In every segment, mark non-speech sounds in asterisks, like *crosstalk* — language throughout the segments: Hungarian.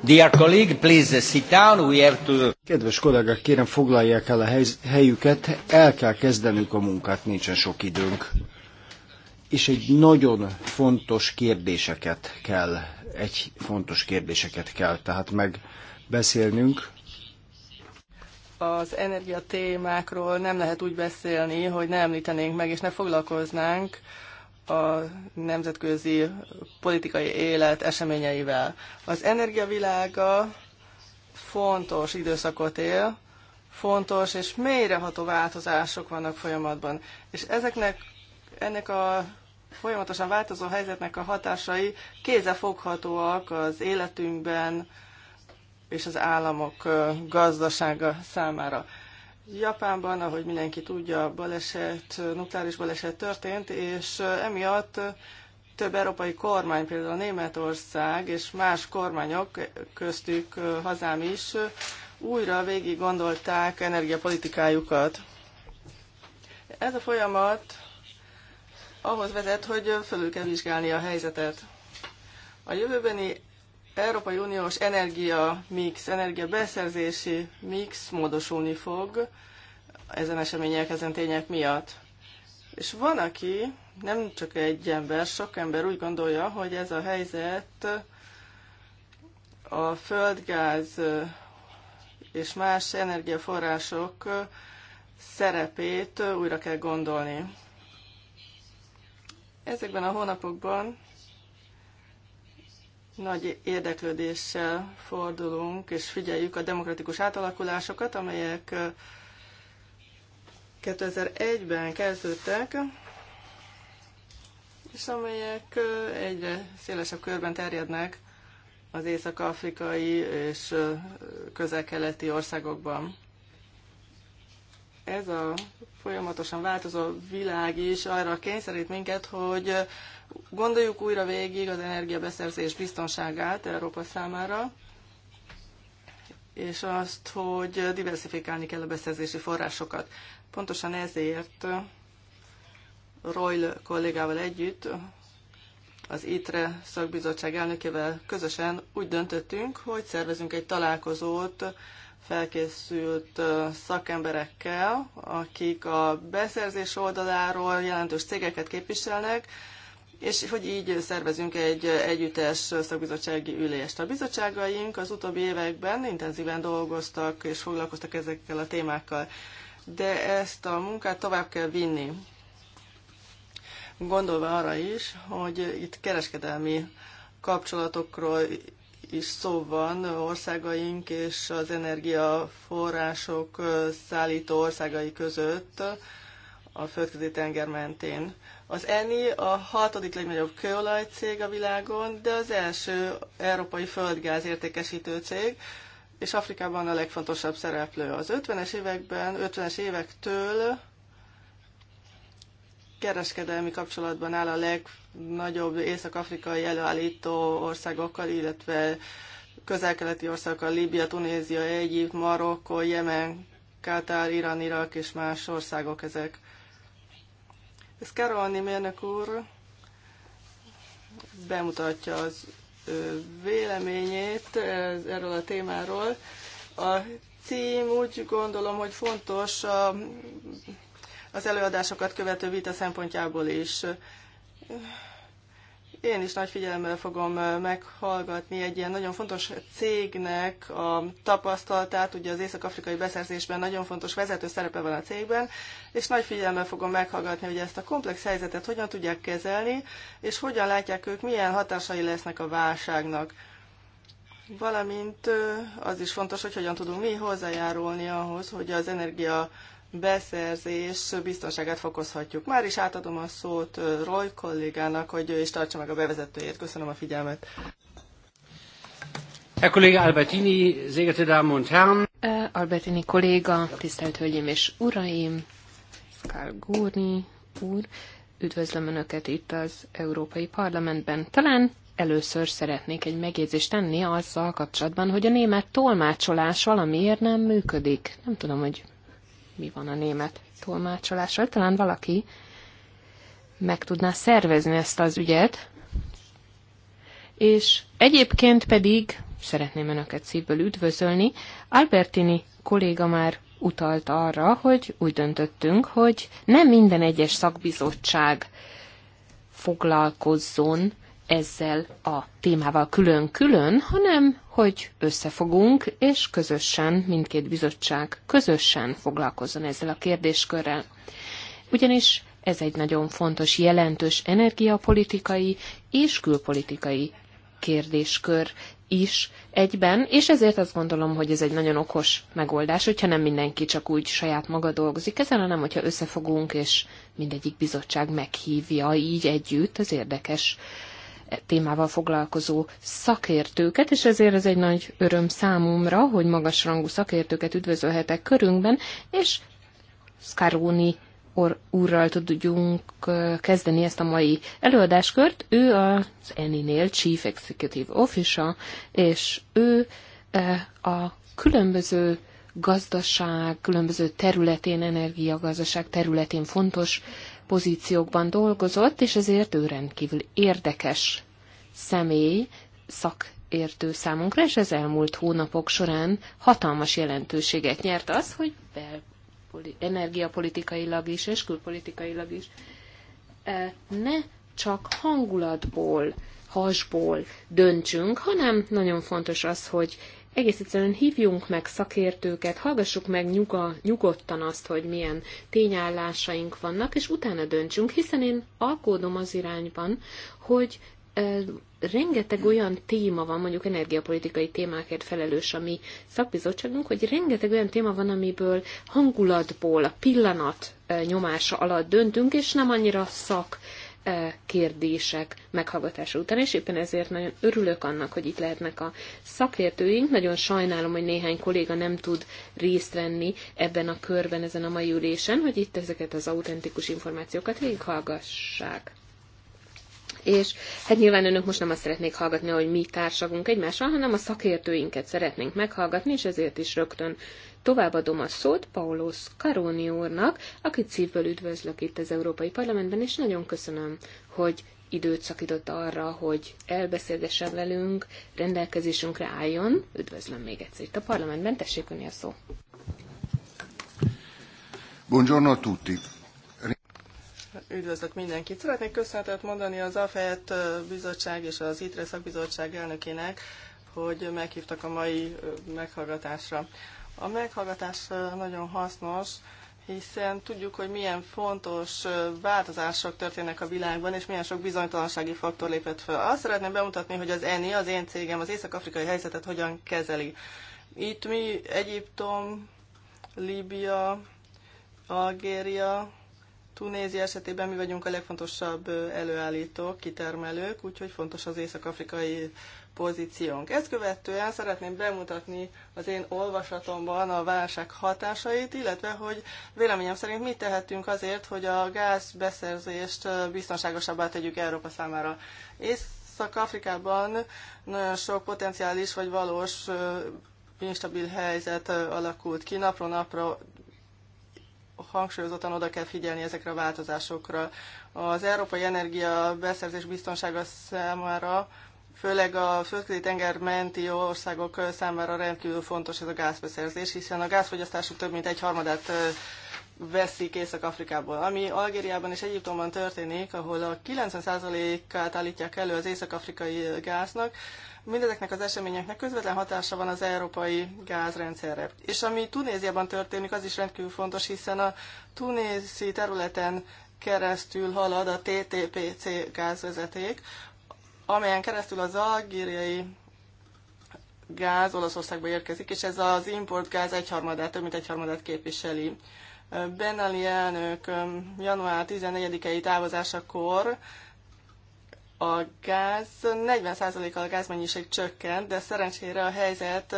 Dear colleague, please sit down, we have to... Kedves kollégák, kérem foglalják el a helyüket, el kell kezdenünk a munkát, nincsen sok időnk. És egy nagyon fontos kérdéseket kell, egy fontos kérdéseket kell tehát megbeszélnünk. Az energia témákról nem lehet úgy beszélni, hogy ne említenénk meg és ne foglalkoznánk a nemzetközi politikai élet eseményeivel. Az energiavilága fontos időszakot él, fontos és mélyreható változások vannak folyamatban. És ezeknek, ennek a folyamatosan változó helyzetnek a hatásai kézefoghatóak az életünkben és az államok gazdasága számára. Japánban, ahogy mindenki tudja, baleset, nukleáris baleset történt, és emiatt több európai kormány, például Németország és más kormányok, köztük hazám is, újra végig gondolták energiapolitikájukat. Ez a folyamat ahhoz vezet, hogy fölül kell vizsgálni a helyzetet. A jövőbeni Európai Uniós energia mix, energia beszerzési mix módosulni fog ezen események, ezen tények miatt. És van, aki, nem csak egy ember, sok ember úgy gondolja, hogy ez a helyzet a földgáz és más energiaforrások szerepét újra kell gondolni. Ezekben a hónapokban nagy érdeklődéssel fordulunk és figyeljük a demokratikus átalakulásokat, amelyek 2001-ben kezdődtek, és amelyek egyre szélesebb körben terjednek az észak-afrikai és közel-keleti országokban. Ez a folyamatosan változó világ is arra kényszerít minket, hogy Gondoljuk újra végig az energiabeszerzés biztonságát Európa számára, és azt, hogy diversifikálni kell a beszerzési forrásokat. Pontosan ezért Royl kollégával együtt, az ITRE szakbizottság elnökével közösen úgy döntöttünk, hogy szervezünk egy találkozót felkészült szakemberekkel, akik a beszerzés oldaláról jelentős cégeket képviselnek, és hogy így szervezünk egy együttes szakbizottsági ülést. A bizottságaink az utóbbi években intenzíven dolgoztak és foglalkoztak ezekkel a témákkal, de ezt a munkát tovább kell vinni. Gondolva arra is, hogy itt kereskedelmi kapcsolatokról is szó van országaink és az energiaforrások szállító országai között a földközi tenger mentén. Az ENI a hatodik legnagyobb kőolajcég a világon, de az első európai földgáz értékesítő cég, és Afrikában a legfontosabb szereplő. Az 50-es években, 50-es évektől kereskedelmi kapcsolatban áll a legnagyobb észak-afrikai előállító országokkal, illetve közel-keleti országokkal, Líbia, Tunézia, Egyiptom, Marokkó, Jemen, Katár, Irán, Irak és más országok ezek. Ez Karolni mérnök úr bemutatja az véleményét erről a témáról. A cím úgy gondolom, hogy fontos a, az előadásokat követő vita szempontjából is. Én is nagy figyelemmel fogom meghallgatni egy ilyen nagyon fontos cégnek a tapasztalatát. Ugye az észak-afrikai beszerzésben nagyon fontos vezető szerepe van a cégben, és nagy figyelemmel fogom meghallgatni, hogy ezt a komplex helyzetet hogyan tudják kezelni, és hogyan látják ők, milyen hatásai lesznek a válságnak. Valamint az is fontos, hogy hogyan tudunk mi hozzájárulni ahhoz, hogy az energia beszerzés biztonságát fokozhatjuk. Már is átadom a szót Roy kollégának, hogy ő is tartsa meg a bevezetőjét. Köszönöm a figyelmet. Herr Kollege Albertini, sehr geehrte Damen und Herren. Albertini kolléga, tisztelt Hölgyeim és Uraim, Karl Gurni úr, üdvözlöm Önöket itt az Európai Parlamentben. Talán először szeretnék egy megjegyzést tenni azzal kapcsolatban, hogy a német tolmácsolás valamiért nem működik. Nem tudom, hogy mi van a német tolmácsolással. Talán valaki meg tudná szervezni ezt az ügyet. És egyébként pedig szeretném Önöket szívből üdvözölni. Albertini kolléga már utalt arra, hogy úgy döntöttünk, hogy nem minden egyes szakbizottság foglalkozzon ezzel a témával külön-külön, hanem hogy összefogunk, és közösen, mindkét bizottság közösen foglalkozzon ezzel a kérdéskörrel. Ugyanis ez egy nagyon fontos, jelentős energiapolitikai és külpolitikai kérdéskör is egyben, és ezért azt gondolom, hogy ez egy nagyon okos megoldás, hogyha nem mindenki csak úgy saját maga dolgozik ezen, hanem hogyha összefogunk, és mindegyik bizottság meghívja így együtt az érdekes témával foglalkozó szakértőket, és ezért ez egy nagy öröm számomra, hogy magasrangú szakértőket üdvözölhetek körünkben, és Skaróni or, úrral tudjunk kezdeni ezt a mai előadáskört. Ő az Eninél Chief Executive Officer, és ő a különböző gazdaság, különböző területén, energiagazdaság területén fontos pozíciókban dolgozott, és ezért ő rendkívül érdekes személy, szakértő számunkra, és az elmúlt hónapok során hatalmas jelentőséget nyert az, hogy energiapolitikailag is és külpolitikailag is ne csak hangulatból, hasból döntsünk, hanem nagyon fontos az, hogy egész egyszerűen hívjunk meg szakértőket, hallgassuk meg nyuga, nyugodtan azt, hogy milyen tényállásaink vannak, és utána döntsünk, hiszen én alkódom az irányban, hogy rengeteg olyan téma van, mondjuk energiapolitikai témákért felelős a mi szakbizottságunk, hogy rengeteg olyan téma van, amiből hangulatból, a pillanat nyomása alatt döntünk, és nem annyira szak kérdések meghallgatása után, és éppen ezért nagyon örülök annak, hogy itt lehetnek a szakértőink. Nagyon sajnálom, hogy néhány kolléga nem tud részt venni ebben a körben, ezen a mai ülésen, hogy itt ezeket az autentikus információkat végighallgassák. És hát nyilván önök most nem azt szeretnék hallgatni, hogy mi társagunk egymással, hanem a szakértőinket szeretnénk meghallgatni, és ezért is rögtön továbbadom a szót Paulos Karoni úrnak, akit szívből üdvözlök itt az Európai Parlamentben, és nagyon köszönöm, hogy időt szakított arra, hogy elbeszélgessen velünk, rendelkezésünkre álljon. Üdvözlöm még egyszer itt a parlamentben, tessék önni a szó. Buongiorno a tutti. Üdvözlök mindenkit! Szeretnék köszönetet mondani az AFET bizottság és az ITRE szakbizottság elnökének, hogy meghívtak a mai meghallgatásra. A meghallgatás nagyon hasznos, hiszen tudjuk, hogy milyen fontos változások történnek a világban, és milyen sok bizonytalansági faktor lépett fel. Azt szeretném bemutatni, hogy az ENI, az én cégem az észak-afrikai helyzetet hogyan kezeli. Itt mi Egyiptom, Líbia, Algéria, Tunézia esetében mi vagyunk a legfontosabb előállítók, kitermelők, úgyhogy fontos az észak-afrikai pozíciónk. Ezt követően szeretném bemutatni az én olvasatomban a válság hatásait, illetve hogy véleményem szerint mit tehetünk azért, hogy a gázbeszerzést biztonságosabbá tegyük Európa számára. Észak-Afrikában nagyon sok potenciális vagy valós instabil helyzet alakult ki. Napról napra hangsúlyozottan oda kell figyelni ezekre a változásokra. Az európai energia beszerzés biztonsága számára főleg a földközi tenger menti országok számára rendkívül fontos ez a gázbeszerzés, hiszen a gázfogyasztásuk több mint egy harmadát veszik Észak-Afrikából. Ami Algériában és Egyiptomban történik, ahol a 90%-át állítják elő az észak-afrikai gáznak, mindezeknek az eseményeknek közvetlen hatása van az európai gázrendszerre. És ami Tunéziában történik, az is rendkívül fontos, hiszen a tunézi területen keresztül halad a TTPC gázvezeték, amelyen keresztül az algériai gáz Olaszországba érkezik, és ez az importgáz egyharmadát, több mint egyharmadát képviseli. Ben Ali elnök um, január 14-i távozásakor a gáz 40%-kal a gázmennyiség csökkent, de szerencsére a helyzet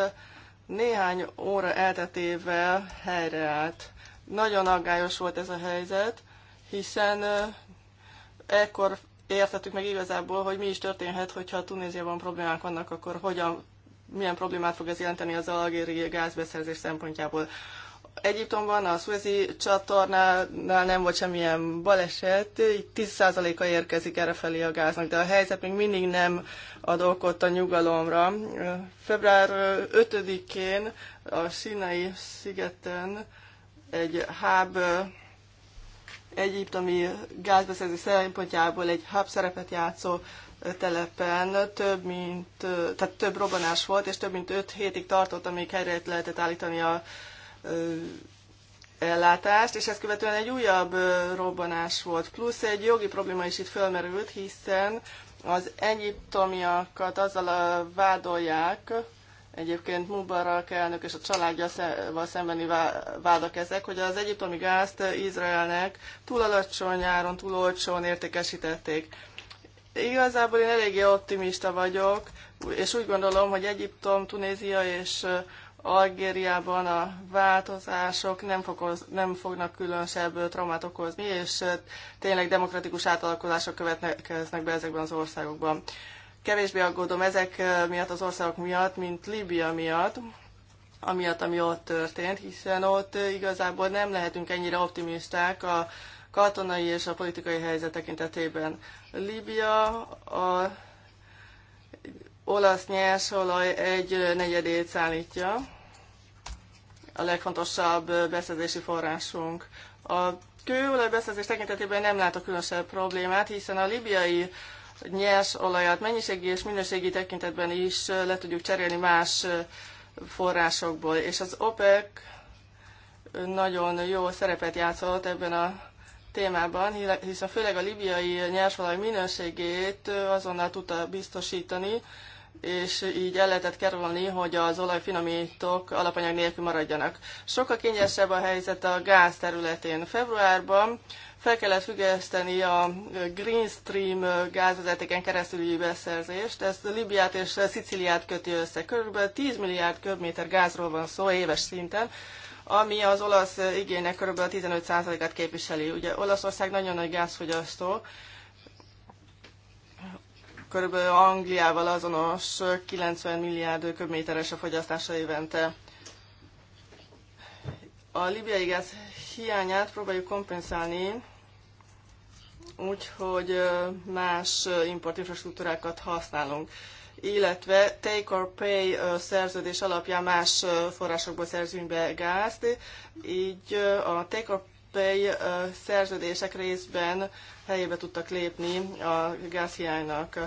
néhány óra elteltével helyreállt. Nagyon aggályos volt ez a helyzet, hiszen uh, ekkor értettük meg igazából, hogy mi is történhet, hogyha Tunéziában problémák vannak, akkor hogyan, milyen problémát fog ez jelenteni az algériai gázbeszerzés szempontjából. Egyiptomban a Suezi csatornánál nem volt semmilyen baleset, így 10%-a érkezik felé a gáznak, de a helyzet még mindig nem ad okot a nyugalomra. Február 5-én a Sinai szigeten egy háb egyiptomi gázbeszerző szempontjából egy hub szerepet játszó telepen több mint, tehát több robbanás volt, és több mint 5 hétig tartott, amíg helyre lehetett állítani a ellátást, és ezt követően egy újabb robbanás volt. Plusz egy jogi probléma is itt fölmerült, hiszen az egyiptomiakat azzal vádolják, Egyébként Mubarak elnök és a családjával szembeni vádak ezek, hogy az egyiptomi gázt Izraelnek túl alacsony áron, túl olcsón értékesítették. Igazából én eléggé optimista vagyok, és úgy gondolom, hogy Egyiptom, Tunézia és Algériában a változások nem, fokoz, nem fognak különösebb traumát okozni, és tényleg demokratikus átalakulások következnek be ezekben az országokban kevésbé aggódom ezek miatt, az országok miatt, mint Líbia miatt, amiatt, ami ott történt, hiszen ott igazából nem lehetünk ennyire optimisták a katonai és a politikai helyzet tekintetében. Líbia a olasz nyersolaj egy negyedét szállítja, a legfontosabb beszerzési forrásunk. A kőolaj beszerzés tekintetében nem látok különösebb problémát, hiszen a libiai nyers olajat mennyiségi és minőségi tekintetben is le tudjuk cserélni más forrásokból. És az OPEC nagyon jó szerepet játszott ebben a témában, hiszen főleg a libiai nyersolaj minőségét azonnal tudta biztosítani, és így el lehetett kerülni, hogy az olajfinomítók alapanyag nélkül maradjanak. Sokkal kényesebb a helyzet a gáz területén. Februárban fel kellett függeszteni a Green Stream gázvezetéken keresztüli beszerzést. Ez Libiát és Sziciliát köti össze. Körülbelül 10 milliárd köbméter gázról van szó éves szinten, ami az olasz igénynek kb. 15%-át képviseli. Ugye Olaszország nagyon nagy gázfogyasztó, körülbelül Angliával azonos 90 milliárd köbméteres a fogyasztása évente. A libiai gáz hiányát próbáljuk kompenzálni úgy, hogy más importinfrastruktúrákat használunk illetve take or pay szerződés alapján más forrásokból szerzünk be gázt, így a take or pay szerződések részben helyébe tudtak lépni a gázhiánynak.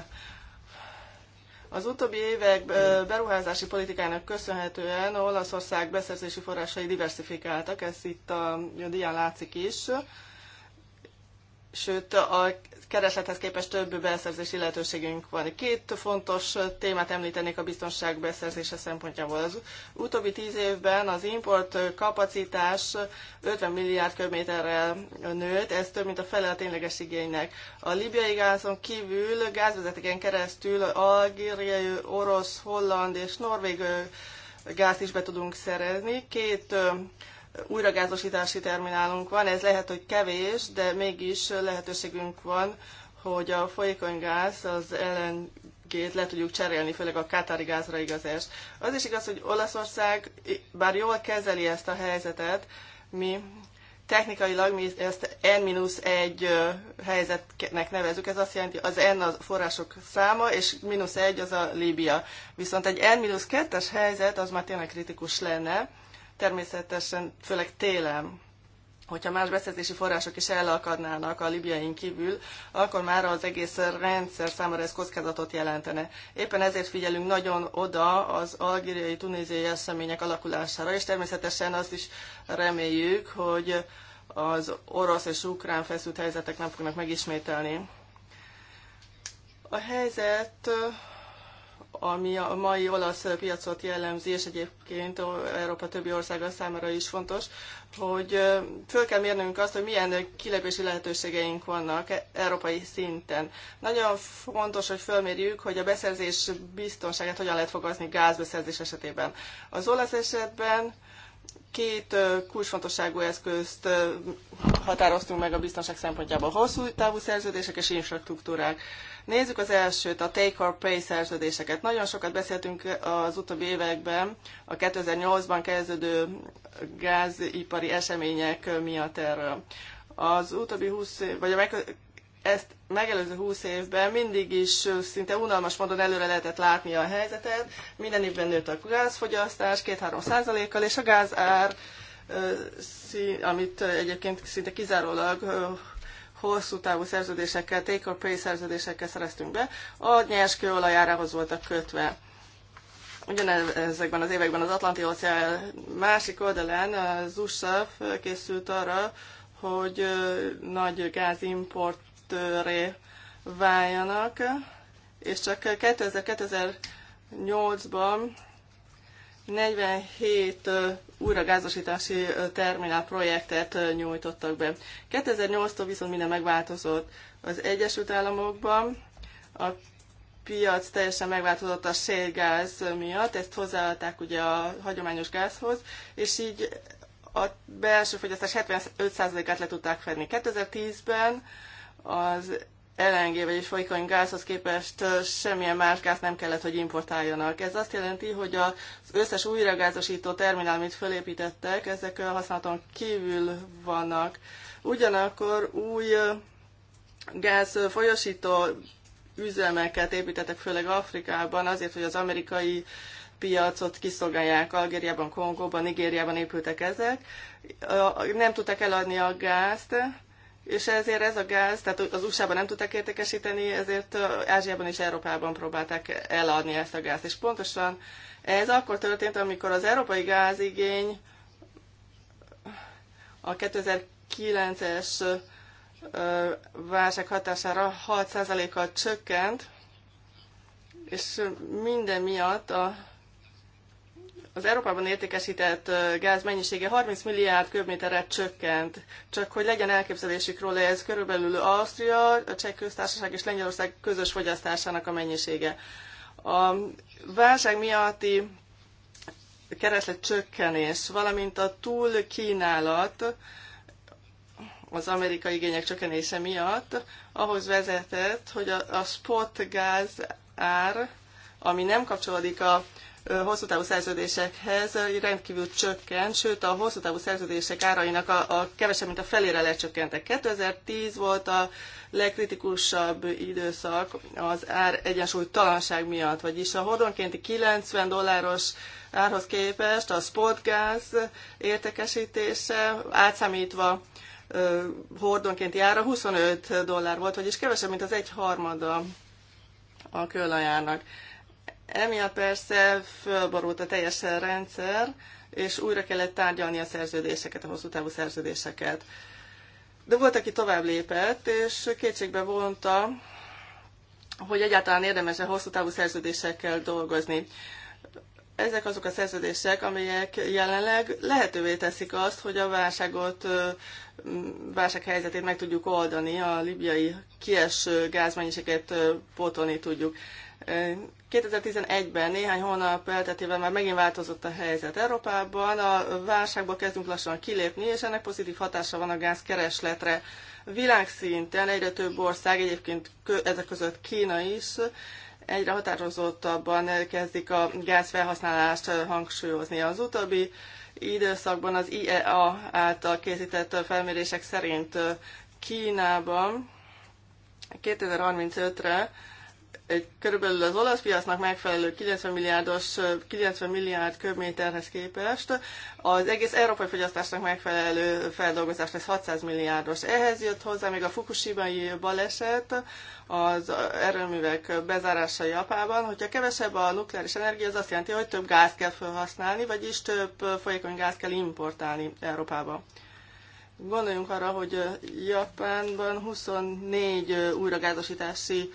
Az utóbbi évek beruházási politikának köszönhetően Olaszország beszerzési forrásai diversifikáltak, ez itt a dián látszik is sőt a kereslethez képest több beszerzési lehetőségünk van. Két fontos témát említenék a biztonság beszerzése szempontjából. Az utóbbi tíz évben az import kapacitás 50 milliárd köbméterrel nőtt, ez több, mint a fele a tényleges igénynek. A libiai gázon kívül gázvezetéken keresztül algériai, orosz, holland és norvég gázt is be tudunk szerezni. Két újragázosítási terminálunk van, ez lehet, hogy kevés, de mégis lehetőségünk van, hogy a folyékony gáz, az ellen t le tudjuk cserélni, főleg a kátári gázra igaz Az is igaz, hogy Olaszország bár jól kezeli ezt a helyzetet, mi technikailag mi ezt N-1 helyzetnek nevezük, ez azt jelenti, az N a források száma, és mínusz 1 az a Líbia. Viszont egy N-2-es helyzet az már tényleg kritikus lenne, természetesen főleg télen, hogyha más beszerzési források is elakadnának a libjain kívül, akkor már az egész rendszer számára ez kockázatot jelentene. Éppen ezért figyelünk nagyon oda az algériai, tunéziai események alakulására, és természetesen azt is reméljük, hogy az orosz és ukrán feszült helyzetek nem fognak megismételni. A helyzet ami a mai olasz piacot jellemzi, és egyébként Európa többi országa számára is fontos, hogy föl kell mérnünk azt, hogy milyen kilépési lehetőségeink vannak e- európai szinten. Nagyon fontos, hogy fölmérjük, hogy a beszerzés biztonságát hogyan lehet fogazni gázbeszerzés esetében. Az olasz esetben két kulcsfontosságú eszközt határoztunk meg a biztonság szempontjából. Hosszú távú szerződések és infrastruktúrák. Nézzük az elsőt, a take or pay szerződéseket. Nagyon sokat beszéltünk az utóbbi években a 2008-ban kezdődő gázipari események miatt erről. Az utóbbi 20 év, vagy a meg, ezt megelőző 20 évben mindig is szinte unalmas módon előre lehetett látni a helyzetet. Minden évben nőtt a gázfogyasztás 2-3 százalékkal, és a gázár amit egyébként szinte kizárólag hosszú távú szerződésekkel, take or pay szerződésekkel szereztünk be, a nyers kőolajárához voltak kötve. Ugyanezekben az években az Atlanti óceán másik oldalán az USA készült arra, hogy nagy gázimportőré váljanak, és csak 2000-2008-ban 47 újragázosítási terminál projektet nyújtottak be. 2008-tól viszont minden megváltozott. Az Egyesült Államokban a piac teljesen megváltozott a sérgáz miatt, ezt hozzáadták ugye a hagyományos gázhoz, és így a belső fogyasztás 75%-át le tudták fedni. 2010-ben az LNG, vagyis folyikony gázhoz képest semmilyen más gáz nem kellett, hogy importáljanak. Ez azt jelenti, hogy az összes újragázosító terminál, amit felépítettek, ezek a használaton kívül vannak. Ugyanakkor új gáz folyosító üzemeket építettek, főleg Afrikában, azért, hogy az amerikai piacot kiszolgálják Algériában, Kongóban, Nigériában épültek ezek. Nem tudtak eladni a gázt, és ezért ez a gáz, tehát az USA-ban nem tudták értékesíteni, ezért Ázsiában és Európában próbálták eladni ezt a gázt. És pontosan ez akkor történt, amikor az európai gázigény a 2009-es válság hatására 6%-kal csökkent, és minden miatt a az Európában értékesített gáz mennyisége 30 milliárd köbméterre csökkent. Csak hogy legyen elképzelésük róla, ez körülbelül Ausztria, a Cseh köztársaság és Lengyelország közös fogyasztásának a mennyisége. A válság miatti kereslet csökkenés, valamint a túl kínálat az amerikai igények csökkenése miatt ahhoz vezetett, hogy a, a spot gáz ár, ami nem kapcsolódik a hosszú távú szerződésekhez rendkívül csökkent, sőt a hosszú távú szerződések árainak a, a kevesebb, mint a felére lecsökkentek. 2010 volt a legkritikusabb időszak az ár egyensúly talanság miatt, vagyis a hordonkénti 90 dolláros árhoz képest a spotgáz értekesítése átszámítva hordonkénti ára 25 dollár volt, vagyis kevesebb, mint az egy harmada a kőolajának. Emiatt persze fölborult a teljes rendszer, és újra kellett tárgyalni a szerződéseket, a hosszú távú szerződéseket. De volt, aki tovább lépett, és kétségbe vonta, hogy egyáltalán érdemes-e hosszú távú szerződésekkel dolgozni. Ezek azok a szerződések, amelyek jelenleg lehetővé teszik azt, hogy a válságot, válsághelyzetét meg tudjuk oldani, a libiai kieső gázmennyiséget pótolni tudjuk. 2011-ben néhány hónap elteltével már megint változott a helyzet Európában, a válságból kezdünk lassan kilépni, és ennek pozitív hatása van a gázkeresletre. Világszinten egyre több ország, egyébként ezek között Kína is, egyre határozottabban kezdik a gázfelhasználást hangsúlyozni. Az utóbbi időszakban az IEA által készített felmérések szerint Kínában 2035-re egy körülbelül az olasz piacnak megfelelő 90 milliárdos, 90 milliárd köbméterhez képest az egész európai fogyasztásnak megfelelő feldolgozás lesz 600 milliárdos. Ehhez jött hozzá még a fukushima baleset, az erőművek bezárása Japában. Hogyha kevesebb a nukleáris energia, az azt jelenti, hogy több gáz kell felhasználni, vagyis több folyékony gáz kell importálni Európába. Gondoljunk arra, hogy Japánban 24 újragázosítási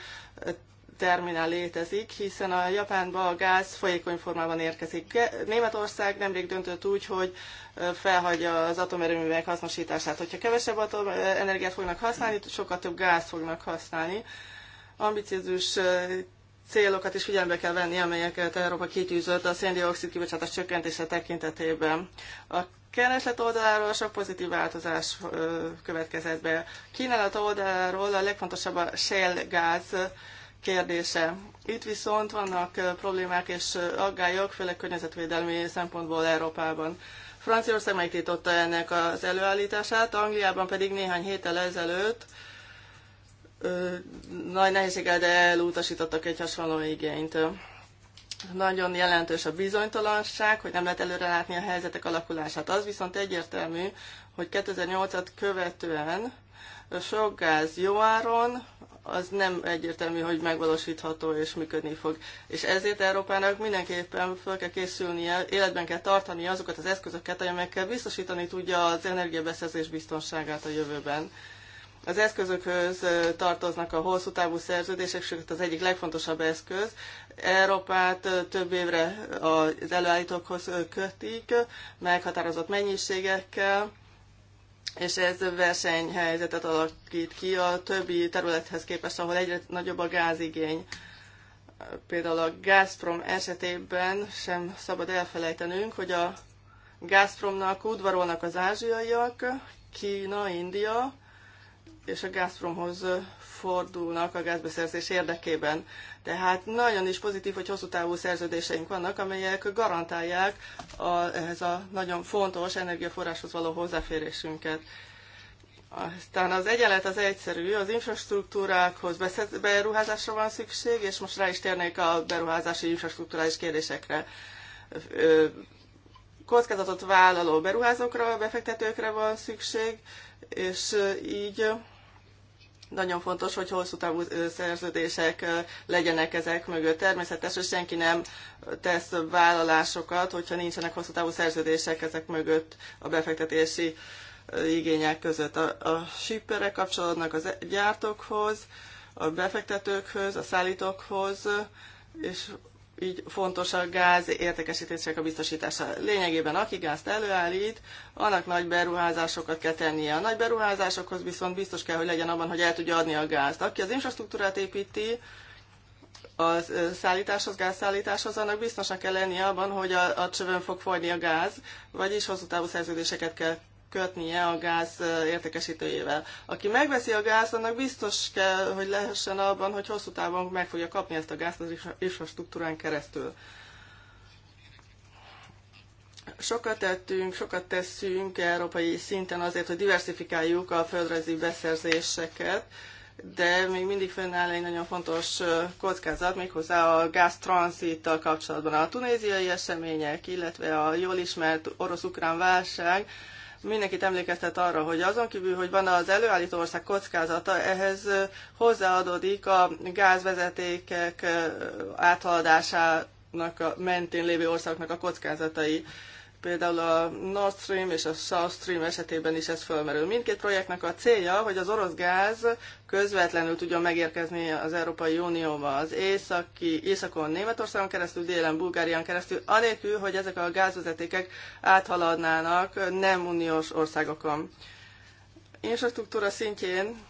terminál létezik, hiszen a Japánba a gáz folyékony formában érkezik. Németország nemrég döntött úgy, hogy felhagyja az atomerőművek hasznosítását. Hogyha kevesebb atomenergiát fognak használni, sokkal több gáz fognak használni. Ambiciózus célokat is figyelembe kell venni, amelyeket Európa kitűzött a széndiokszid kibocsátás csökkentése tekintetében. A kereslet oldaláról sok pozitív változás következett be. Kínálat oldaláról a legfontosabb a shale gáz kérdése. Itt viszont vannak problémák és aggályok, főleg környezetvédelmi szempontból Európában. Franciaország megtiltotta ennek az előállítását, Angliában pedig néhány héttel ezelőtt nagy nehézséggel, de elutasítottak egy hasonló igényt. Nagyon jelentős a bizonytalanság, hogy nem lehet előrelátni a helyzetek alakulását. Az viszont egyértelmű, hogy 2008-at követően sok gáz jóáron, az nem egyértelmű, hogy megvalósítható és működni fog. És ezért Európának mindenképpen fel kell készülnie, életben kell tartani azokat az eszközöket, amelyekkel biztosítani tudja az energiabeszerzés biztonságát a jövőben. Az eszközökhöz tartoznak a hosszú távú szerződések, sőt hát az egyik legfontosabb eszköz. Európát több évre az előállítókhoz kötik, meghatározott mennyiségekkel, és ez versenyhelyzetet alakít ki a többi területhez képest, ahol egyre nagyobb a gázigény. Például a Gazprom esetében sem szabad elfelejtenünk, hogy a Gazpromnak udvarolnak az ázsiaiak, Kína, India, és a Gazpromhoz fordulnak a gázbeszerzés érdekében. Tehát nagyon is pozitív, hogy hosszú távú szerződéseink vannak, amelyek garantálják a, ehhez a nagyon fontos energiaforráshoz való hozzáférésünket. Aztán az egyenlet az egyszerű, az infrastruktúrákhoz beruházásra van szükség, és most rá is térnék a beruházási infrastruktúrális kérdésekre. Kockázatot vállaló beruházókra, befektetőkre van szükség, és így nagyon fontos, hogy hosszú távú szerződések legyenek ezek mögött. Természetesen senki nem tesz vállalásokat, hogyha nincsenek hosszú távú szerződések ezek mögött a befektetési igények között. A, a shipperek kapcsolódnak a gyártókhoz, a befektetőkhöz, a szállítókhoz, és így fontos a gáz értékesítések a biztosítása. Lényegében aki gázt előállít, annak nagy beruházásokat kell tennie. A nagy beruházásokhoz viszont biztos kell, hogy legyen abban, hogy el tudja adni a gázt. Aki az infrastruktúrát építi, a szállításhoz, gázszállításhoz, annak biztosnak kell lennie abban, hogy a, a csövön fog folyni a gáz, vagyis hosszú távú szerződéseket kell kötnie a gáz értékesítőjével. Aki megveszi a gáz, annak biztos kell, hogy lehessen abban, hogy hosszú távon meg fogja kapni ezt a gázt az infrastruktúrán keresztül. Sokat tettünk, sokat teszünk európai szinten azért, hogy diversifikáljuk a földrajzi beszerzéseket, de még mindig fennáll egy nagyon fontos kockázat, méghozzá a gáztranszittal kapcsolatban. A tunéziai események, illetve a jól ismert orosz-ukrán válság Mindenkit emlékeztet arra, hogy azon kívül, hogy van az előállító ország kockázata, ehhez hozzáadódik a gázvezetékek áthaladásának a mentén lévő országoknak a kockázatai. Például a Nord Stream és a South Stream esetében is ez fölmerül. Mindkét projektnek a célja, hogy az orosz gáz közvetlenül tudjon megérkezni az Európai Unióba, az északi, északon Németországon keresztül, délen Bulgárián keresztül, anélkül, hogy ezek a gázvezetékek áthaladnának nem uniós országokon. Infrastruktúra szintjén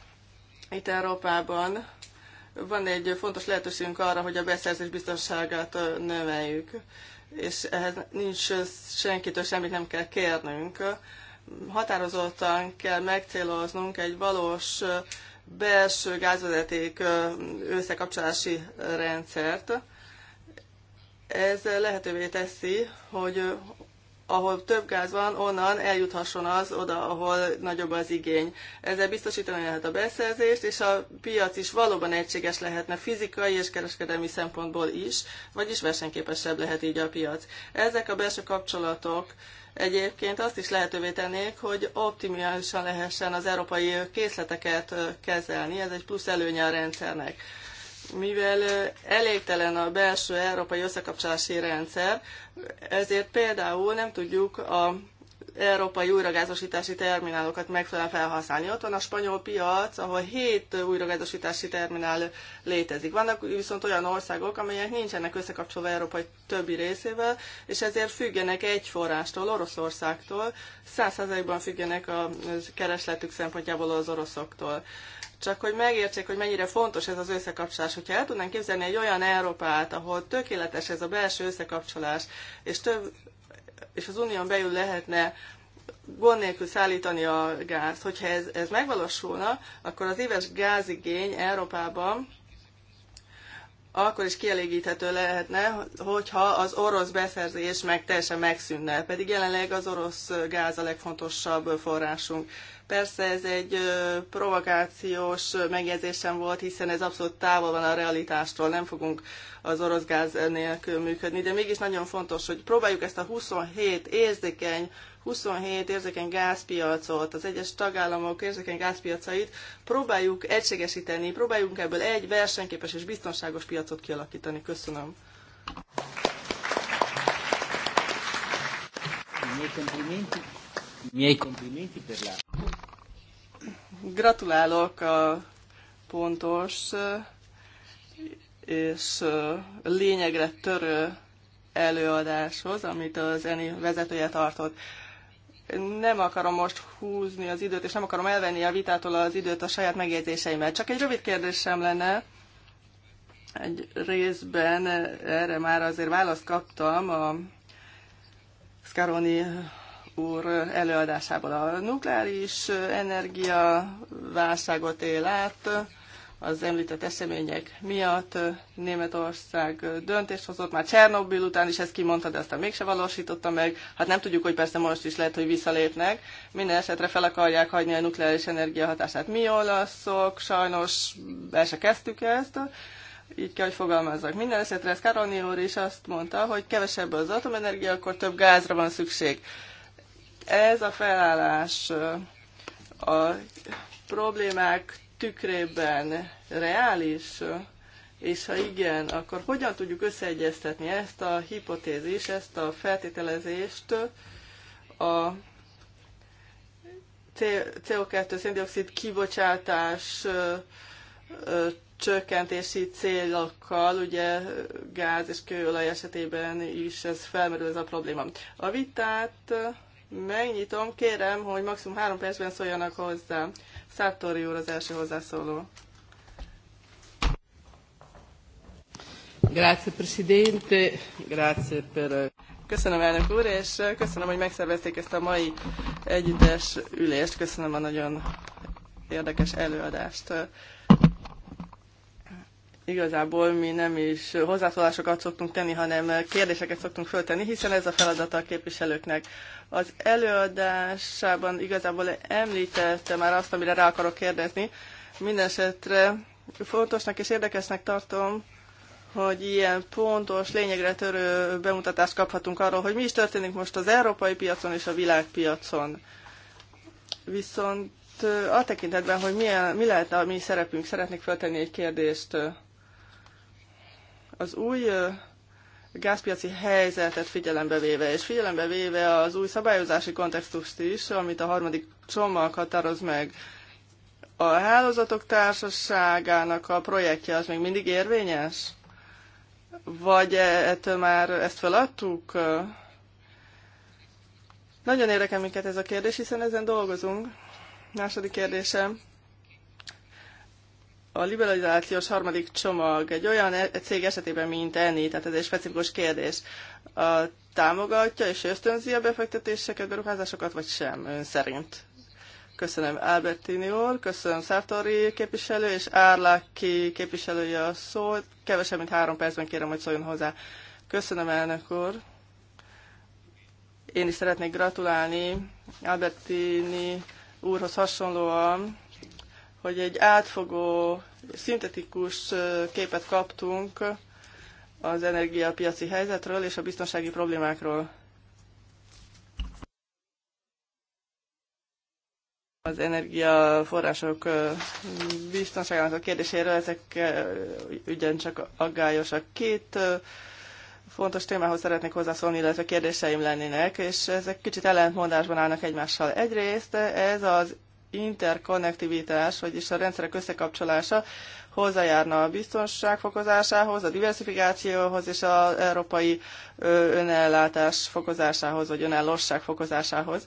itt Európában van egy fontos lehetőségünk arra, hogy a beszerzés biztonságát növeljük és ehhez nincs senkitől semmit nem kell kérnünk. Határozottan kell megcéloznunk egy valós belső gázvezeték összekapcsolási rendszert. Ez lehetővé teszi, hogy ahol több gáz van, onnan eljuthasson az oda, ahol nagyobb az igény. Ezzel biztosítani lehet a beszerzést, és a piac is valóban egységes lehetne fizikai és kereskedelmi szempontból is, vagyis versenyképesebb lehet így a piac. Ezek a belső kapcsolatok egyébként azt is lehetővé tennék, hogy optimálisan lehessen az európai készleteket kezelni, ez egy plusz előnye a rendszernek mivel elégtelen a belső európai összekapcsolási rendszer, ezért például nem tudjuk a európai újragázosítási terminálokat megfelelően felhasználni. Ott van a spanyol piac, ahol hét újragázosítási terminál létezik. Vannak viszont olyan országok, amelyek nincsenek összekapcsolva európai többi részével, és ezért függenek egy forrástól, Oroszországtól, százszerzelékben ban függenek a keresletük szempontjából az oroszoktól. Csak hogy megértsék, hogy mennyire fontos ez az összekapcsolás. Hogyha el tudnánk képzelni egy olyan Európát, ahol tökéletes ez a belső összekapcsolás, és, több, és az unión belül lehetne gond nélkül szállítani a gáz, Hogyha ez, ez megvalósulna, akkor az éves gázigény Európában akkor is kielégíthető lehetne, hogyha az orosz beszerzés meg teljesen megszűnne. Pedig jelenleg az orosz gáz a legfontosabb forrásunk. Persze ez egy provokációs megjegyzésem volt, hiszen ez abszolút távol van a realitástól, nem fogunk az orosz gáz nélkül működni, de mégis nagyon fontos, hogy próbáljuk ezt a 27 érzékeny 27 érzékeny gázpiacot, az egyes tagállamok érzékeny gázpiacait próbáljuk egységesíteni, próbáljunk ebből egy versenyképes és biztonságos piacot kialakítani. Köszönöm. Miei complimenti per la... Gratulálok a pontos és lényegre törő előadáshoz, amit az ENI vezetője tartott. Nem akarom most húzni az időt, és nem akarom elvenni a vitától az időt a saját megjegyzéseimmel. Csak egy rövid kérdésem lenne. Egy részben erre már azért választ kaptam a Scaroni úr előadásából a nukleáris energia válságot él át. Az említett események miatt Németország döntést hozott, már Csernobil után is ezt kimondta, de aztán mégse valósította meg. Hát nem tudjuk, hogy persze most is lehet, hogy visszalépnek. Minden esetre fel akarják hagyni a nukleáris energia hatását. Mi olaszok, sajnos be se kezdtük ezt így kell, hogy fogalmazzak. Minden esetre Szkaroni úr is azt mondta, hogy kevesebb az atomenergia, akkor több gázra van szükség. Ez a felállás a problémák tükrében reális, és ha igen, akkor hogyan tudjuk összeegyeztetni ezt a hipotézis, ezt a feltételezést a CO2 széndiokszid kibocsátás csökkentési célokkal, ugye gáz és kőolaj esetében is ez felmerül ez a probléma. A vitát Megnyitom, kérem, hogy maximum három percben szóljanak hozzá. Szátori úr az első hozzászóló. Grazie, Presidente. Grazie per... Köszönöm, elnök úr, és köszönöm, hogy megszervezték ezt a mai együttes ülést. Köszönöm a nagyon érdekes előadást. Igazából mi nem is hozzászólásokat szoktunk tenni, hanem kérdéseket szoktunk föltenni, hiszen ez a feladata a képviselőknek. Az előadásában igazából említette már azt, amire rá akarok kérdezni. Mindenesetre fontosnak és érdekesnek tartom, hogy ilyen pontos, lényegre törő bemutatást kaphatunk arról, hogy mi is történik most az európai piacon és a világpiacon. Viszont a tekintetben, hogy milyen, mi lehetne a mi szerepünk, szeretnék feltenni egy kérdést. Az új gázpiaci helyzetet figyelembe véve, és figyelembe véve az új szabályozási kontextust is, amit a harmadik csomag határoz meg. A hálózatok társaságának a projektje az még mindig érvényes? Vagy e- ettől már ezt feladtuk? Nagyon érdekel minket ez a kérdés, hiszen ezen dolgozunk. Második kérdésem a liberalizációs harmadik csomag egy olyan e- cég esetében, mint enni, tehát ez egy specifikus kérdés, a, támogatja és ösztönzi a befektetéseket, beruházásokat, vagy sem ön szerint? Köszönöm Albertini úr, köszönöm Szártori képviselő, és Árláki képviselője a szót. Kevesebb, mint három percben kérem, hogy szóljon hozzá. Köszönöm elnök úr. Én is szeretnék gratulálni Albertini úrhoz hasonlóan hogy egy átfogó, szintetikus képet kaptunk az energiapiaci helyzetről és a biztonsági problémákról. az energiaforrások biztonságának a kérdéséről, ezek ugyancsak aggályosak. Két fontos témához szeretnék hozzászólni, illetve kérdéseim lennének, és ezek kicsit ellentmondásban állnak egymással. Egyrészt ez az interkonnektivitás, vagyis a rendszerek összekapcsolása hozzájárna a biztonság fokozásához, a diversifikációhoz és az európai önellátás fokozásához, vagy önállosság fokozásához.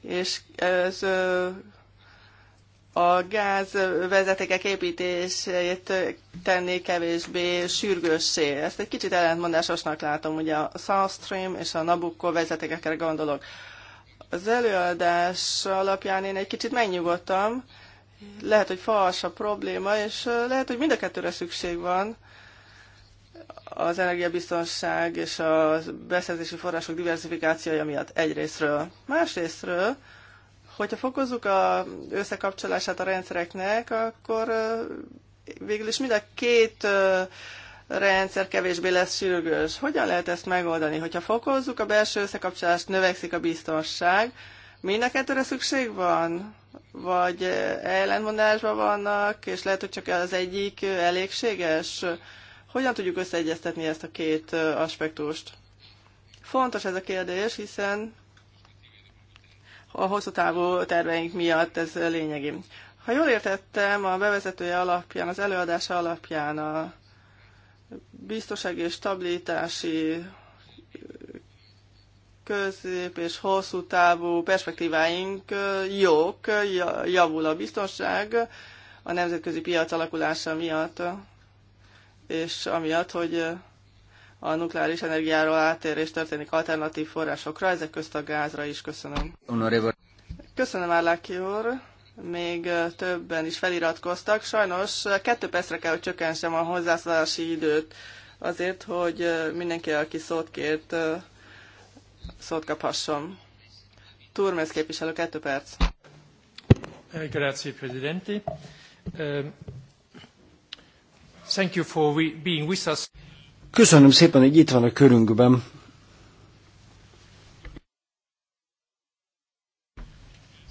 És ez a gázvezetékek építését tenni kevésbé sürgőssé. Ezt egy kicsit ellentmondásosnak látom, ugye a South Stream és a Nabucco vezetékekre gondolok. Az előadás alapján én egy kicsit megnyugodtam, lehet, hogy fals a probléma, és lehet, hogy mind a kettőre szükség van, az energiabiztonság és a beszerzési források diversifikációja miatt egyrésztről. Másrésztről, hogyha fokozzuk a összekapcsolását a rendszereknek, akkor végül is mind a két rendszer kevésbé lesz sürgős. Hogyan lehet ezt megoldani? Hogyha fokozzuk a belső összekapcsolást, növekszik a biztonság, mind erre szükség van? Vagy ellentmondásban vannak, és lehet, hogy csak az egyik elégséges? Hogyan tudjuk összeegyeztetni ezt a két aspektust? Fontos ez a kérdés, hiszen a hosszú távú terveink miatt ez lényegi. Ha jól értettem, a bevezetője alapján, az előadása alapján a biztonsági és stabilitási közép és hosszú távú perspektíváink jók, javul a biztonság a nemzetközi piac alakulása miatt, és amiatt, hogy a nukleáris energiáról áttérés történik alternatív forrásokra, ezek közt a gázra is. Köszönöm. Honorable. Köszönöm, Árláki úr még többen is feliratkoztak. Sajnos kettő percre kell, hogy csökkentsem a hozzászólási időt azért, hogy mindenki, aki szót kért, szót kaphasson. Turmész képviselő, kettő perc. Eh, grazie, Presidente. Eh, thank you for being with us. Köszönöm szépen, hogy itt van a körünkben.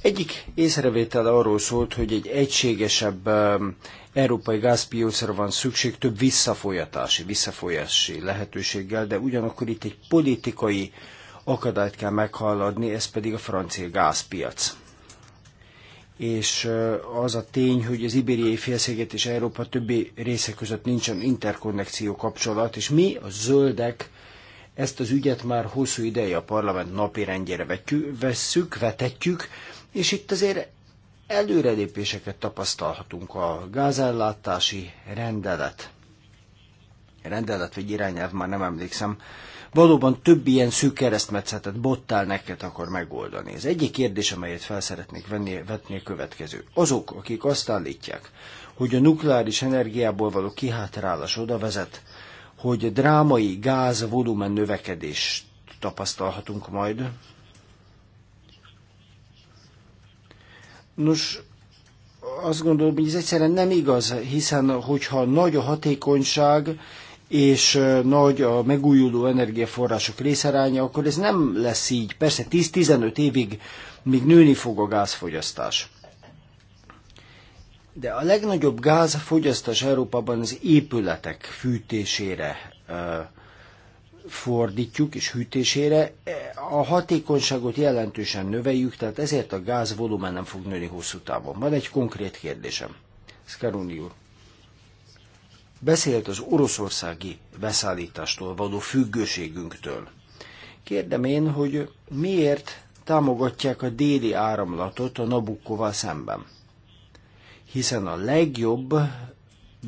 Egyik észrevétel arról szólt, hogy egy egységesebb um, európai gázpiócra van szükség több visszafolyatási, visszafolyási lehetőséggel, de ugyanakkor itt egy politikai akadályt kell meghaladni, ez pedig a francia gázpiac. És uh, az a tény, hogy az ibériai félsziget és Európa többi része között nincsen interkonnekció kapcsolat, és mi, a zöldek, ezt az ügyet már hosszú ideje a parlament napi rendjére vesszük, vetetjük, és itt azért előrelépéseket tapasztalhatunk a gázellátási rendelet. Rendelet vagy irányelv, már nem emlékszem. Valóban több ilyen szűk keresztmetszetet bottál neked akar megoldani. Az egyik kérdés, amelyet fel szeretnék venni, vetni a következő. Azok, akik azt állítják, hogy a nukleáris energiából való kihátrálás oda vezet, hogy drámai gáz volumen növekedést tapasztalhatunk majd, Nos, azt gondolom, hogy ez egyszerűen nem igaz, hiszen hogyha nagy a hatékonyság, és nagy a megújuló energiaforrások részaránya, akkor ez nem lesz így. Persze 10-15 évig még nőni fog a gázfogyasztás. De a legnagyobb gázfogyasztás Európában az épületek fűtésére fordítjuk és hűtésére, a hatékonyságot jelentősen növeljük, tehát ezért a gáz volumen nem fog nőni hosszú távon. Van egy konkrét kérdésem. Szkaruni úr. Beszélt az oroszországi beszállítástól való függőségünktől. Kérdem én, hogy miért támogatják a déli áramlatot a Nabukkoval szemben? Hiszen a legjobb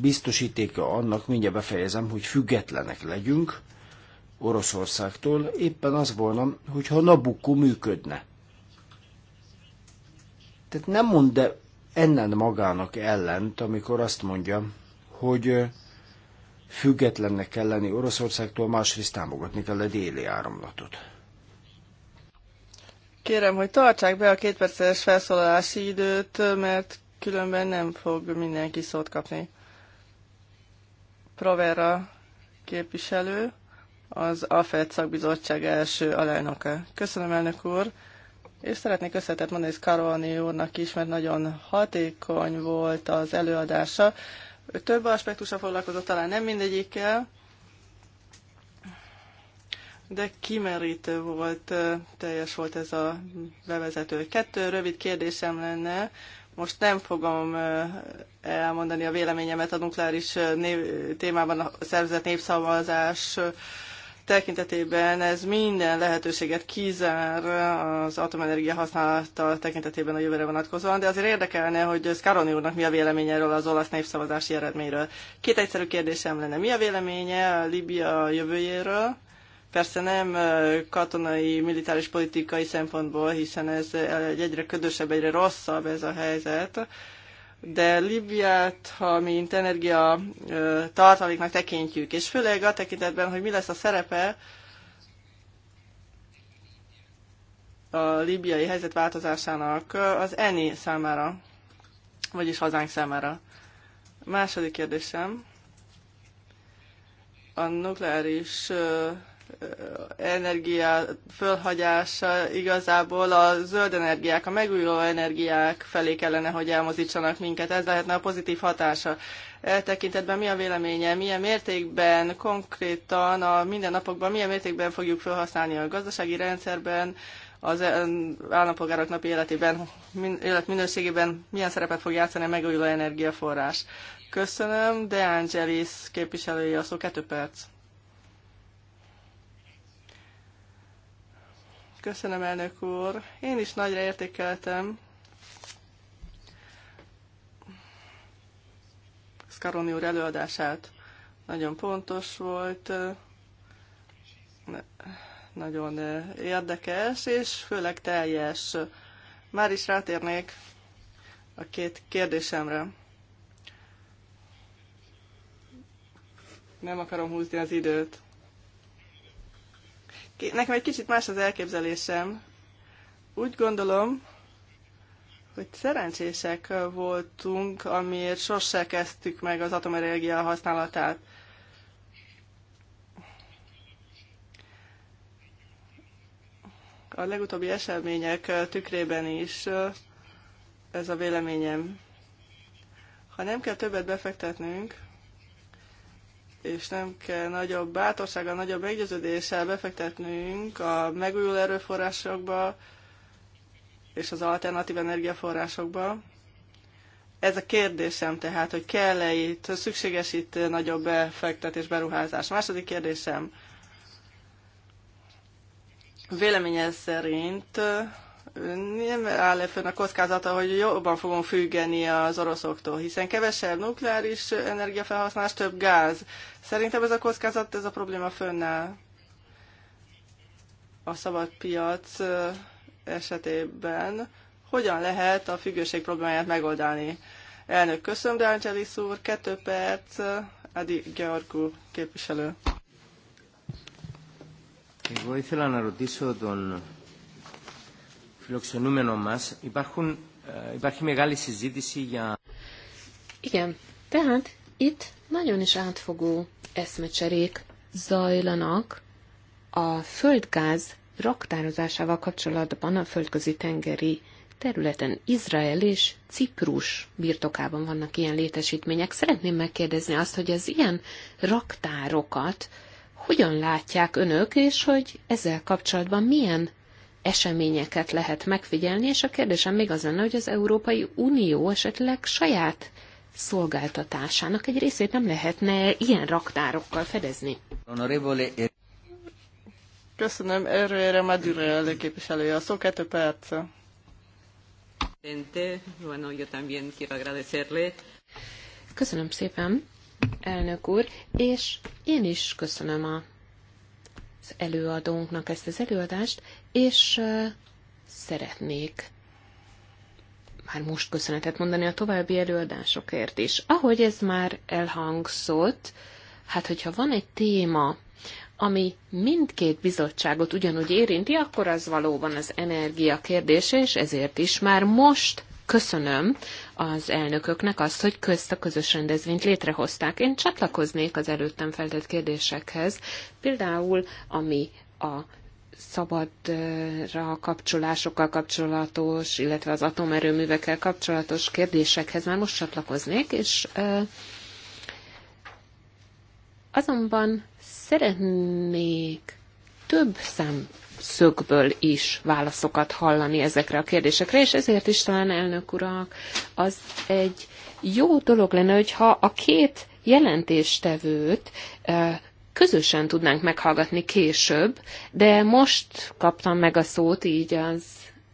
biztosítéka annak, mindjárt befejezem, hogy függetlenek legyünk, Oroszországtól éppen az volna, hogyha Nabucco működne. Tehát nem mond de ennen magának ellent, amikor azt mondja, hogy függetlennek kell lenni Oroszországtól, másrészt támogatni kell a déli áramlatot. Kérem, hogy tartsák be a kétperces felszólalási időt, mert különben nem fog mindenki szót kapni. Provera képviselő az AFED szakbizottság első alelnöke. Köszönöm, elnök úr! És szeretnék összetett mondani Karolni úrnak is, mert nagyon hatékony volt az előadása. Ő több aspektusra foglalkozott, talán nem mindegyikkel, de kimerítő volt, teljes volt ez a bevezető. Kettő rövid kérdésem lenne, most nem fogom elmondani a véleményemet a nukleáris név, témában a szervezet népszavazás tekintetében ez minden lehetőséget kizár az atomenergia használata tekintetében a jövőre vonatkozóan, de azért érdekelne, hogy Scaroni úrnak mi a véleménye erről az olasz népszavazási eredményről. Két egyszerű kérdésem lenne. Mi a véleménye a Libia jövőjéről? Persze nem katonai, militáris, politikai szempontból, hiszen ez egy egyre ködösebb, egyre rosszabb ez a helyzet de Libiát, ha mint energia tartaléknak tekintjük, és főleg a tekintetben, hogy mi lesz a szerepe a libiai helyzet változásának az ENI számára, vagyis hazánk számára. Második kérdésem. A nukleáris energia fölhagyása igazából a zöld energiák, a megújuló energiák felé kellene, hogy elmozítsanak minket. Ez lehetne a pozitív hatása. E tekintetben mi a véleménye, milyen mértékben konkrétan a mindennapokban, milyen mértékben fogjuk felhasználni a gazdasági rendszerben, az e- állampolgárok napi életében, életminőségében milyen szerepet fog játszani a megújuló energiaforrás. Köszönöm, De Angelis képviselője a szó, kettő perc. Köszönöm, elnök úr. Én is nagyra értékeltem Scaroni úr előadását. Nagyon pontos volt, nagyon érdekes, és főleg teljes. Már is rátérnék a két kérdésemre. Nem akarom húzni az időt. Nekem egy kicsit más az elképzelésem. Úgy gondolom, hogy szerencsések voltunk, amiért sose kezdtük meg az atomenergia használatát. A legutóbbi események tükrében is ez a véleményem. Ha nem kell többet befektetnünk, és nem kell nagyobb bátorsággal, nagyobb meggyőződéssel befektetnünk a megújuló erőforrásokba és az alternatív energiaforrásokba. Ez a kérdésem tehát, hogy kell-e itt, szükséges itt nagyobb befektetés, beruházás. második kérdésem, véleménye szerint nem áll -e fönn a kockázata, hogy jobban fogunk függeni az oroszoktól, hiszen kevesebb nukleáris energiafelhasználás, több gáz. Szerintem ez a kockázat, ez a probléma fönnáll a szabad piac esetében. Hogyan lehet a függőség problémáját megoldani? Elnök, köszönöm, de Angelis úr, kettő perc, Adi Georgú képviselő. Εγώ ήθελα να ρωτήσω φιλοξενούμενο μας υπάρχουν, υπάρχει μεγάλη συζήτηση για... Igen, tehát itt nagyon is átfogó eszmecserék zajlanak a földgáz raktározásával kapcsolatban a földközi tengeri területen Izrael és Ciprus birtokában vannak ilyen létesítmények. Szeretném megkérdezni azt, hogy az ilyen raktárokat hogyan látják önök, és hogy ezzel kapcsolatban milyen eseményeket lehet megfigyelni, és a kérdésem még az lenne, hogy az Európai Unió esetleg saját szolgáltatásának egy részét nem lehetne ilyen raktárokkal fedezni. Er- köszönöm, erőre a előképviselője a szó, kettő perc. Köszönöm szépen, elnök úr, és én is köszönöm a az előadónknak ezt az előadást, és szeretnék már most köszönetet mondani a további előadásokért is. Ahogy ez már elhangzott, hát hogyha van egy téma, ami mindkét bizottságot ugyanúgy érinti, akkor az valóban az energia kérdése, és ezért is már most köszönöm az elnököknek azt, hogy közt a közös rendezvényt létrehozták. Én csatlakoznék az előttem feltett kérdésekhez, például ami a szabadra kapcsolásokkal kapcsolatos, illetve az atomerőművekkel kapcsolatos kérdésekhez már most csatlakoznék, és azonban szeretnék több szemszögből is válaszokat hallani ezekre a kérdésekre, és ezért is talán elnök urak, az egy jó dolog lenne, hogyha a két jelentéstevőt közösen tudnánk meghallgatni később, de most kaptam meg a szót így az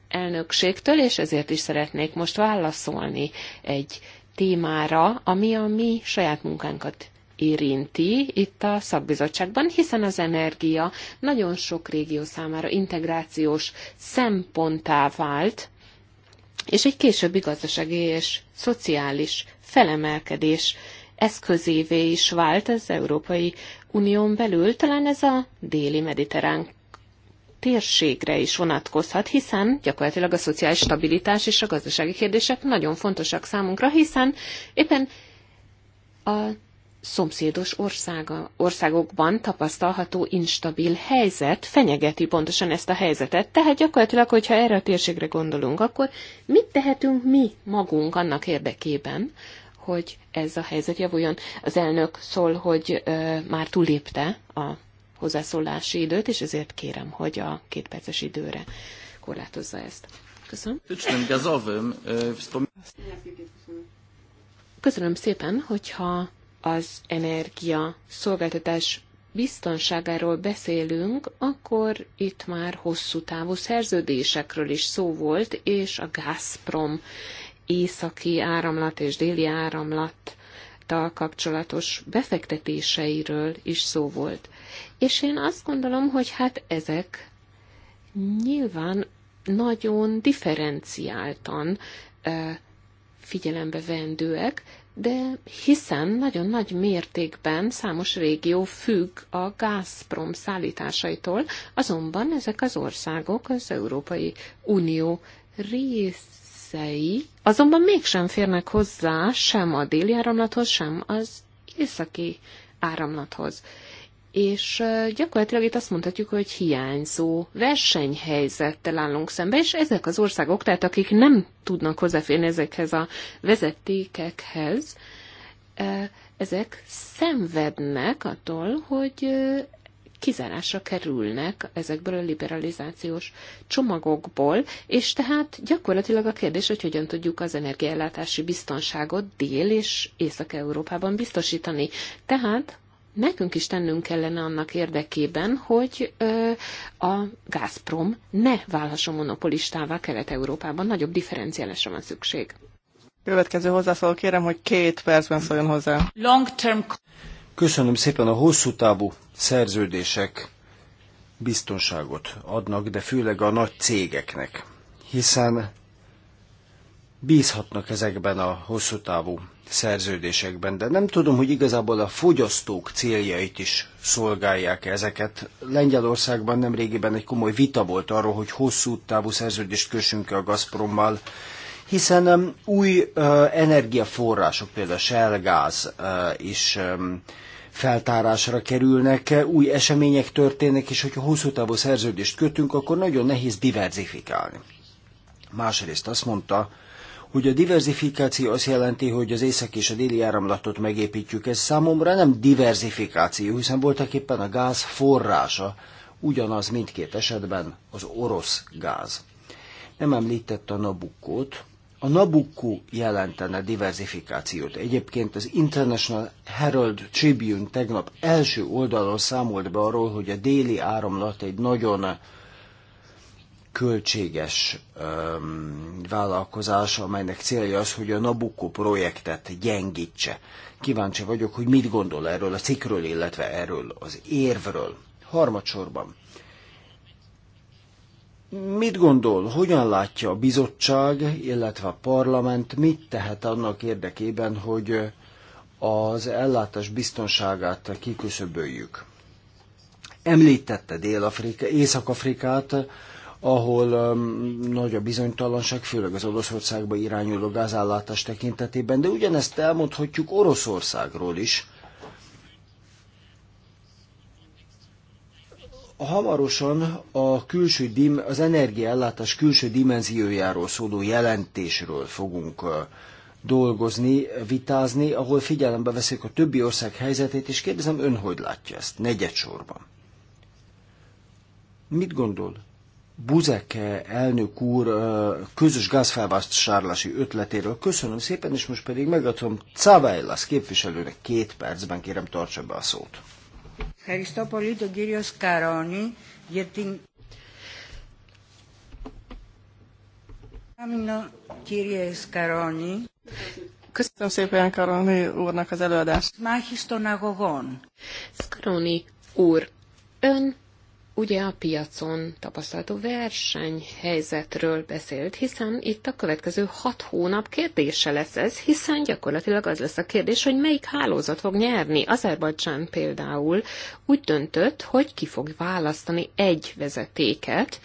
elnökségtől, és ezért is szeretnék most válaszolni egy témára, ami a mi saját munkánkat érinti itt a szakbizottságban, hiszen az energia nagyon sok régió számára integrációs szemponttá vált, és egy későbbi gazdasági és szociális felemelkedés eszközévé is vált az Európai Unión belül, talán ez a déli mediterrán térségre is vonatkozhat, hiszen gyakorlatilag a szociális stabilitás és a gazdasági kérdések nagyon fontosak számunkra, hiszen éppen a szomszédos országa, országokban tapasztalható instabil helyzet fenyegeti pontosan ezt a helyzetet. Tehát gyakorlatilag, hogyha erre a térségre gondolunk, akkor mit tehetünk mi magunk annak érdekében, hogy ez a helyzet javuljon. Az elnök szól, hogy már túlépte a hozzászólási időt, és ezért kérem, hogy a két perces időre korlátozza ezt. Köszönöm. E, Köszönöm szépen, hogyha az energia szolgáltatás biztonságáról beszélünk, akkor itt már hosszú távú szerződésekről is szó volt, és a Gazprom északi áramlat és déli áramlattal kapcsolatos befektetéseiről is szó volt. És én azt gondolom, hogy hát ezek nyilván nagyon differenciáltan figyelembe vendőek, de hiszen nagyon nagy mértékben számos régió függ a Gazprom szállításaitól, azonban ezek az országok az Európai Unió rész részei azonban mégsem férnek hozzá sem a déli áramlathoz, sem az északi áramlathoz. És gyakorlatilag itt azt mondhatjuk, hogy hiányzó versenyhelyzettel állunk szembe, és ezek az országok, tehát akik nem tudnak hozzáférni ezekhez a vezetékekhez, ezek szenvednek attól, hogy kizárásra kerülnek ezekből a liberalizációs csomagokból, és tehát gyakorlatilag a kérdés, hogy hogyan tudjuk az energiállátási biztonságot Dél- és Észak-Európában biztosítani. Tehát nekünk is tennünk kellene annak érdekében, hogy ö, a Gazprom ne válhasson monopolistává Kelet-Európában. Nagyobb differenciálásra van szükség. Következő hozzászóló kérem, hogy két percben szóljon hozzá. Long term... Köszönöm szépen a hosszú távú szerződések biztonságot adnak, de főleg a nagy cégeknek, hiszen bízhatnak ezekben a hosszú távú szerződésekben, de nem tudom, hogy igazából a fogyasztók céljait is szolgálják ezeket. Lengyelországban nemrégiben egy komoly vita volt arról, hogy hosszú távú szerződést kössünk a Gazprommal, hiszen um, új uh, energiaforrások, például a shellgáz uh, is um, feltárásra kerülnek, új események történnek, és hogyha hosszú távú szerződést kötünk, akkor nagyon nehéz diverzifikálni. Másrészt azt mondta, hogy a diversifikáció azt jelenti, hogy az észak és a déli áramlatot megépítjük. Ez számomra nem diversifikáció, hiszen voltak éppen a gáz forrása, ugyanaz mindkét esetben az orosz gáz. Nem említette a Nabukkót, a Nabucco jelentene diversifikációt. Egyébként az International Herald Tribune tegnap első oldalon számolt be arról, hogy a déli áramlat egy nagyon költséges um, vállalkozás, amelynek célja az, hogy a Nabucco projektet gyengítse. Kíváncsi vagyok, hogy mit gondol erről a cikről illetve erről az érvről. Harmadsorban Mit gondol, hogyan látja a bizottság, illetve a parlament, mit tehet annak érdekében, hogy az ellátás biztonságát kiküszöböljük? Említette Dél-Afrika, Észak-Afrikát, ahol um, nagy a bizonytalanság, főleg az Oroszországba irányuló gázállátás tekintetében, de ugyanezt elmondhatjuk Oroszországról is, hamarosan a külső dim, az energiaellátás külső dimenziójáról szóló jelentésről fogunk dolgozni, vitázni, ahol figyelembe veszik a többi ország helyzetét, és kérdezem, ön hogy látja ezt negyed sorban? Mit gondol? Buzek elnök úr közös gázfelvásárlási ötletéről. Köszönöm szépen, és most pedig megadom Cavailas képviselőnek két percben, kérem tartsa be a szót. Ευχαριστώ πολύ τον κύριο Σκαρόνη για την... Κύριε Σκαρόνη. Köszönöm szépen Karoni úrnak az előadást. Máhi στον αγωγών. Skaroni úr, ön ugye a piacon tapasztalható versenyhelyzetről beszélt, hiszen itt a következő hat hónap kérdése lesz ez, hiszen gyakorlatilag az lesz a kérdés, hogy melyik hálózat fog nyerni. Azerbajdzsán például úgy döntött, hogy ki fog választani egy vezetéket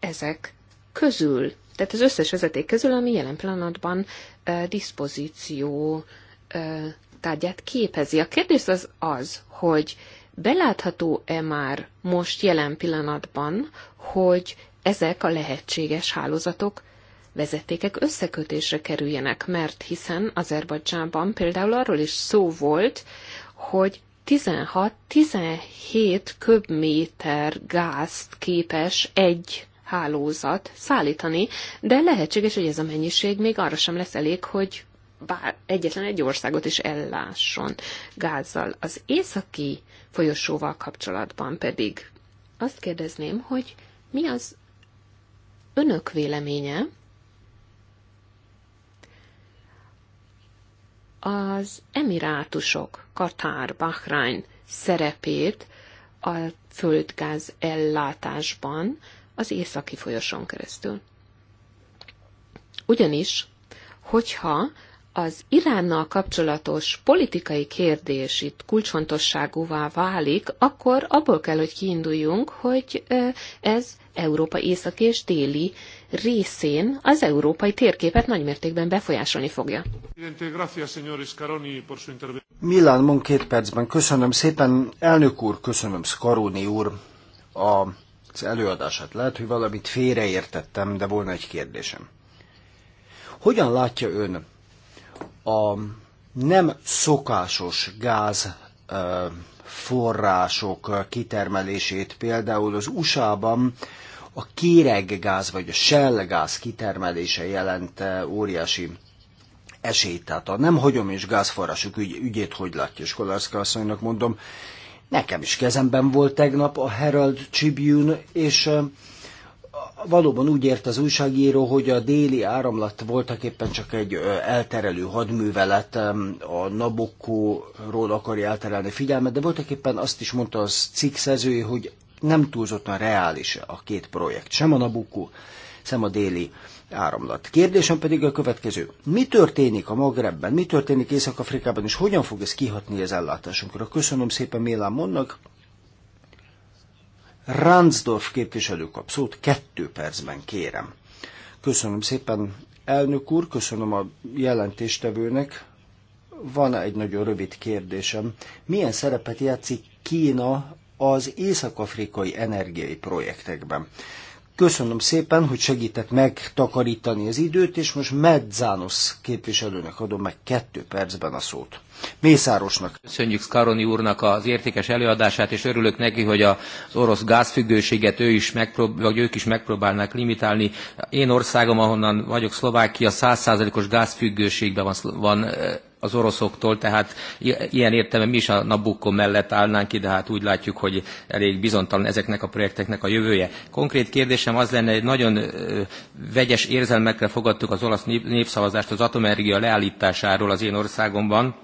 ezek közül. Tehát az összes vezeték közül, ami jelen pillanatban e, diszpozíció e, tárgyát képezi. A kérdés az az, hogy belátható-e már most jelen pillanatban, hogy ezek a lehetséges hálózatok vezetékek összekötésre kerüljenek, mert hiszen Azerbajdzsánban például arról is szó volt, hogy 16-17 köbméter gázt képes egy hálózat szállítani, de lehetséges, hogy ez a mennyiség még arra sem lesz elég, hogy bár egyetlen egy országot is ellásson gázzal. Az északi folyosóval kapcsolatban pedig azt kérdezném, hogy mi az önök véleménye az emirátusok, Katár, Bahrain szerepét a földgáz ellátásban az északi folyosón keresztül. Ugyanis, hogyha az Iránnal kapcsolatos politikai kérdés itt kulcsfontosságúvá válik, akkor abból kell, hogy kiinduljunk, hogy ez Európa északi és déli részén az európai térképet nagymértékben befolyásolni fogja. Milán Mon két percben. Köszönöm szépen, elnök úr, köszönöm Scaroni úr az előadását. Lehet, hogy valamit félreértettem, de volna egy kérdésem. Hogyan látja ön a nem szokásos gáz források kitermelését, például az USA-ban a kéreggáz vagy a shellgáz kitermelése jelent óriási esélyt. Tehát a nem hagyományos gázforrások ügy, ügyét hogy látja, és Kolarszka asszonynak mondom, nekem is kezemben volt tegnap a Herald Tribune, és valóban úgy ért az újságíró, hogy a déli áramlat voltak éppen csak egy elterelő hadművelet, a Nabokkóról akarja elterelni figyelmet, de voltak éppen azt is mondta az cikk szerzői, hogy nem túlzottan reális a két projekt, sem a Nabukkó, sem a déli áramlat. Kérdésem pedig a következő. Mi történik a Magrebben, mi történik Észak-Afrikában, és hogyan fog ez kihatni az ellátásunkra? Köszönöm szépen Mélán Monnak, Ranzdorf képviselő kap szót, kettő percben kérem. Köszönöm szépen, elnök úr, köszönöm a jelentéstevőnek. Van egy nagyon rövid kérdésem. Milyen szerepet játszik Kína az észak-afrikai energiai projektekben? Köszönöm szépen, hogy segített megtakarítani az időt, és most Medzános képviselőnek adom meg kettő percben a szót. Mészárosnak. Köszönjük Skaroni úrnak az értékes előadását, és örülök neki, hogy az orosz gázfüggőséget ő is megprób- vagy ők is megpróbálnak limitálni. Én országom, ahonnan vagyok, Szlovákia, százszázalékos gázfüggőségben van, van az oroszoktól, tehát ilyen értelemben mi is a Nabucco mellett állnánk ki, de hát úgy látjuk, hogy elég bizontalan ezeknek a projekteknek a jövője. Konkrét kérdésem az lenne, hogy nagyon vegyes érzelmekre fogadtuk az olasz népszavazást az atomenergia leállításáról az én országomban.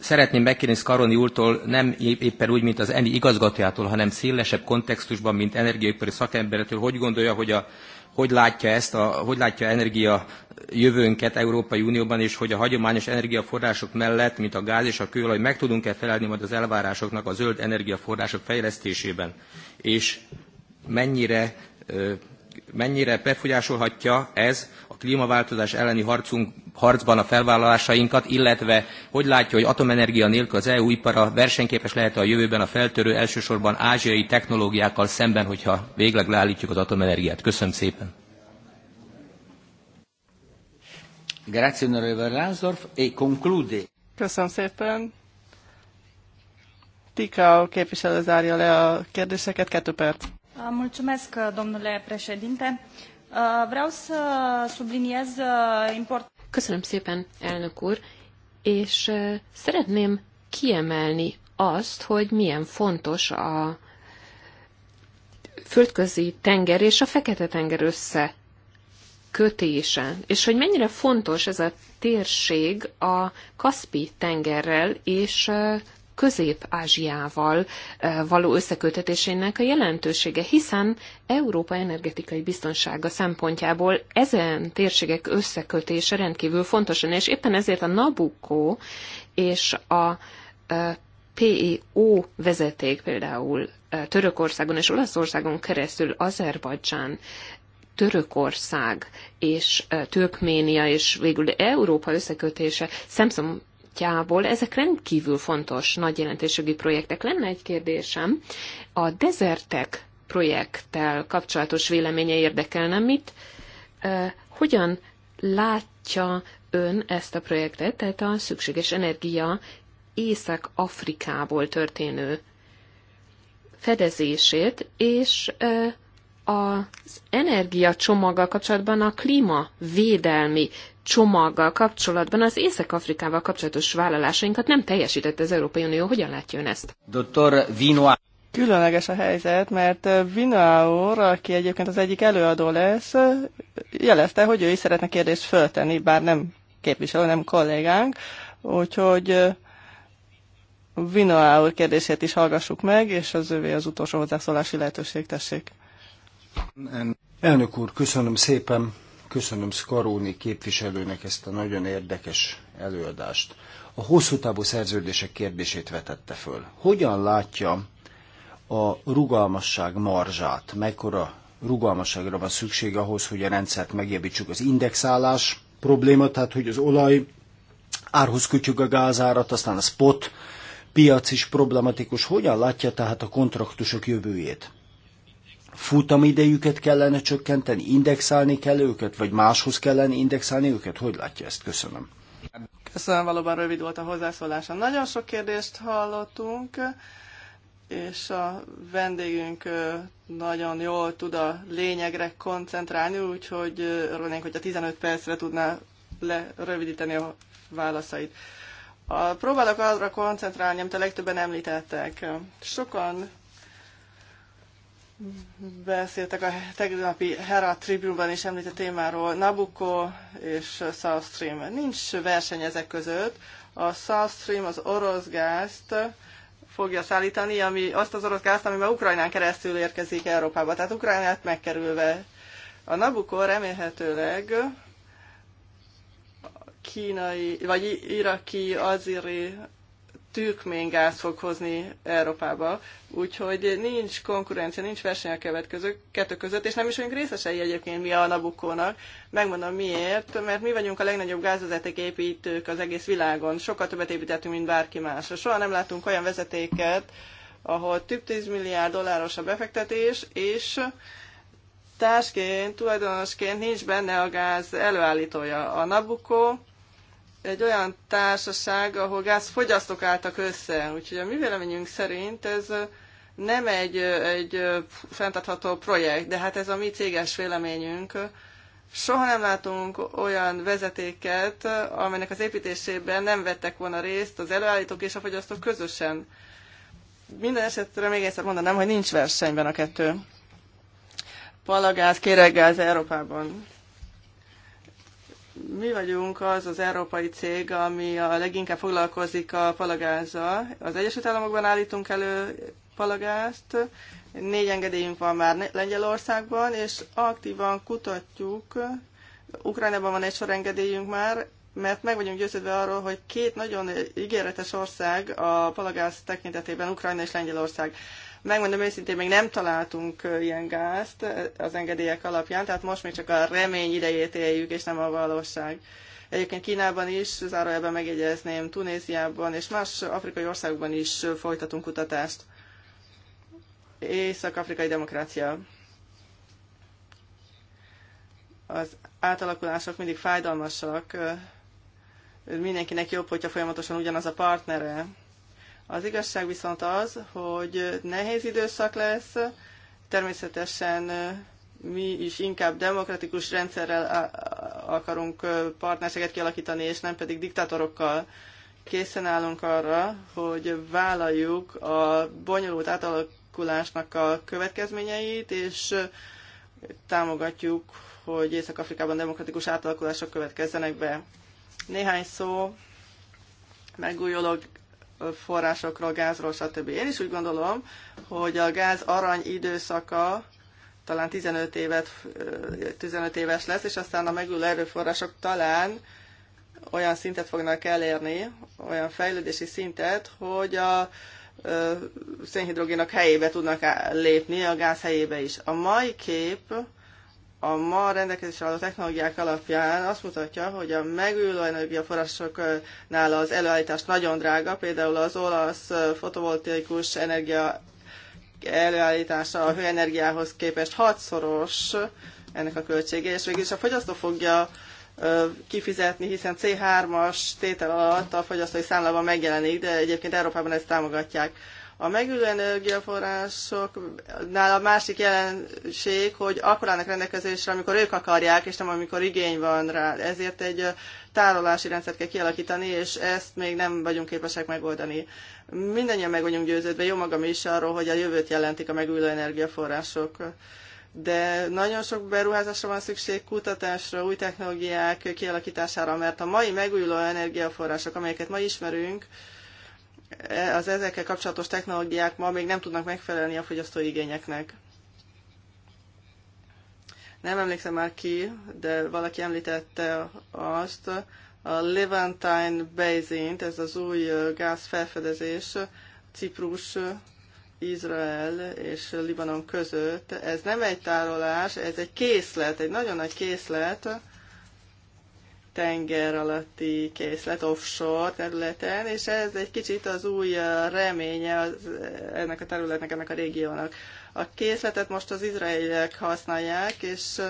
Szeretném megkérni Karoni úrtól, nem éppen úgy, mint az ENI igazgatójától, hanem szélesebb kontextusban, mint energiaipari szakemberetől, hogy gondolja, hogy a hogy látja ezt, a, hogy látja energia jövőnket Európai Unióban, és hogy a hagyományos energiaforrások mellett, mint a gáz és a kőolaj, meg tudunk-e felelni majd az elvárásoknak a zöld energiaforrások fejlesztésében, és mennyire mennyire befolyásolhatja ez klímaváltozás elleni harcunk, harcban a felvállalásainkat, illetve hogy látja, hogy atomenergia nélkül az EU ipara versenyképes lehet a jövőben a feltörő elsősorban ázsiai technológiákkal szemben, hogyha végleg leállítjuk az atomenergiát. Köszönöm szépen. E Köszönöm szépen. Tika képviselő zárja le a kérdéseket. Kettő perc. Mulțumesc, domnule președinte. Uh, vreau să subliniez uh, Köszönöm szépen, elnök úr, és uh, szeretném kiemelni azt, hogy milyen fontos a földközi tenger és a fekete tenger össze kötése, és hogy mennyire fontos ez a térség a Kaspi tengerrel és Közép-Ázsiával való összekötetésének a jelentősége, hiszen Európa energetikai biztonsága szempontjából ezen térségek összekötése rendkívül fontos, és éppen ezért a Nabucco és a PEO vezeték például Törökországon és Olaszországon keresztül Azerbajdzsán Törökország és Türkménia és végül Európa összekötése szemszom szempontjából ezek rendkívül fontos nagy jelentőségű projektek. Lenne egy kérdésem, a Desertek projekttel kapcsolatos véleménye érdekelne, mit, eh, hogyan látja ön ezt a projektet, tehát a szükséges energia Észak-Afrikából történő fedezését, és eh, az energiacsomaggal kapcsolatban, a klímavédelmi csomaggal kapcsolatban az Észak-Afrikával kapcsolatos vállalásainkat nem teljesített az Európai Unió. Hogyan látja ön ezt? Dr. Vinoa. Különleges a helyzet, mert Vinoa úr, aki egyébként az egyik előadó lesz, jelezte, hogy ő is szeretne kérdést föltenni, bár nem képviselő, nem kollégánk, úgyhogy Vinoa úr kérdését is hallgassuk meg, és az ővé az utolsó hozzászólási lehetőség, tessék. Elnök úr, köszönöm szépen, köszönöm Skaróni képviselőnek ezt a nagyon érdekes előadást. A hosszú távú szerződések kérdését vetette föl. Hogyan látja a rugalmasság marzsát? Mekkora rugalmasságra van szükség ahhoz, hogy a rendszert megjavítsuk az indexálás probléma, tehát hogy az olaj árhoz kötjük a gázárat, aztán a spot piac is problematikus. Hogyan látja tehát a kontraktusok jövőjét? futamidejüket kellene csökkenteni, indexálni kell őket, vagy máshoz kellene indexálni őket? Hogy látja ezt? Köszönöm. Köszönöm, valóban rövid volt a hozzászólása. Nagyon sok kérdést hallottunk, és a vendégünk nagyon jól tud a lényegre koncentrálni, úgyhogy örülnénk, hogy a 15 percre tudná lerövidíteni a válaszait. A, próbálok arra koncentrálni, amit a legtöbben említettek. Sokan Beszéltek a tegnapi Hera Tribune-ban is említett témáról, Nabucco és South Stream. Nincs verseny ezek között. A South Stream az orosz gázt fogja szállítani, ami, azt az orosz gázt, ami már Ukrajnán keresztül érkezik Európába, tehát Ukrajnát megkerülve. A Nabucco remélhetőleg kínai, vagy iraki, aziri tűkménygáz fog hozni Európába, úgyhogy nincs konkurencia, nincs verseny a következők kettő között, és nem is vagyunk részesei egyébként mi a Nabukónak. Megmondom miért, mert mi vagyunk a legnagyobb gázvezeték építők az egész világon. Sokkal többet építettünk, mint bárki más. Soha nem látunk olyan vezetéket, ahol több 10 milliárd dolláros a befektetés, és társként, tulajdonosként nincs benne a gáz előállítója. A Nabukó egy olyan társaság, ahol gázfogyasztók álltak össze. Úgyhogy a mi véleményünk szerint ez nem egy, egy fenntartható projekt, de hát ez a mi céges véleményünk. Soha nem látunk olyan vezetéket, amelynek az építésében nem vettek volna részt az előállítók és a fogyasztók közösen. Minden esetre még egyszer mondanám, hogy nincs versenyben a kettő. Palagáz, kéreggáz Európában mi vagyunk az az európai cég, ami a leginkább foglalkozik a palagázzal. Az Egyesült Államokban állítunk elő palagázt, négy engedélyünk van már Lengyelországban, és aktívan kutatjuk, Ukrajnában van egy sor engedélyünk már, mert meg vagyunk győződve arról, hogy két nagyon ígéretes ország a palagáz tekintetében, Ukrajna és Lengyelország. Megmondom őszintén, még nem találtunk ilyen gázt az engedélyek alapján, tehát most még csak a remény idejét éljük, és nem a valóság. Egyébként Kínában is, zárójelben megjegyezném, Tunéziában és más afrikai országokban is folytatunk kutatást. Észak-afrikai demokrácia. Az átalakulások mindig fájdalmasak. Mindenkinek jobb, hogyha folyamatosan ugyanaz a partnere az igazság viszont az, hogy nehéz időszak lesz, természetesen mi is inkább demokratikus rendszerrel akarunk partnerséget kialakítani, és nem pedig diktatorokkal Készen állunk arra, hogy vállaljuk a bonyolult átalakulásnak a következményeit, és támogatjuk, hogy Észak-Afrikában demokratikus átalakulások következzenek be. Néhány szó megújuló forrásokról, gázról, stb. Én is úgy gondolom, hogy a gáz arany időszaka talán 15, évet, 15 éves lesz, és aztán a megülő erőforrások talán olyan szintet fognak elérni, olyan fejlődési szintet, hogy a szénhidrogénak helyébe tudnak lépni, a gáz helyébe is. A mai kép a ma rendelkezésre álló technológiák alapján azt mutatja, hogy a megújuló energiaforrásoknál az előállítás nagyon drága, például az olasz fotovoltaikus energia előállítása a hőenergiához képest hatszoros ennek a költsége, és végülis a fogyasztó fogja kifizetni, hiszen C3-as tétel alatt a fogyasztói számlában megjelenik, de egyébként Európában ezt támogatják. A megülő energiaforrásoknál a másik jelenség, hogy akkor állnak rendelkezésre, amikor ők akarják, és nem amikor igény van rá. Ezért egy tárolási rendszert kell kialakítani, és ezt még nem vagyunk képesek megoldani. Mindennyian meg vagyunk győződve, jó magam is arról, hogy a jövőt jelentik a megülő energiaforrások de nagyon sok beruházásra van szükség, kutatásra, új technológiák kialakítására, mert a mai megújuló energiaforrások, amelyeket ma ismerünk, az ezekkel kapcsolatos technológiák ma még nem tudnak megfelelni a fogyasztói igényeknek. Nem emlékszem már ki, de valaki említette azt, a Levantine basin ez az új gázfelfedezés Ciprus, Izrael és Libanon között. Ez nem egy tárolás, ez egy készlet, egy nagyon nagy készlet, tenger alatti készlet offshore területen, és ez egy kicsit az új reménye az, ennek a területnek, ennek a régiónak. A készletet most az izraeliek használják, és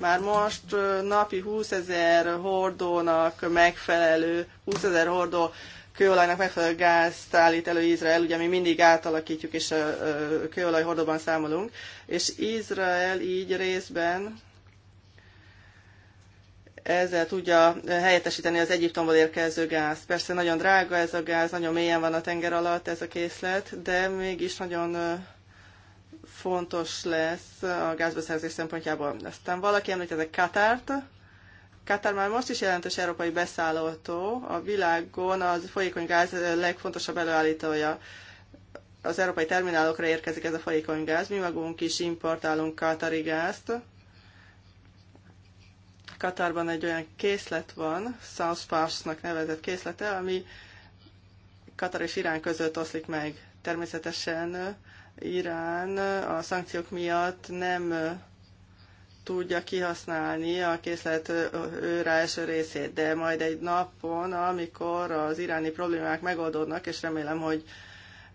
már most napi 20 ezer hordónak megfelelő, 20 ezer hordó kőolajnak megfelelő gázt állít elő Izrael, ugye mi mindig átalakítjuk, és a kőolaj hordóban számolunk, és Izrael így részben ezzel tudja helyettesíteni az Egyiptomból érkező gáz. Persze nagyon drága ez a gáz, nagyon mélyen van a tenger alatt ez a készlet, de mégis nagyon fontos lesz a gázbeszerzés szempontjából. Aztán valaki említette Katárt. Katár már most is jelentős európai beszállító, a világon az folyékony gáz legfontosabb előállítója. Az európai terminálokra érkezik ez a folyékony gáz, mi magunk is importálunk Katari gázt, Katarban egy olyan készlet van, South Pass-nak nevezett készlete, ami Katar és Irán között oszlik meg. Természetesen Irán a szankciók miatt nem tudja kihasználni a készlet őre első részét, de majd egy napon, amikor az iráni problémák megoldódnak, és remélem, hogy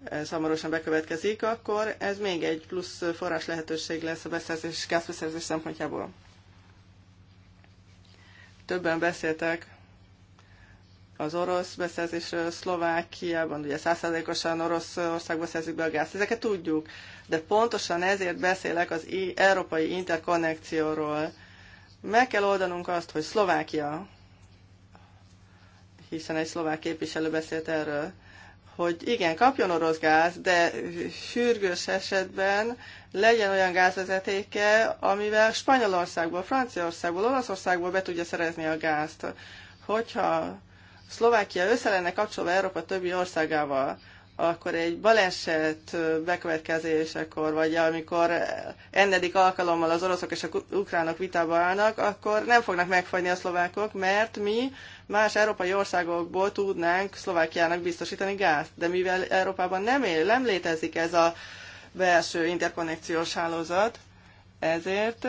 ez hamarosan bekövetkezik, akkor ez még egy plusz forrás lehetőség lesz a beszerzés, gázbeszerzés szempontjából. Többen beszéltek az orosz beszerzésről Szlovákiában, ugye orosz országba szerzik be a gázt, ezeket tudjuk, de pontosan ezért beszélek az európai interkonnekcióról. Meg kell oldanunk azt, hogy Szlovákia, hiszen egy szlovák képviselő beszélt erről, hogy igen, kapjon orosz gáz, de sürgős esetben legyen olyan gázvezetéke, amivel Spanyolországból, Franciaországból, Olaszországból be tudja szerezni a gázt. Hogyha Szlovákia össze lenne kapcsolva Európa többi országával, akkor egy baleset bekövetkezésekor, vagy amikor ennedik alkalommal az oroszok és a ukránok vitába állnak, akkor nem fognak megfagyni a szlovákok, mert mi más európai országokból tudnánk Szlovákiának biztosítani gázt. De mivel Európában nem él, nem létezik ez a belső interkonnekciós hálózat, ezért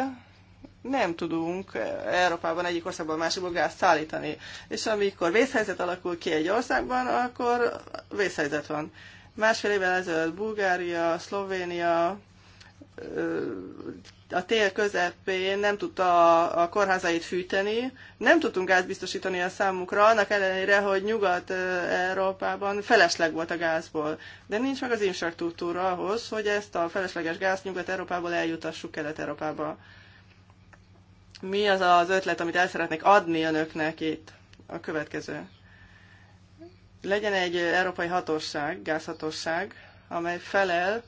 nem tudunk Európában egyik országban másikból gázt szállítani. És amikor vészhelyzet alakul ki egy országban, akkor vészhelyzet van. Másfél évvel ezelőtt Bulgária, Szlovénia, a tél közepén nem tudta a, a kórházait fűteni, nem tudtunk gáz biztosítani a számukra, annak ellenére, hogy Nyugat-Európában felesleg volt a gázból. De nincs meg az infrastruktúra ahhoz, hogy ezt a felesleges gáz Nyugat-Európából eljutassuk Kelet-Európába. Mi az az ötlet, amit el szeretnék adni önöknek itt? A következő. Legyen egy európai hatóság, gázhatóság, amely felel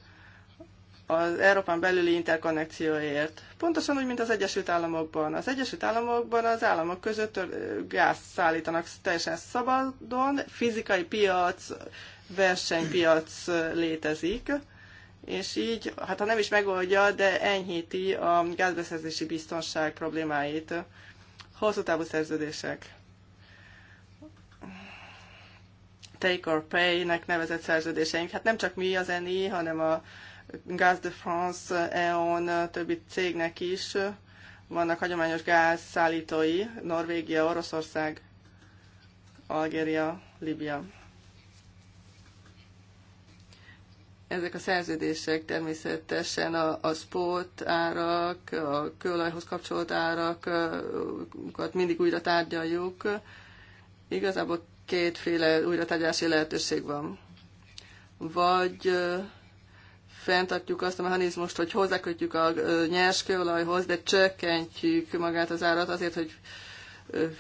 az Európán belüli interkonnekcióért. Pontosan úgy, mint az Egyesült Államokban. Az Egyesült Államokban az államok között gáz szállítanak teljesen szabadon, fizikai piac, versenypiac létezik, és így, hát ha nem is megoldja, de enyhíti a gázbeszerzési biztonság problémáit. Hosszú távú szerződések. Take or pay-nek nevezett szerződéseink. Hát nem csak mi az NI, hanem a Gaz de France, EON, többi cégnek is vannak hagyományos gázszállítói, Norvégia, Oroszország, Algéria, Libia. Ezek a szerződések természetesen a, a spot árak, a kőolajhoz kapcsolt árakat mindig újra tárgyaljuk. Igazából kétféle újratárgyási lehetőség van. Vagy fenntartjuk azt a mechanizmust, hogy hozzákötjük a kőolajhoz, de csökkentjük magát az árat azért, hogy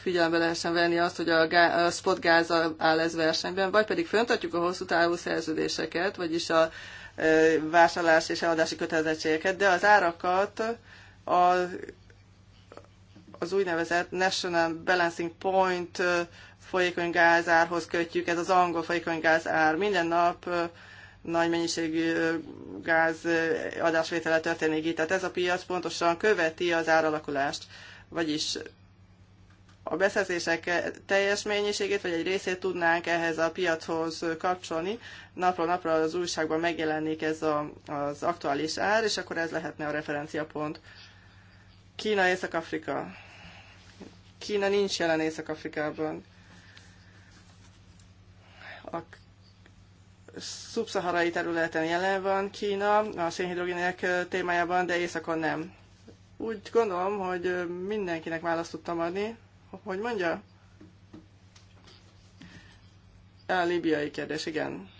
figyelembe lehessen venni azt, hogy a, gá- a spotgáz áll ez versenyben, vagy pedig fenntartjuk a hosszú távú szerződéseket, vagyis a vásárlás és eladási kötelezettségeket, de az árakat a, az úgynevezett National Balancing Point folyékony gázárhoz kötjük, ez az angol folyékony gázár. Minden nap nagy mennyiségű gáz adásvétele történik itt. Tehát ez a piac pontosan követi az áralakulást, vagyis a beszerzések teljes mennyiségét, vagy egy részét tudnánk ehhez a piachoz kapcsolni. Napról napra az újságban megjelenik ez a, az aktuális ár, és akkor ez lehetne a referenciapont. Kína, Észak-Afrika. Kína nincs jelen Észak-Afrikában. A szubszaharai területen jelen van Kína, a szénhidrogének témájában, de északon nem. Úgy gondolom, hogy mindenkinek választ tudtam adni. Hogy mondja? A libiai kérdés, igen.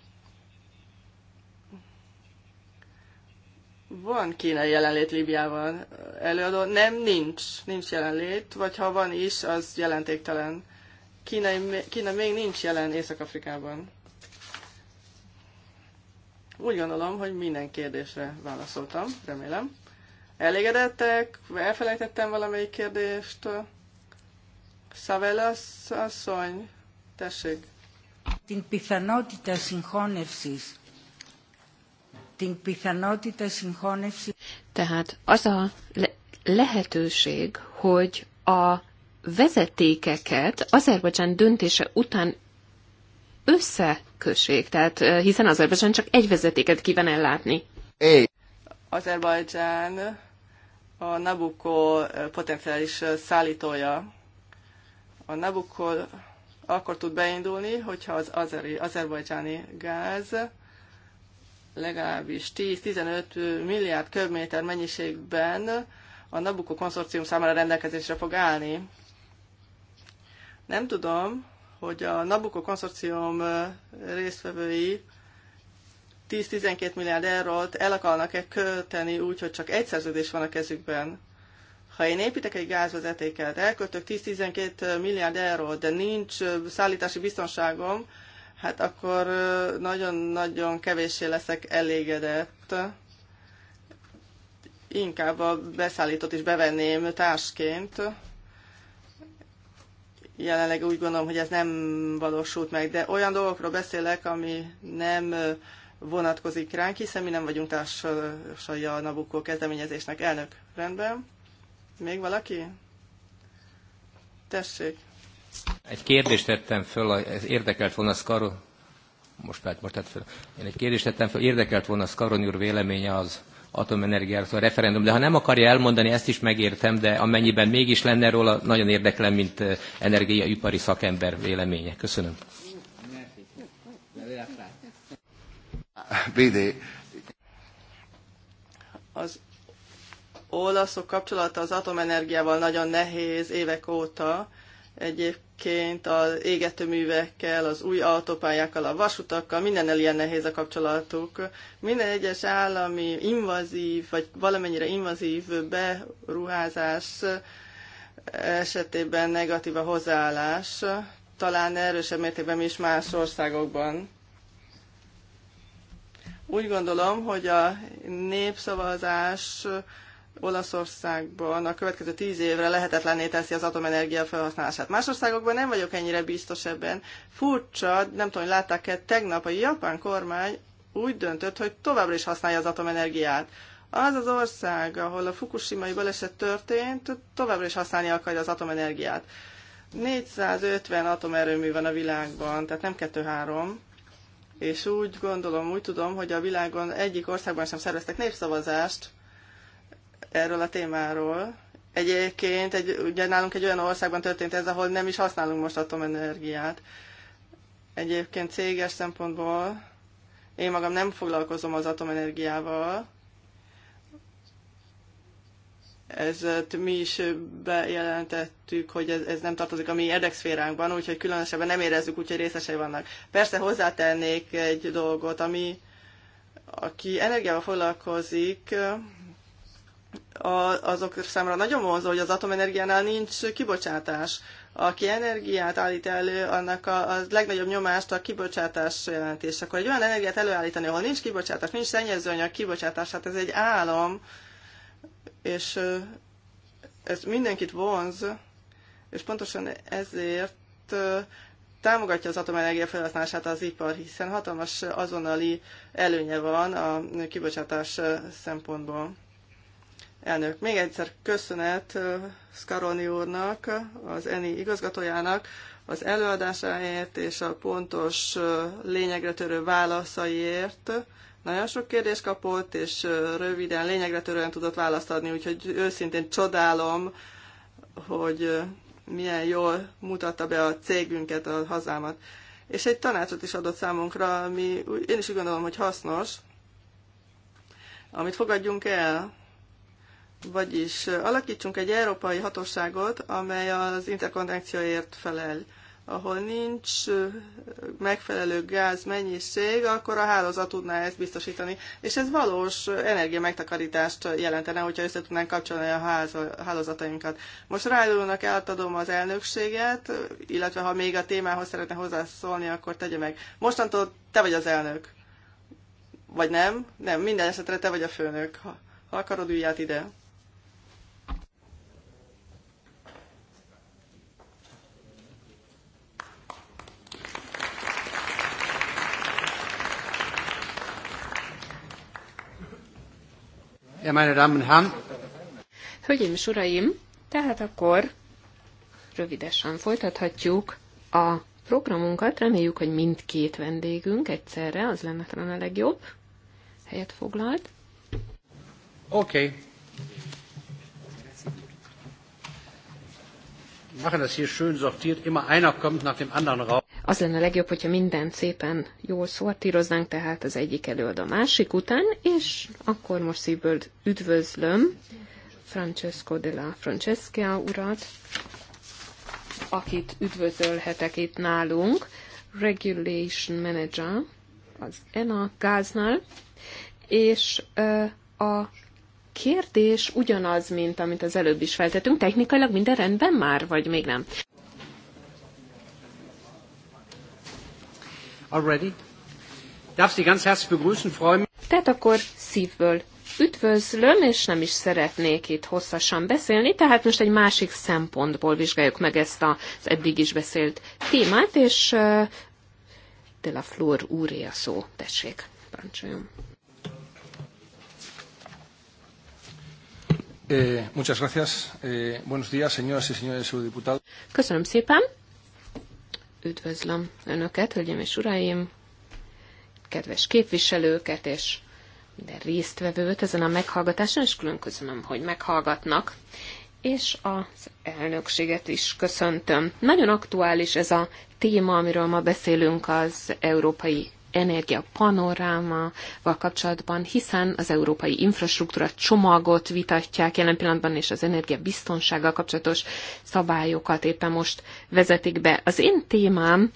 Van kínai jelenlét Libiában előadó? Nem, nincs. Nincs jelenlét, vagy ha van is, az jelentéktelen. Kínai, Kína még nincs jelen Észak-Afrikában. Úgy gondolom, hogy minden kérdésre válaszoltam, remélem. Elégedettek? Elfelejtettem valamelyik kérdést? Szavelasz asszony, tessék. Την πιθανότητα συγχώνευσης. Την πιθανότητα συγχώνευσης. Tehát az a le lehetőség, hogy a vezetékeket Azerbajdzsán döntése után össze kösség, tehát hiszen Azerbajdzsán csak egy vezetéket kíván ellátni. Az Azerbajdzsán a Nabucco potenciális szállítója. A Nabucco akkor tud beindulni, hogyha az azeri, azerbajdzsáni gáz legalábbis 10-15 milliárd köbméter mennyiségben a Nabucco konszorcium számára rendelkezésre fog állni. Nem tudom, hogy a Nabucco konszorcium résztvevői 10-12 milliárd eurót el akarnak-e költeni úgy, hogy csak egy szerződés van a kezükben. Ha én építek egy gázvezetéket, elköltök 10-12 milliárd eurót, de nincs szállítási biztonságom, hát akkor nagyon-nagyon kevéssé leszek elégedett. Inkább a beszállítót is bevenném társként jelenleg úgy gondolom, hogy ez nem valósult meg, de olyan dolgokról beszélek, ami nem vonatkozik ránk, hiszen mi nem vagyunk társai a Nabukó kezdeményezésnek. Elnök, rendben. Még valaki? Tessék. Egy kérdést tettem föl, ez érdekelt volna Skaro, most már most tett föl. Én egy kérdést tettem föl, érdekelt volna Skaron úr véleménye az, atomenergiáról szóval a referendum. De ha nem akarja elmondani, ezt is megértem, de amennyiben mégis lenne róla, nagyon érdeklem, mint energiaipari szakember véleménye. Köszönöm. Védé. Az olaszok kapcsolata az atomenergiával nagyon nehéz évek óta, Egyébként az égetőművekkel, az új autópályákkal, a vasutakkal, mindennel ilyen nehéz a kapcsolatuk. Minden egyes állami invazív, vagy valamennyire invazív beruházás esetében negatív a hozzáállás, talán erősebb mértékben is más országokban. Úgy gondolom, hogy a népszavazás Olaszországban a következő tíz évre lehetetlenné teszi az atomenergia felhasználását. Más országokban nem vagyok ennyire biztos ebben. Furcsa, nem tudom, hogy látták-e, tegnap a japán kormány úgy döntött, hogy továbbra is használja az atomenergiát. Az az ország, ahol a fukushimai baleset történt, továbbra is használni akarja az atomenergiát. 450 atomerőmű van a világban, tehát nem 2-3. És úgy gondolom, úgy tudom, hogy a világon egyik országban sem szerveztek népszavazást, erről a témáról. Egyébként egy, ugye nálunk egy olyan országban történt ez, ahol nem is használunk most atomenergiát. Egyébként céges szempontból én magam nem foglalkozom az atomenergiával. Ez mi is bejelentettük, hogy ez, ez nem tartozik a mi érdekszféránkban, úgyhogy különösebben nem érezzük, úgyhogy részesei vannak. Persze hozzátennék egy dolgot, ami aki energiával foglalkozik, azok számára nagyon vonzó, hogy az atomenergiánál nincs kibocsátás. Aki energiát állít elő, annak a, a legnagyobb nyomást a kibocsátás jelentés. Akkor egy olyan energiát előállítani, ahol nincs kibocsátás, nincs szennyezőanyag kibocsátás, hát ez egy álom, és ez mindenkit vonz, és pontosan ezért támogatja az atomenergia felhasználását az ipar, hiszen hatalmas azonnali előnye van a kibocsátás szempontból. Elnök, még egyszer köszönet Skaroni úrnak, az ENI igazgatójának az előadásáért és a pontos lényegre törő válaszaiért. Nagyon sok kérdést kapott, és röviden, lényegre törően tudott választ adni, úgyhogy őszintén csodálom, hogy milyen jól mutatta be a cégünket, a hazámat. És egy tanácsot is adott számunkra, ami én is úgy gondolom, hogy hasznos, amit fogadjunk el, vagyis alakítsunk egy európai hatóságot, amely az interkonnekcióért felel. Ahol nincs megfelelő gáz mennyiség, akkor a hálózat tudná ezt biztosítani. És ez valós energia megtakarítást jelentene, hogyha össze tudnánk kapcsolni a ház, hálózatainkat. Most rájulónak átadom az elnökséget, illetve ha még a témához szeretne hozzászólni, akkor tegye meg. Mostantól te vagy az elnök. Vagy nem? Nem, minden esetre te vagy a főnök. Ha akarod, ülj át ide. Ja, meine Damen und Herren. Hölgyeim és uraim, tehát akkor rövidesen folytathatjuk a programunkat. Reméljük, hogy mindkét vendégünk egyszerre, az lenne talán a legjobb, helyet foglalt. Oké. Okay. machen das hier schön sortiert, immer einer kommt nach dem anderen raus. Az lenne a legjobb, hogyha minden szépen jól szortíroznánk, tehát az egyik előad a másik után, és akkor most szívből üdvözlöm Francesco de la Francesca urat, akit üdvözölhetek itt nálunk, Regulation Manager az ENA gáznál, és a kérdés ugyanaz, mint amit az előbb is feltettünk. Technikailag minden rendben már, vagy még nem? Already? Darf Sie ganz herzlich begrüßen, freuen. Tehát akkor szívből üdvözlöm, és nem is szeretnék itt hosszasan beszélni, tehát most egy másik szempontból vizsgáljuk meg ezt az eddig is beszélt témát, és De La Flor úré a szó. Tessék, parancsoljon. Eh, muchas gracias. Eh, buenos días, señoras y señores eurodiputados. Köszönöm szépen. Üdvözlöm Önöket, hölgyeim és uraim, kedves képviselőket és minden résztvevőt ezen a meghallgatáson, és külön köszönöm, hogy meghallgatnak és az elnökséget is köszöntöm. Nagyon aktuális ez a téma, amiről ma beszélünk, az európai energia kapcsolatban, hiszen az európai infrastruktúra csomagot vitatják jelen pillanatban, és az energia kapcsolatos szabályokat éppen most vezetik be. Az én témám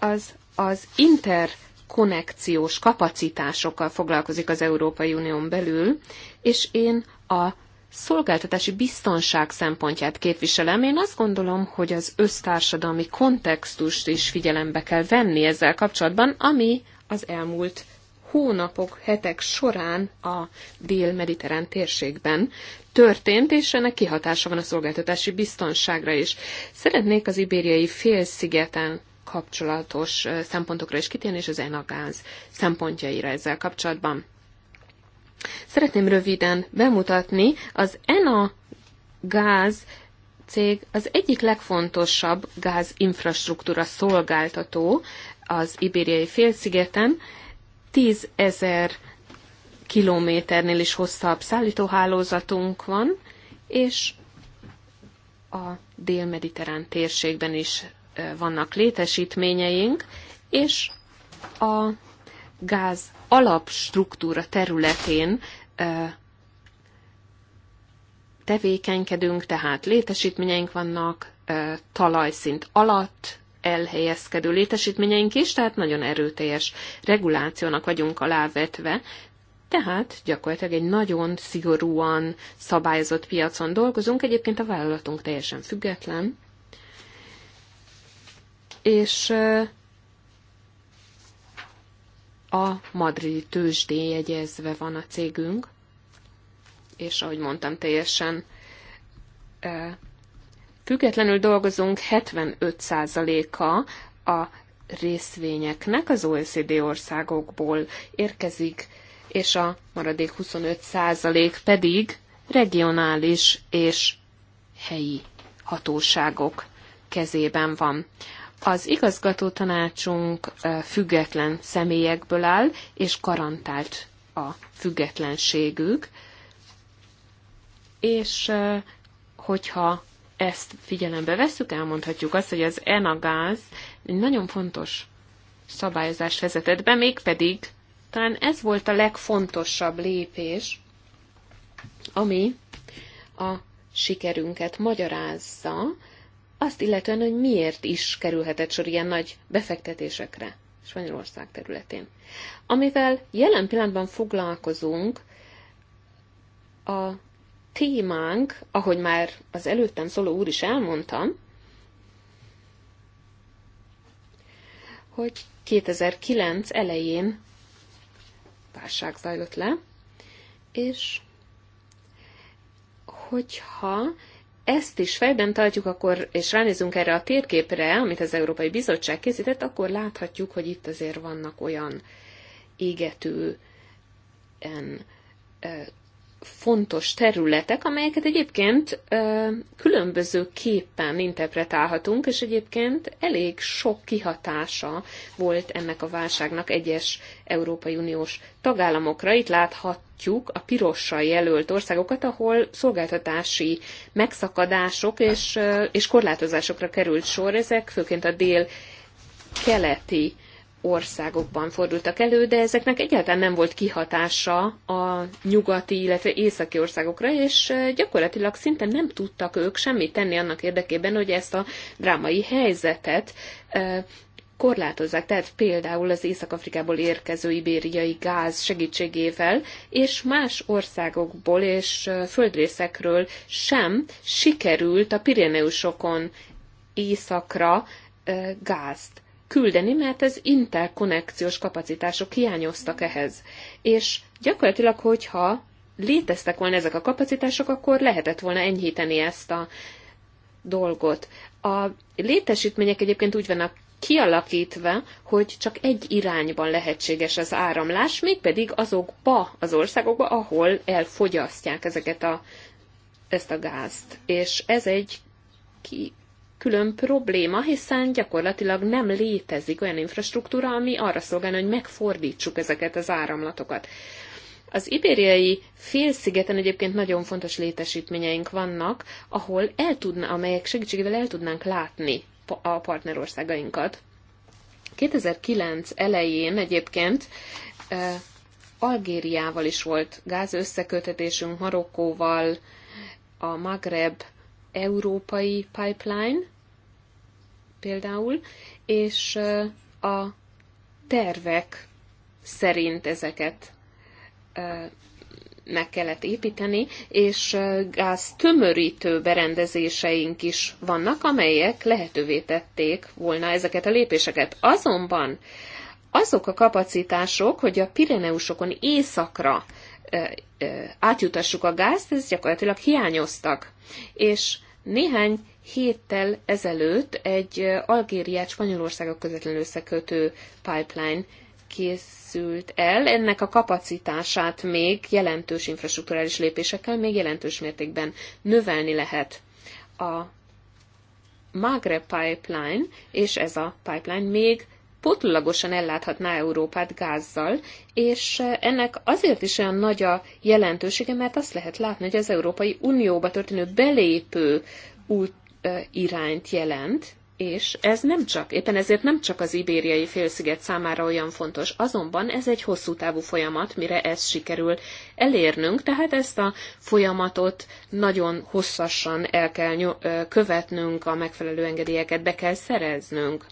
az az inter konnekciós kapacitásokkal foglalkozik az Európai Unión belül, és én a szolgáltatási biztonság szempontját képviselem. Én azt gondolom, hogy az össztársadalmi kontextust is figyelembe kell venni ezzel kapcsolatban, ami az elmúlt hónapok, hetek során a dél-mediterrán térségben történt, és ennek kihatása van a szolgáltatási biztonságra is. Szeretnék az ibériai félszigeten kapcsolatos szempontokra is kitérni, és az enagáz szempontjaira ezzel kapcsolatban. Szeretném röviden bemutatni az ENA gáz cég az egyik legfontosabb gázinfrastruktúra szolgáltató az ibériai félszigeten 10 ezer kilométernél is hosszabb szállítóhálózatunk van, és a dél-mediterrán térségben is vannak létesítményeink, és a gáz alapstruktúra területén tevékenykedünk, tehát létesítményeink vannak talajszint alatt elhelyezkedő létesítményeink is, tehát nagyon erőteljes regulációnak vagyunk alávetve, tehát gyakorlatilag egy nagyon szigorúan szabályozott piacon dolgozunk, egyébként a vállalatunk teljesen független, és a madridi tőzsdén jegyezve van a cégünk, és ahogy mondtam, teljesen Függetlenül dolgozunk 75%-a a részvényeknek az OECD országokból érkezik, és a maradék 25% pedig regionális és helyi hatóságok kezében van. Az igazgató tanácsunk független személyekből áll, és garantált a függetlenségük, és hogyha ezt figyelembe vesszük, elmondhatjuk azt, hogy az enagáz egy nagyon fontos szabályozás vezetett be, mégpedig talán ez volt a legfontosabb lépés, ami a sikerünket magyarázza, azt illetően, hogy miért is kerülhetett sor ilyen nagy befektetésekre Spanyolország területén. Amivel jelen pillanatban foglalkozunk, a témánk, ahogy már az előttem szóló úr is elmondtam, hogy 2009 elején válság zajlott le, és hogyha ezt is fejben tartjuk, akkor, és ránézünk erre a térképre, amit az Európai Bizottság készített, akkor láthatjuk, hogy itt azért vannak olyan égető fontos területek, amelyeket egyébként ö, különböző képpen interpretálhatunk, és egyébként elég sok kihatása volt ennek a válságnak egyes Európai Uniós tagállamokra. Itt láthatjuk a pirossal jelölt országokat, ahol szolgáltatási megszakadások és, és korlátozásokra került sor. Ezek főként a dél-keleti országokban fordultak elő, de ezeknek egyáltalán nem volt kihatása a nyugati, illetve északi országokra, és gyakorlatilag szinte nem tudtak ők semmit tenni annak érdekében, hogy ezt a drámai helyzetet korlátozzák, tehát például az Észak-Afrikából érkező ibériai gáz segítségével, és más országokból és földrészekről sem sikerült a Pirineusokon északra gázt küldeni, mert ez interkonnekciós kapacitások hiányoztak ehhez. És gyakorlatilag, hogyha léteztek volna ezek a kapacitások, akkor lehetett volna enyhíteni ezt a dolgot. A létesítmények egyébként úgy vannak kialakítva, hogy csak egy irányban lehetséges az áramlás, mégpedig azokba az országokba, ahol elfogyasztják ezeket a, ezt a gázt. És ez egy ki, külön probléma, hiszen gyakorlatilag nem létezik olyan infrastruktúra, ami arra szolgálna, hogy megfordítsuk ezeket az áramlatokat. Az ibériai félszigeten egyébként nagyon fontos létesítményeink vannak, ahol el tudna, amelyek segítségével el tudnánk látni a partnerországainkat. 2009 elején egyébként Algériával is volt gázösszekötetésünk, Marokkóval, a Magreb európai pipeline például, és a tervek szerint ezeket meg kellett építeni, és gáz tömörítő berendezéseink is vannak, amelyek lehetővé tették volna ezeket a lépéseket. Azonban azok a kapacitások, hogy a Pireneusokon északra átjutassuk a gázt, ez gyakorlatilag hiányoztak. És néhány héttel ezelőtt egy Algériát Spanyolországok közvetlenül összekötő pipeline készült el. Ennek a kapacitását még jelentős infrastruktúrális lépésekkel még jelentős mértékben növelni lehet. A Magre pipeline és ez a pipeline még pótlagosan elláthatná Európát gázzal, és eh, ennek azért is olyan nagy a jelentősége, mert azt lehet látni, hogy az Európai Unióba történő belépő út eh, irányt jelent, és ez nem csak, éppen ezért nem csak az ibériai félsziget számára olyan fontos, azonban ez egy hosszú távú folyamat, mire ezt sikerül elérnünk, tehát ezt a folyamatot nagyon hosszasan el kell eh, követnünk, a megfelelő engedélyeket be kell szereznünk.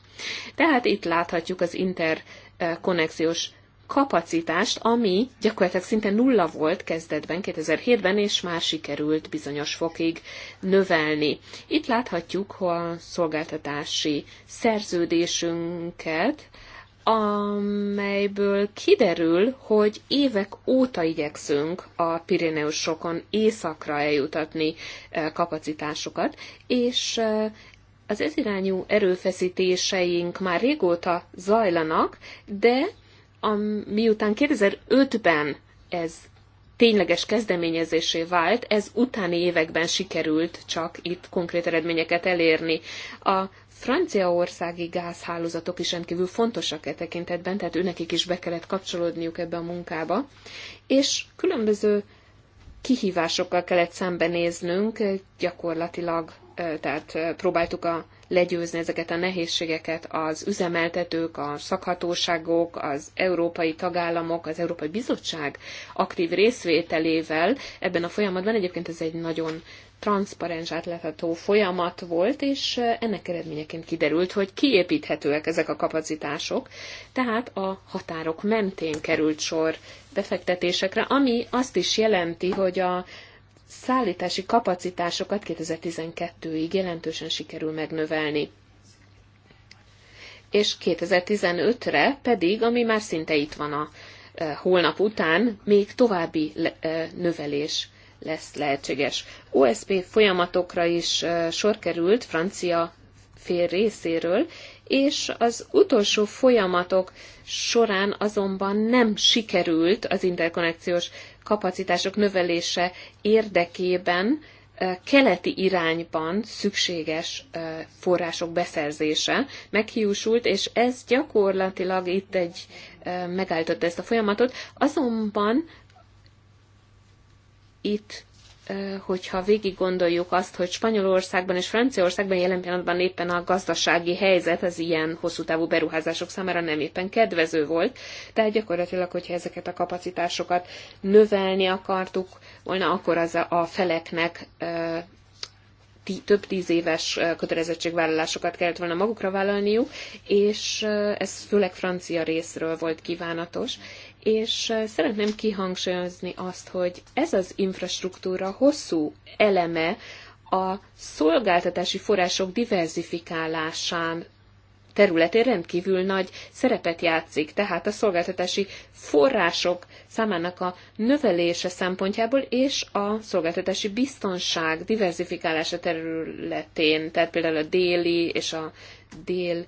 Tehát itt láthatjuk az interkonnexiós kapacitást, ami gyakorlatilag szinte nulla volt kezdetben, 2007-ben, és már sikerült bizonyos fokig növelni. Itt láthatjuk a szolgáltatási szerződésünket, amelyből kiderül, hogy évek óta igyekszünk a Pirineusokon északra eljutatni eh, kapacitásokat, és eh, az ezirányú erőfeszítéseink már régóta zajlanak, de a, miután 2005-ben ez tényleges kezdeményezésé vált, ez utáni években sikerült csak itt konkrét eredményeket elérni. A franciaországi gázhálózatok is rendkívül fontosak e tekintetben, tehát őnekik is be kellett kapcsolódniuk ebbe a munkába, és különböző kihívásokkal kellett szembenéznünk gyakorlatilag tehát próbáltuk a, legyőzni ezeket a nehézségeket az üzemeltetők, a szakhatóságok, az európai tagállamok, az Európai Bizottság aktív részvételével ebben a folyamatban. Egyébként ez egy nagyon transzparens, átlátható folyamat volt, és ennek eredményeként kiderült, hogy kiépíthetőek ezek a kapacitások, tehát a határok mentén került sor befektetésekre, ami azt is jelenti, hogy a szállítási kapacitásokat 2012-ig jelentősen sikerül megnövelni. És 2015-re pedig, ami már szinte itt van a e, holnap után, még további e, növelés lesz lehetséges. OSP folyamatokra is e, sor került francia fél részéről, és az utolsó folyamatok során azonban nem sikerült az interkonnekciós kapacitások növelése érdekében keleti irányban szükséges források beszerzése meghiúsult, és ez gyakorlatilag itt egy megállította ezt a folyamatot, azonban itt Eh, hogyha végig gondoljuk azt, hogy Spanyolországban és Franciaországban jelen pillanatban éppen a gazdasági helyzet az ilyen hosszú távú beruházások számára nem éppen kedvező volt, tehát gyakorlatilag, hogyha ezeket a kapacitásokat növelni akartuk volna, akkor az a feleknek eh, több tíz éves eh, kötelezettségvállalásokat kellett volna magukra vállalniuk, és ez főleg francia részről volt kívánatos, és szeretném kihangsúlyozni azt, hogy ez az infrastruktúra hosszú eleme a szolgáltatási források diverzifikálásán területén rendkívül nagy szerepet játszik, tehát a szolgáltatási források számának a növelése szempontjából és a szolgáltatási biztonság diverzifikálása területén, tehát például a déli és a dél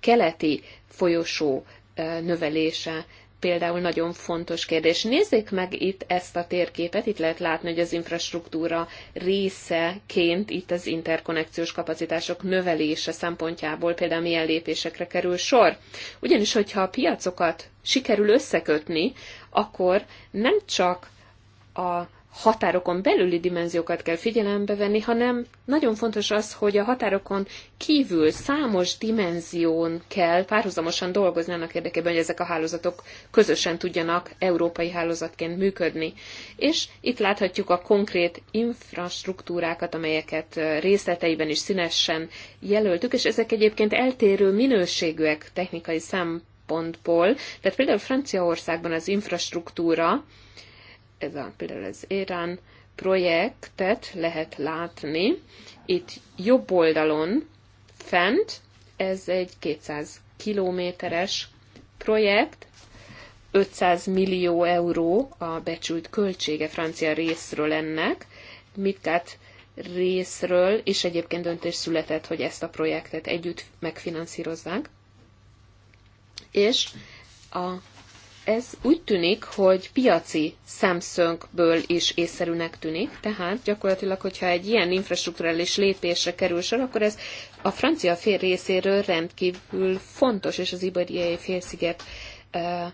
keleti folyosó növelése például nagyon fontos kérdés. Nézzék meg itt ezt a térképet, itt lehet látni, hogy az infrastruktúra részeként itt az interkonnekciós kapacitások növelése szempontjából például milyen lépésekre kerül sor. Ugyanis, hogyha a piacokat sikerül összekötni, akkor nem csak a határokon belüli dimenziókat kell figyelembe venni, hanem nagyon fontos az, hogy a határokon kívül számos dimenzión kell párhuzamosan dolgozni annak érdekében, hogy ezek a hálózatok közösen tudjanak európai hálózatként működni. És itt láthatjuk a konkrét infrastruktúrákat, amelyeket részleteiben is színesen jelöltük, és ezek egyébként eltérő minőségűek technikai szempontból. Tehát például Franciaországban az infrastruktúra, ez a, például az Irán projektet lehet látni. Itt jobb oldalon fent, ez egy 200 kilométeres projekt, 500 millió euró a becsült költsége francia részről ennek, mitkát részről, és egyébként döntés született, hogy ezt a projektet együtt megfinanszírozzák. És a ez úgy tűnik, hogy piaci szemszögből is észszerűnek tűnik, tehát gyakorlatilag, hogyha egy ilyen infrastruktúrális lépésre kerül sor, akkor ez a francia fél részéről rendkívül fontos, és az iberiai félsziget e,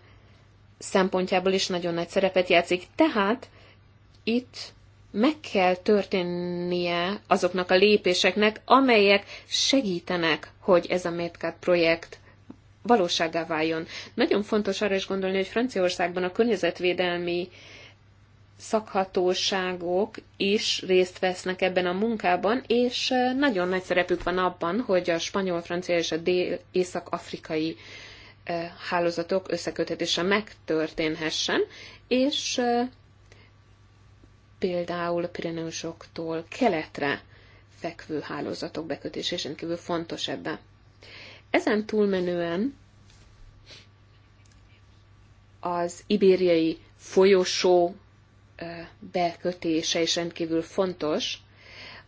szempontjából is nagyon nagy szerepet játszik. Tehát itt meg kell történnie azoknak a lépéseknek, amelyek segítenek, hogy ez a MedCat projekt valóságá váljon. Nagyon fontos arra is gondolni, hogy Franciaországban a környezetvédelmi szakhatóságok is részt vesznek ebben a munkában, és nagyon nagy szerepük van abban, hogy a spanyol, francia és a dél-észak-afrikai hálózatok összekötetése megtörténhessen, és például a Pireneusoktól keletre fekvő hálózatok bekötése kívül fontos ebben. Ezen túlmenően az ibériai folyosó bekötése is rendkívül fontos,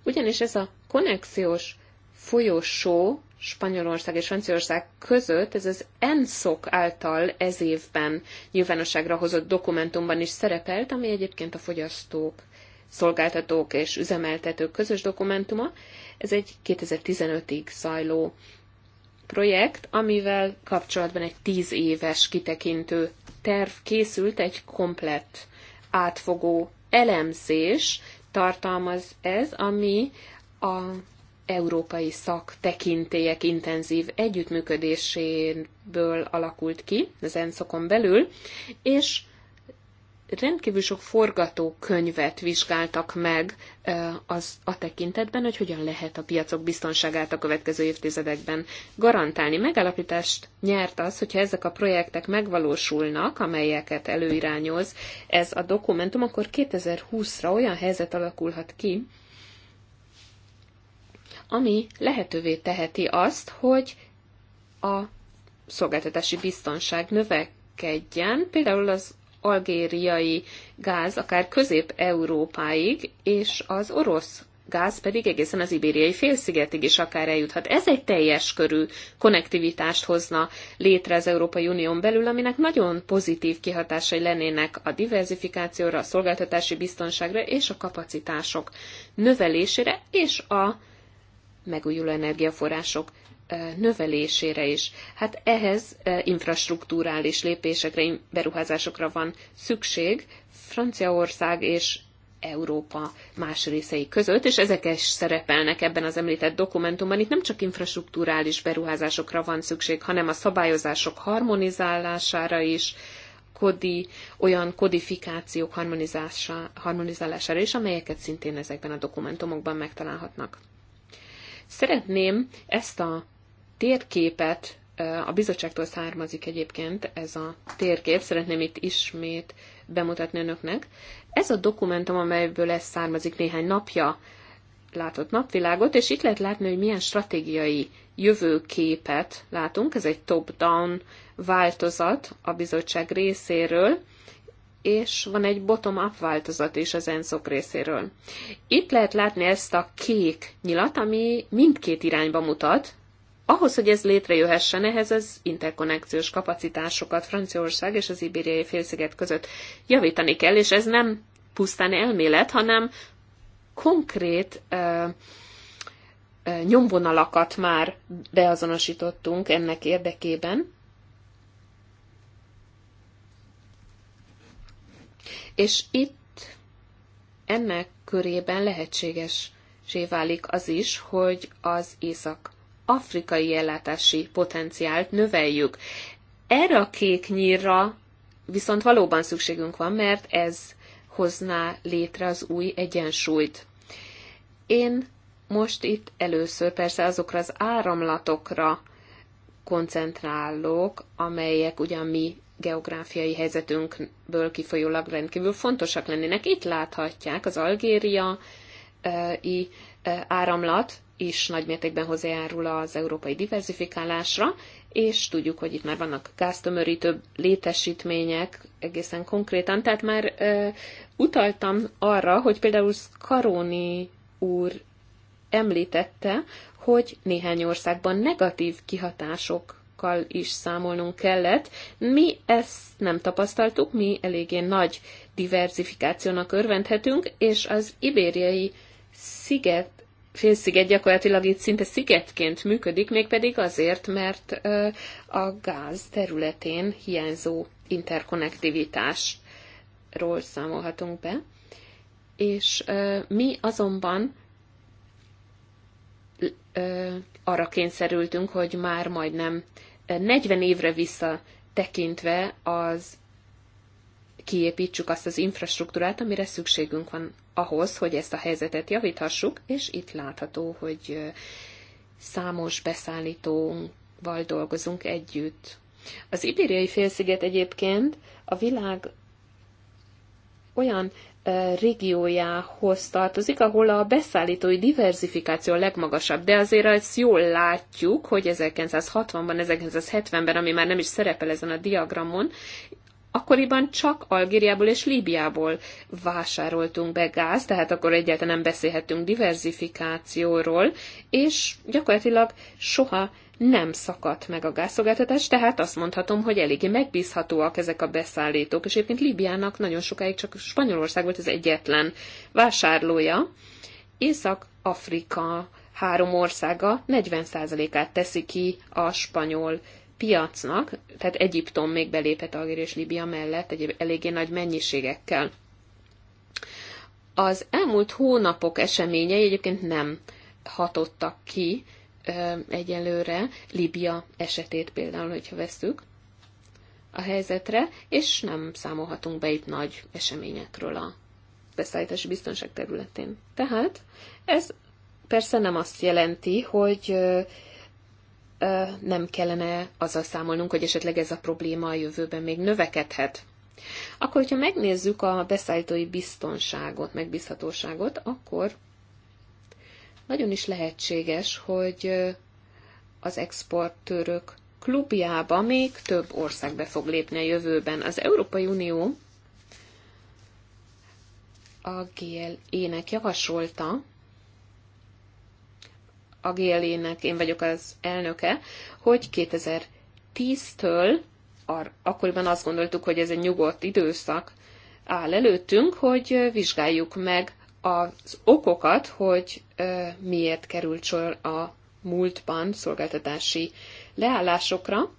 ugyanis ez a konexiós folyosó Spanyolország és Franciaország között, ez az ENSZOK által ez évben nyilvánosságra hozott dokumentumban is szerepelt, ami egyébként a fogyasztók, szolgáltatók és üzemeltetők közös dokumentuma. Ez egy 2015-ig zajló projekt, amivel kapcsolatban egy tíz éves kitekintő terv készült, egy komplett átfogó elemzés tartalmaz ez, ami a európai szaktekintélyek intenzív együttműködéséből alakult ki az enszokon belül, és rendkívül sok forgatókönyvet vizsgáltak meg az a tekintetben, hogy hogyan lehet a piacok biztonságát a következő évtizedekben garantálni. Megállapítást nyert az, hogyha ezek a projektek megvalósulnak, amelyeket előirányoz ez a dokumentum, akkor 2020-ra olyan helyzet alakulhat ki, ami lehetővé teheti azt, hogy a szolgáltatási biztonság növekedjen, például az algériai gáz akár Közép-Európáig, és az orosz gáz pedig egészen az ibériai félszigetig is akár eljuthat. Ez egy teljes körű konnektivitást hozna létre az Európai Unión belül, aminek nagyon pozitív kihatásai lennének a diversifikációra, a szolgáltatási biztonságra és a kapacitások növelésére és a megújuló energiaforrások növelésére is. Hát ehhez infrastruktúrális lépésekre, beruházásokra van szükség Franciaország és Európa más részei között, és ezek is szerepelnek ebben az említett dokumentumban. Itt nem csak infrastruktúrális beruházásokra van szükség, hanem a szabályozások harmonizálására is, kodi, olyan kodifikációk harmonizálására is, amelyeket szintén ezekben a dokumentumokban megtalálhatnak. Szeretném ezt a térképet, a bizottságtól származik egyébként ez a térkép, szeretném itt ismét bemutatni önöknek. Ez a dokumentum, amelyből ez származik néhány napja, látott napvilágot, és itt lehet látni, hogy milyen stratégiai jövőképet látunk. Ez egy top-down változat a bizottság részéről, és van egy bottom-up változat is az ENSZOK részéről. Itt lehet látni ezt a kék nyilat, ami mindkét irányba mutat, ahhoz, hogy ez létrejöhessen, ehhez az interkonnekciós kapacitásokat Franciaország és az ibériai félsziget között javítani kell, és ez nem pusztán elmélet, hanem konkrét ö, ö, nyomvonalakat már beazonosítottunk ennek érdekében. És itt ennek körében lehetséges válik az is, hogy az észak afrikai ellátási potenciált növeljük. Erre a kék nyírra viszont valóban szükségünk van, mert ez hozná létre az új egyensúlyt. Én most itt először persze azokra az áramlatokra koncentrálok, amelyek ugyan mi geográfiai helyzetünkből kifolyólag rendkívül fontosak lennének. Itt láthatják az Algéria eh, eh, áramlat, is nagymértékben hozzájárul az európai diversifikálásra, és tudjuk, hogy itt már vannak gáztömörítő létesítmények egészen konkrétan. Tehát már ö, utaltam arra, hogy például Skaroni úr említette, hogy néhány országban negatív kihatások is számolnunk kellett. Mi ezt nem tapasztaltuk, mi eléggé nagy diversifikációnak örvendhetünk, és az ibériai sziget félsziget gyakorlatilag itt szinte szigetként működik, mégpedig azért, mert a gáz területén hiányzó interkonnektivitásról számolhatunk be. És mi azonban arra kényszerültünk, hogy már majdnem 40 évre vissza tekintve az kiépítsük azt az infrastruktúrát, amire szükségünk van ahhoz, hogy ezt a helyzetet javíthassuk, és itt látható, hogy számos beszállítóval dolgozunk együtt. Az Ibériai félsziget egyébként a világ olyan régiójához tartozik, ahol a beszállítói diversifikáció a legmagasabb, de azért ezt jól látjuk, hogy 1960-ban, 1970-ben, ami már nem is szerepel ezen a diagramon, akkoriban csak Algériából és Líbiából vásároltunk be gáz, tehát akkor egyáltalán nem beszélhetünk diversifikációról, és gyakorlatilag soha nem szakadt meg a gázszolgáltatás, tehát azt mondhatom, hogy eléggé megbízhatóak ezek a beszállítók, és egyébként Líbiának nagyon sokáig csak Spanyolország volt az egyetlen vásárlója. Észak-Afrika három országa 40%-át teszi ki a spanyol piacnak, tehát Egyiptom még belépett Algéria és Libia mellett egy eléggé nagy mennyiségekkel. Az elmúlt hónapok eseményei egyébként nem hatottak ki egyelőre Libia esetét például, hogyha veszük a helyzetre, és nem számolhatunk be itt nagy eseményekről a beszállítási biztonság területén. Tehát ez persze nem azt jelenti, hogy nem kellene azzal számolnunk, hogy esetleg ez a probléma a jövőben még növekedhet. Akkor, hogyha megnézzük a beszállítói biztonságot, megbízhatóságot, akkor nagyon is lehetséges, hogy az exportőrök klubjába még több ország be fog lépni a jövőben. Az Európai Unió a GLE-nek javasolta, a gle nek én vagyok az elnöke, hogy 2010-től akkoriban azt gondoltuk, hogy ez egy nyugodt időszak áll előttünk, hogy vizsgáljuk meg az okokat, hogy miért került sor a múltban szolgáltatási leállásokra,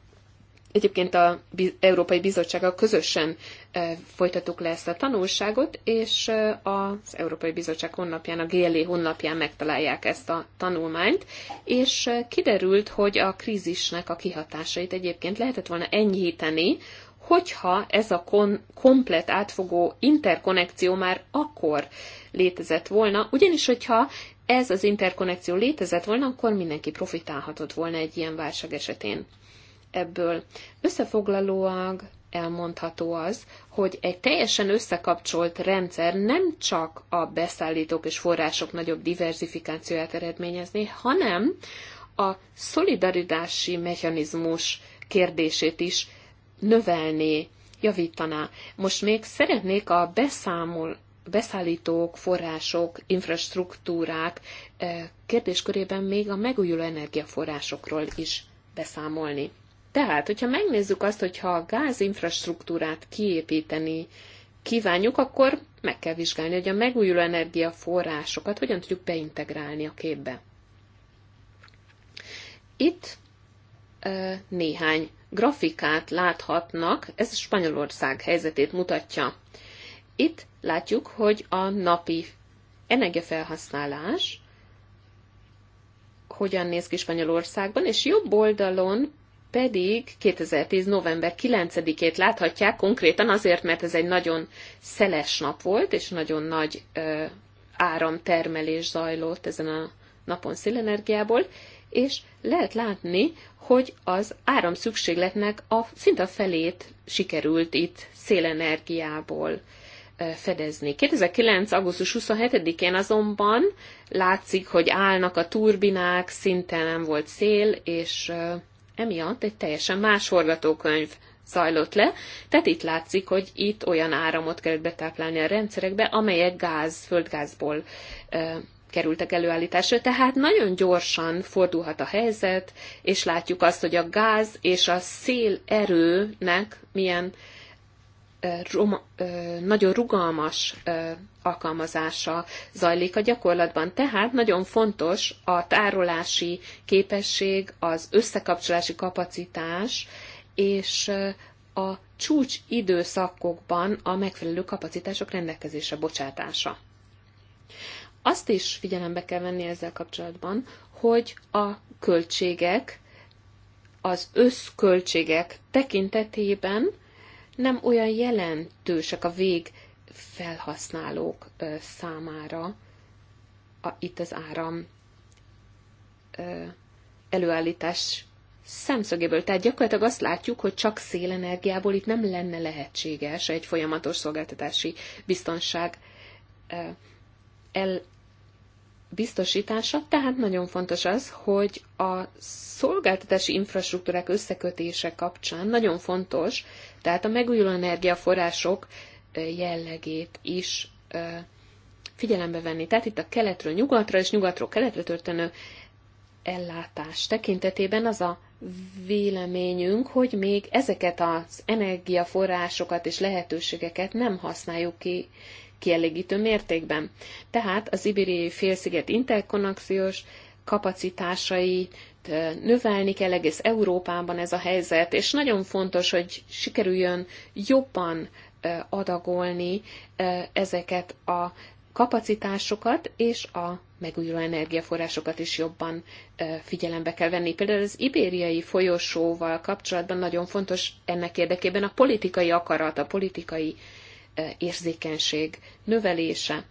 Egyébként a Európai Bizottsággal közösen e, folytattuk le ezt a tanulságot, és e, az Európai Bizottság honlapján, a GLE honlapján megtalálják ezt a tanulmányt, és e, kiderült, hogy a krízisnek a kihatásait egyébként lehetett volna enyhíteni, hogyha ez a kon- komplet átfogó interkonnekció már akkor létezett volna, ugyanis hogyha ez az interkonnekció létezett volna, akkor mindenki profitálhatott volna egy ilyen válság esetén ebből. Összefoglalóan elmondható az, hogy egy teljesen összekapcsolt rendszer nem csak a beszállítók és források nagyobb diversifikációját eredményezné, hanem a szolidaritási mechanizmus kérdését is növelné, javítaná. Most még szeretnék a beszámol, beszállítók, források, infrastruktúrák eh, kérdéskörében még a megújuló energiaforrásokról is beszámolni. Tehát, hogyha megnézzük azt, hogyha a gázinfrastruktúrát kiépíteni kívánjuk, akkor meg kell vizsgálni, hogy a megújuló energiaforrásokat hogyan tudjuk beintegrálni a képbe. Itt néhány grafikát láthatnak, ez a Spanyolország helyzetét mutatja. Itt látjuk, hogy a napi energiafelhasználás hogyan néz ki Spanyolországban, és jobb oldalon pedig 2010. november 9-ét láthatják konkrétan azért, mert ez egy nagyon szeles nap volt, és nagyon nagy ö, áramtermelés zajlott ezen a napon szélenergiából, és lehet látni, hogy az áramszükségletnek a, szinte a felét sikerült itt szélenergiából fedezni. 2009. augusztus 27-én azonban látszik, hogy állnak a turbinák, szinte nem volt szél, és emiatt egy teljesen más forgatókönyv zajlott le, tehát itt látszik, hogy itt olyan áramot kellett betáplálni a rendszerekbe, amelyek gáz, földgázból e, kerültek előállításra, tehát nagyon gyorsan fordulhat a helyzet, és látjuk azt, hogy a gáz és a szél erőnek milyen roma, nagyon rugalmas alkalmazása zajlik a gyakorlatban. Tehát nagyon fontos a tárolási képesség, az összekapcsolási kapacitás, és a csúcs időszakokban a megfelelő kapacitások rendelkezésre bocsátása. Azt is figyelembe kell venni ezzel kapcsolatban, hogy a költségek, az összköltségek tekintetében nem olyan jelentősek a vég felhasználók számára a, itt az áram előállítás szemszögéből. Tehát gyakorlatilag azt látjuk, hogy csak szélenergiából itt nem lenne lehetséges egy folyamatos szolgáltatási biztonság el biztosítása, tehát nagyon fontos az, hogy a szolgáltatási infrastruktúrák összekötése kapcsán nagyon fontos, tehát a megújuló energiaforrások jellegét is figyelembe venni. Tehát itt a keletről nyugatra és nyugatról keletre történő ellátás tekintetében az a véleményünk, hogy még ezeket az energiaforrásokat és lehetőségeket nem használjuk ki kielégítő mértékben. Tehát az Ibériai félsziget interkonnexiós kapacitásai növelni kell egész Európában ez a helyzet, és nagyon fontos, hogy sikerüljön jobban adagolni ezeket a kapacitásokat és a megújuló energiaforrásokat is jobban figyelembe kell venni. Például az ibériai folyosóval kapcsolatban nagyon fontos ennek érdekében a politikai akarat, a politikai érzékenység növelése.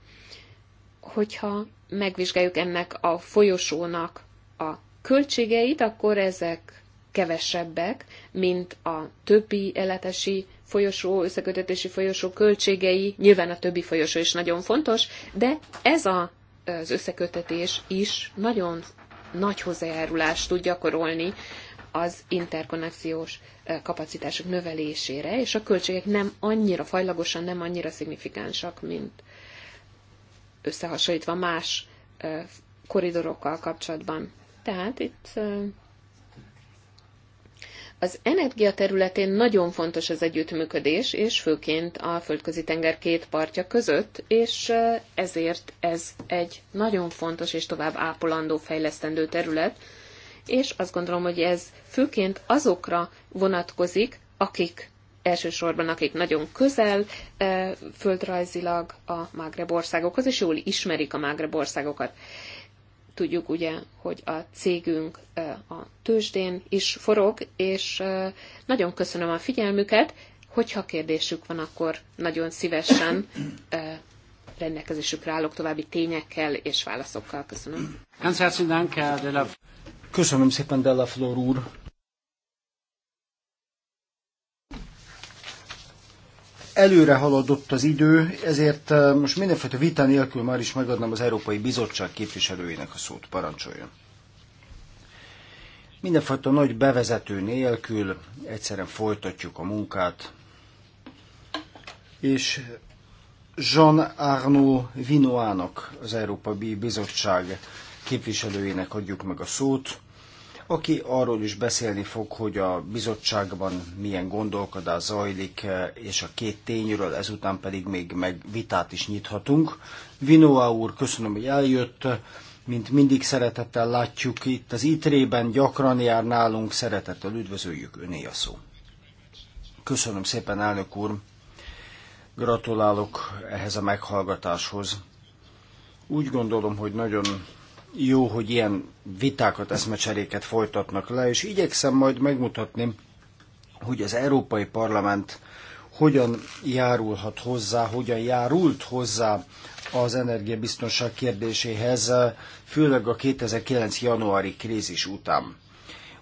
Hogyha megvizsgáljuk ennek a folyosónak a költségeit, akkor ezek kevesebbek, mint a többi eletesi folyosó, összekötetési folyosó költségei. Nyilván a többi folyosó is nagyon fontos, de ez a, az összekötetés is nagyon nagy hozzájárulást tud gyakorolni az interkonnexiós kapacitások növelésére, és a költségek nem annyira fajlagosan, nem annyira szignifikánsak, mint összehasonlítva más koridorokkal kapcsolatban. Tehát itt az energia területén nagyon fontos az együttműködés, és főként a földközi tenger két partja között, és ezért ez egy nagyon fontos és tovább ápolandó, fejlesztendő terület, és azt gondolom, hogy ez főként azokra vonatkozik, akik elsősorban, akik nagyon közel e, földrajzilag a Mágreb országokhoz, és jól ismerik a Mágreb országokat tudjuk ugye, hogy a cégünk e, a tőzsdén is forog, és e, nagyon köszönöm a figyelmüket, hogyha kérdésük van, akkor nagyon szívesen rendelkezésükre állok további tényekkel és válaszokkal. Köszönöm. Köszönöm szépen, Della Flor úr. Előre haladott az idő, ezért eh, most mindenfajta vita nélkül már is megadnám az Európai Bizottság képviselőinek a szót, parancsoljon. Mindenfajta nagy bevezető nélkül egyszerűen folytatjuk a munkát, és Jean Arnaud Vinoának, az Európai Bizottság képviselőjének adjuk meg a szót aki arról is beszélni fog, hogy a bizottságban milyen gondolkodás zajlik, eh, és a két tényről ezután pedig még meg vitát is nyithatunk. Vinoa úr, köszönöm, hogy eljött. Mint mindig szeretettel látjuk itt az ITRE-ben, gyakran jár nálunk, szeretettel üdvözöljük Öné a szó. Köszönöm szépen, elnök úr. Gratulálok ehhez a meghallgatáshoz. Úgy gondolom, hogy nagyon jó, hogy ilyen vitákat, eszmecseréket folytatnak le, és igyekszem majd megmutatni, hogy az Európai Parlament hogyan járulhat hozzá, hogyan járult hozzá az energiabiztonság kérdéséhez, főleg a 2009. januári krízis után.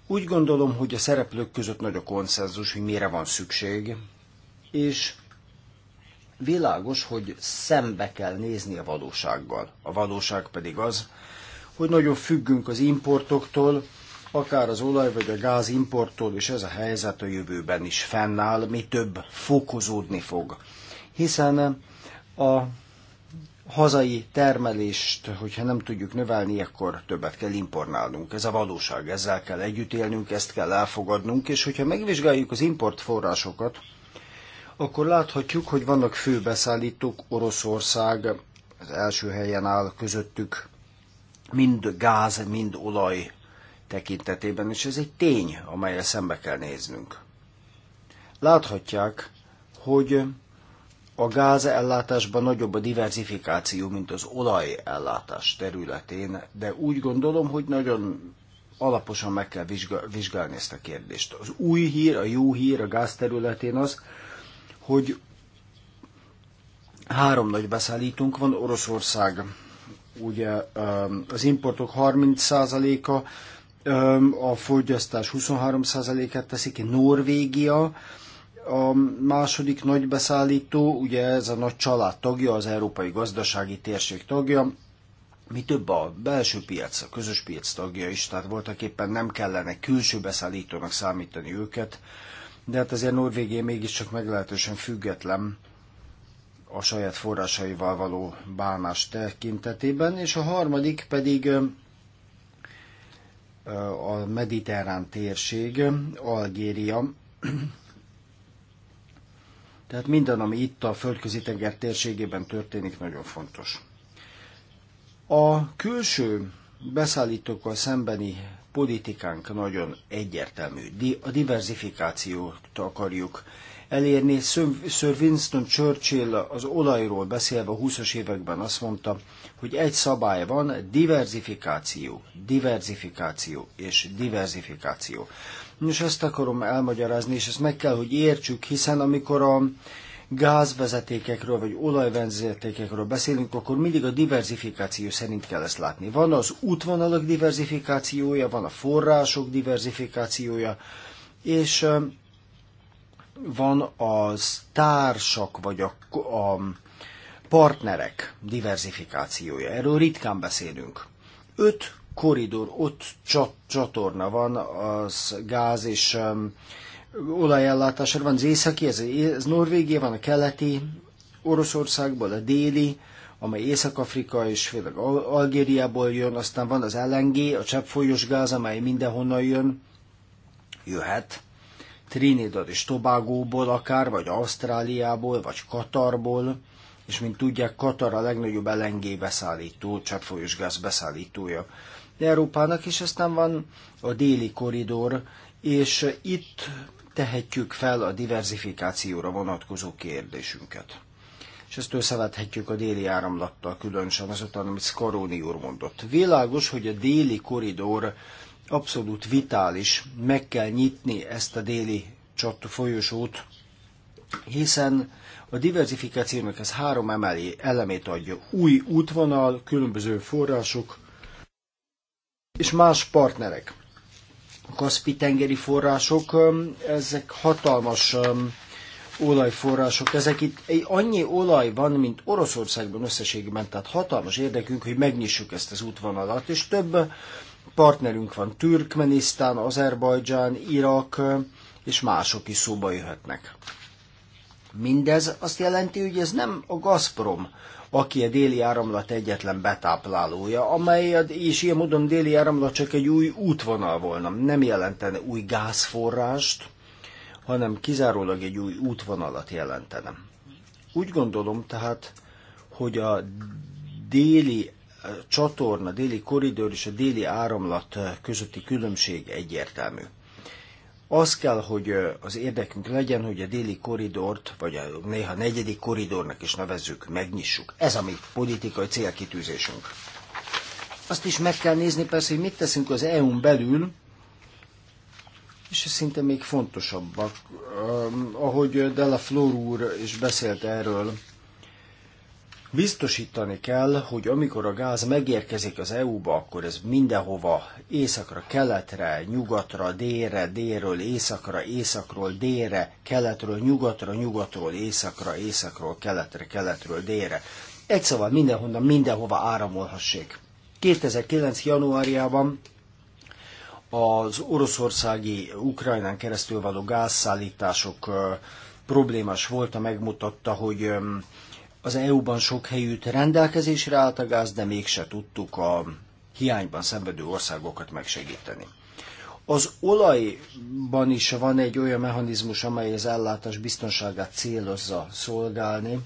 Úgy gondolom, hogy a szereplők között nagy a konszenzus, hogy mire van szükség, és világos, hogy szembe kell nézni a valósággal. A valóság pedig az, hogy nagyon függünk az importoktól, akár az olaj vagy a gáz importtól, és ez a helyzet a jövőben is fennáll, mi több fokozódni fog. Hiszen a hazai termelést, hogyha nem tudjuk növelni, akkor többet kell importálnunk. Ez a valóság, ezzel kell együtt élnünk, ezt kell elfogadnunk, és hogyha megvizsgáljuk az importforrásokat, akkor láthatjuk, hogy vannak fő beszállítók, Oroszország az első helyen áll közöttük, mind gáz, mind olaj tekintetében, és ez egy tény, amelyre szembe kell néznünk. Láthatják, hogy a gáz ellátásban nagyobb a diversifikáció, mint az olaj ellátás területén, de úgy gondolom, hogy nagyon alaposan meg kell vizsga- vizsgálni ezt a kérdést. Az új hír, a jó hír a gáz területén az, hogy három nagy beszállítunk van, Oroszország, ugye um, az importok 30%-a, um, a fogyasztás 23%-át teszi ki Norvégia, a második nagy beszállító, ugye ez a nagy család tagja, az Európai Gazdasági Térség tagja, mi több a belső piac, a közös piac tagja is, tehát voltak éppen nem kellene külső beszállítónak számítani őket, de hát azért Norvégia mégiscsak meglehetősen független a saját forrásaival való bánás tekintetében, és a harmadik pedig a mediterrán térség, Algéria. Tehát minden, ami itt a földközi tenger térségében történik, nagyon fontos. A külső beszállítókkal szembeni politikánk nagyon egyértelmű. A diversifikációt akarjuk elérni. Sir Winston Churchill az olajról beszélve a 20-as években azt mondta, hogy egy szabály van, diversifikáció, diversifikáció és diversifikáció. És ezt akarom elmagyarázni, és ezt meg kell, hogy értsük, hiszen amikor a gázvezetékekről vagy olajvezetékekről beszélünk, akkor mindig a diversifikáció szerint kell ezt látni. Van az útvonalak diversifikációja, van a források diversifikációja, és van az társak vagy a, a partnerek diversifikációja. Erről ritkán beszélünk. Öt koridor, ott csatorna van az gáz és olajellátásra van az északi, ez, ez Norvégia, van a keleti, Oroszországból a déli, amely Észak-Afrika és főleg Algériából jön, aztán van az LNG, a cseppfolyós gáz, amely mindenhonnan jön, jöhet, Trinidad és Tobágóból akár, vagy Ausztráliából, vagy Katarból, és mint tudják, Katar a legnagyobb LNG beszállító, cseppfolyós gáz beszállítója Európának, és aztán van a déli koridor, és itt tehetjük fel a diversifikációra vonatkozó kérdésünket. És ezt összevethetjük a déli áramlattal, különösen azután, amit Scaroni úr mondott. Világos, hogy a déli koridor abszolút vitális, meg kell nyitni ezt a déli csat folyosót, hiszen a diversifikációnak ez három emelé, elemét adja. Új útvonal, különböző források és más partnerek. Kaspi tengeri források, ezek hatalmas olajforrások. Ezek itt annyi olaj van, mint Oroszországban összességében, tehát hatalmas érdekünk, hogy megnyissuk ezt az útvonalat, és több partnerünk van, Türkmenisztán, Azerbajdzsán, Irak, és mások is szóba jöhetnek. Mindez azt jelenti, hogy ez nem a Gazprom aki a déli áramlat egyetlen betáplálója, amely, és ilyen módon déli áramlat csak egy új útvonal volna, nem jelentene új gázforrást, hanem kizárólag egy új útvonalat jelentene. Úgy gondolom tehát, hogy a déli eh, csatorna, déli koridor és a déli áramlat eh, közötti különbség egyértelmű az kell, hogy az érdekünk legyen, hogy a déli koridort, vagy a néha negyedik koridornak is nevezzük, megnyissuk. Ez a mi politikai célkitűzésünk. Azt is meg kell nézni persze, hogy mit teszünk az EU-n belül, és ez szinte még fontosabbak. Ahogy Della Flor úr is beszélt erről, Biztosítani kell, hogy amikor a gáz megérkezik az EU-ba, akkor ez mindenhova, északra, keletre, nyugatra, délre, délről, északra, északról, délre, keletről, nyugatra, nyugatról, északra, északról, keletre, keletről, délre. Egy szóval mindenhonnan, mindenhova áramolhassék. 2009. januárjában az oroszországi Ukrajnán keresztül való gázszállítások problémás volt, a megmutatta, hogy az EU-ban sok helyütt rendelkezésre állt a gáz, de mégse tudtuk a hiányban szenvedő országokat megsegíteni. Az olajban is van egy olyan mechanizmus, amely az ellátás biztonságát célozza szolgálni.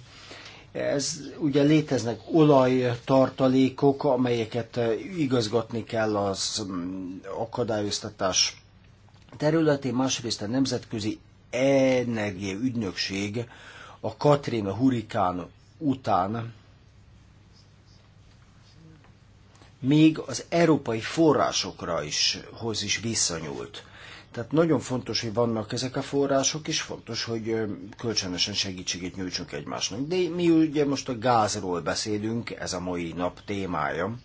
Ez ugye léteznek olajtartalékok, amelyeket igazgatni kell az mm, akadályoztatás területén, másrészt a Nemzetközi Energiaügynökség a Katrina hurikán után még az európai forrásokra is, hoz is visszanyúlt. Tehát nagyon fontos, hogy vannak ezek a források, és fontos, hogy kölcsönösen segítséget nyújtsunk egymásnak. De mi ugye most a gázról beszélünk, ez a mai nap témája,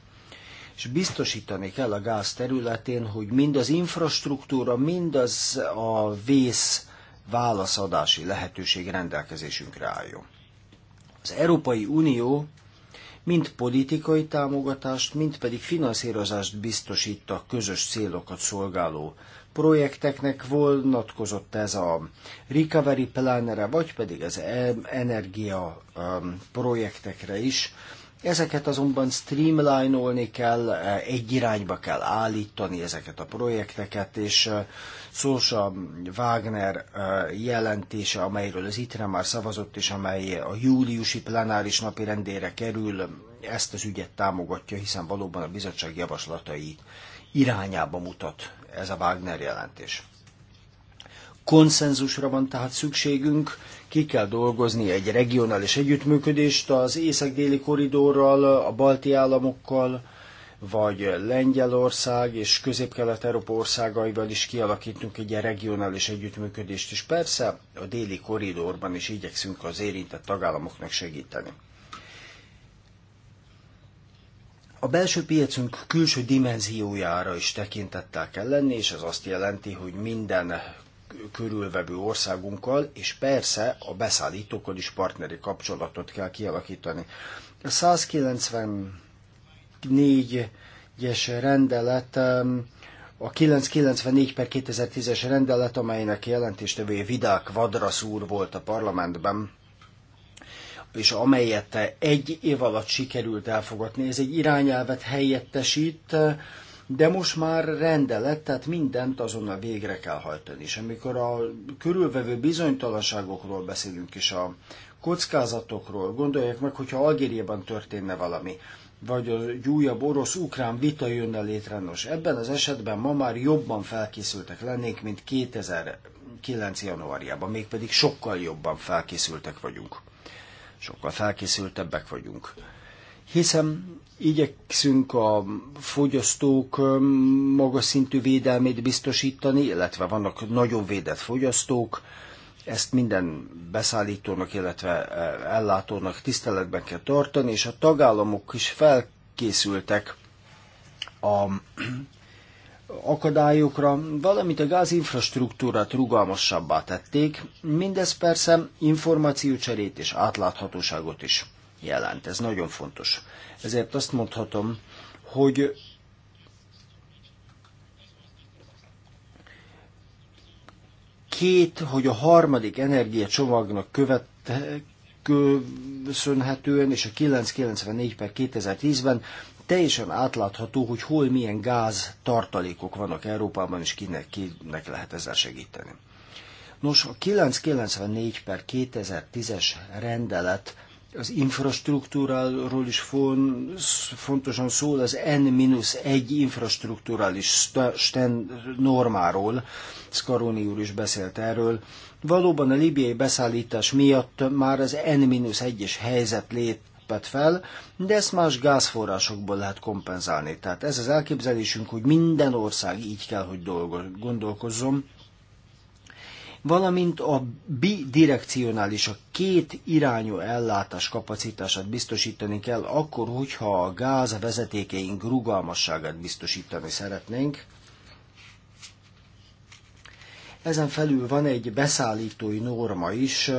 és biztosítani kell a gáz területén, hogy mind az infrastruktúra, mind az a vész válaszadási lehetőség rendelkezésünkre álljon. Az Európai Unió mind politikai támogatást, mind pedig finanszírozást biztosít a közös célokat szolgáló projekteknek vonatkozott ez a recovery planere, vagy pedig az energia projektekre is, Ezeket azonban streamline-olni kell, egy irányba kell állítani ezeket a projekteket, és Szósa Wagner jelentése, amelyről az ITRE már szavazott, és amely a júliusi plenáris napi rendére kerül, ezt az ügyet támogatja, hiszen valóban a bizottság javaslatai irányába mutat ez a Wagner jelentés. Konszenzusra van tehát szükségünk, ki kell dolgozni egy regionális együttműködést az észak-déli koridorral, a balti államokkal, vagy Lengyelország és közép-kelet-európa országaival is kialakítunk egy ilyen regionális együttműködést, és persze a déli koridorban is igyekszünk az érintett tagállamoknak segíteni. A belső piacunk külső dimenziójára is tekintettel kell lenni, és ez azt jelenti, hogy minden körülvevő országunkkal, és persze a beszállítókkal is partneri kapcsolatot kell kialakítani. A 194-es rendelet a 994 per 2010-es rendelet, amelynek jelentéstevője Vidák Vadrasz úr volt a parlamentben, és amelyet egy év alatt sikerült elfogadni. Ez egy irányelvet helyettesít, de most már rendelet, tehát mindent azonnal végre kell hajtani. És amikor a körülvevő bizonytalanságokról beszélünk, és a kockázatokról, gondolják meg, hogyha Algériában történne valami, vagy egy újabb orosz-ukrán vita jönne létre. Nos, ebben az esetben ma már jobban felkészültek lennénk, mint 2009. januárjában, mégpedig sokkal jobban felkészültek vagyunk. Sokkal felkészültebbek vagyunk. Hiszen igyekszünk a fogyasztók magas szintű védelmét biztosítani, illetve vannak nagyon védett fogyasztók, ezt minden beszállítónak, illetve eh, ellátónak tiszteletben kell tartani, és a tagállamok is felkészültek a akadályokra, valamint a gázinfrastruktúrát rugalmasabbá tették, mindez persze információcserét és átláthatóságot is jelent. Ez nagyon fontos. Ezért azt mondhatom, hogy két, hogy a harmadik energiacsomagnak követ, köszönhetően, és a 994 per 2010-ben teljesen átlátható, hogy hol milyen gáz tartalékok vannak Európában, és kinek, kinek lehet ezzel segíteni. Nos, a 994 per 2010-es rendelet az infrastruktúráról is fontosan szól, az N-1 infrastruktúrális normáról, Scaroni úr is beszélt erről. Valóban a libiai beszállítás miatt már az N-1-es helyzet lépett fel, de ezt más gázforrásokból lehet kompenzálni. Tehát ez az elképzelésünk, hogy minden ország így kell, hogy dolgo, gondolkozzon valamint a bidirekcionális, a két irányú ellátás kapacitását biztosítani kell, akkor, hogyha a gáz vezetékeink rugalmasságát biztosítani szeretnénk. Ezen felül van egy beszállítói norma is,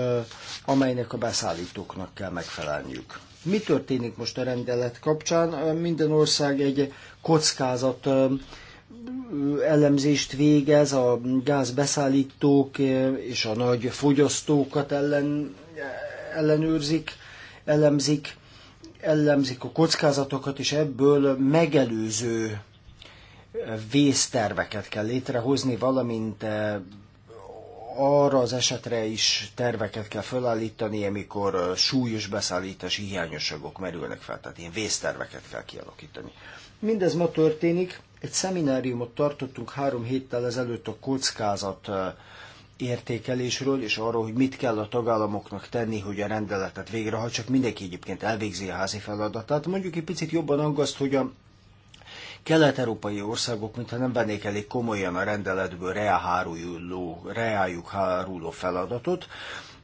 amelynek a beszállítóknak kell megfelelniük. Mi történik most a rendelet kapcsán? Minden ország egy kockázat elemzést végez a gázbeszállítók és a nagy fogyasztókat ellen, ellenőrzik, elemzik, elemzik a kockázatokat, és ebből megelőző vészterveket kell létrehozni, valamint eh, arra az esetre is terveket kell felállítani, amikor eh, súlyos beszállítási hiányosságok merülnek fel, tehát ilyen vészterveket kell kialakítani. Mindez ma történik, egy szemináriumot tartottunk három héttel ezelőtt a kockázat értékelésről, és arról, hogy mit kell a tagállamoknak tenni, hogy a rendeletet ha csak mindenki egyébként elvégzi a házi feladatát. Mondjuk egy picit jobban aggaszt, hogy a kelet-európai országok, mintha nem vennék elég komolyan a rendeletből reájuk háruló feladatot,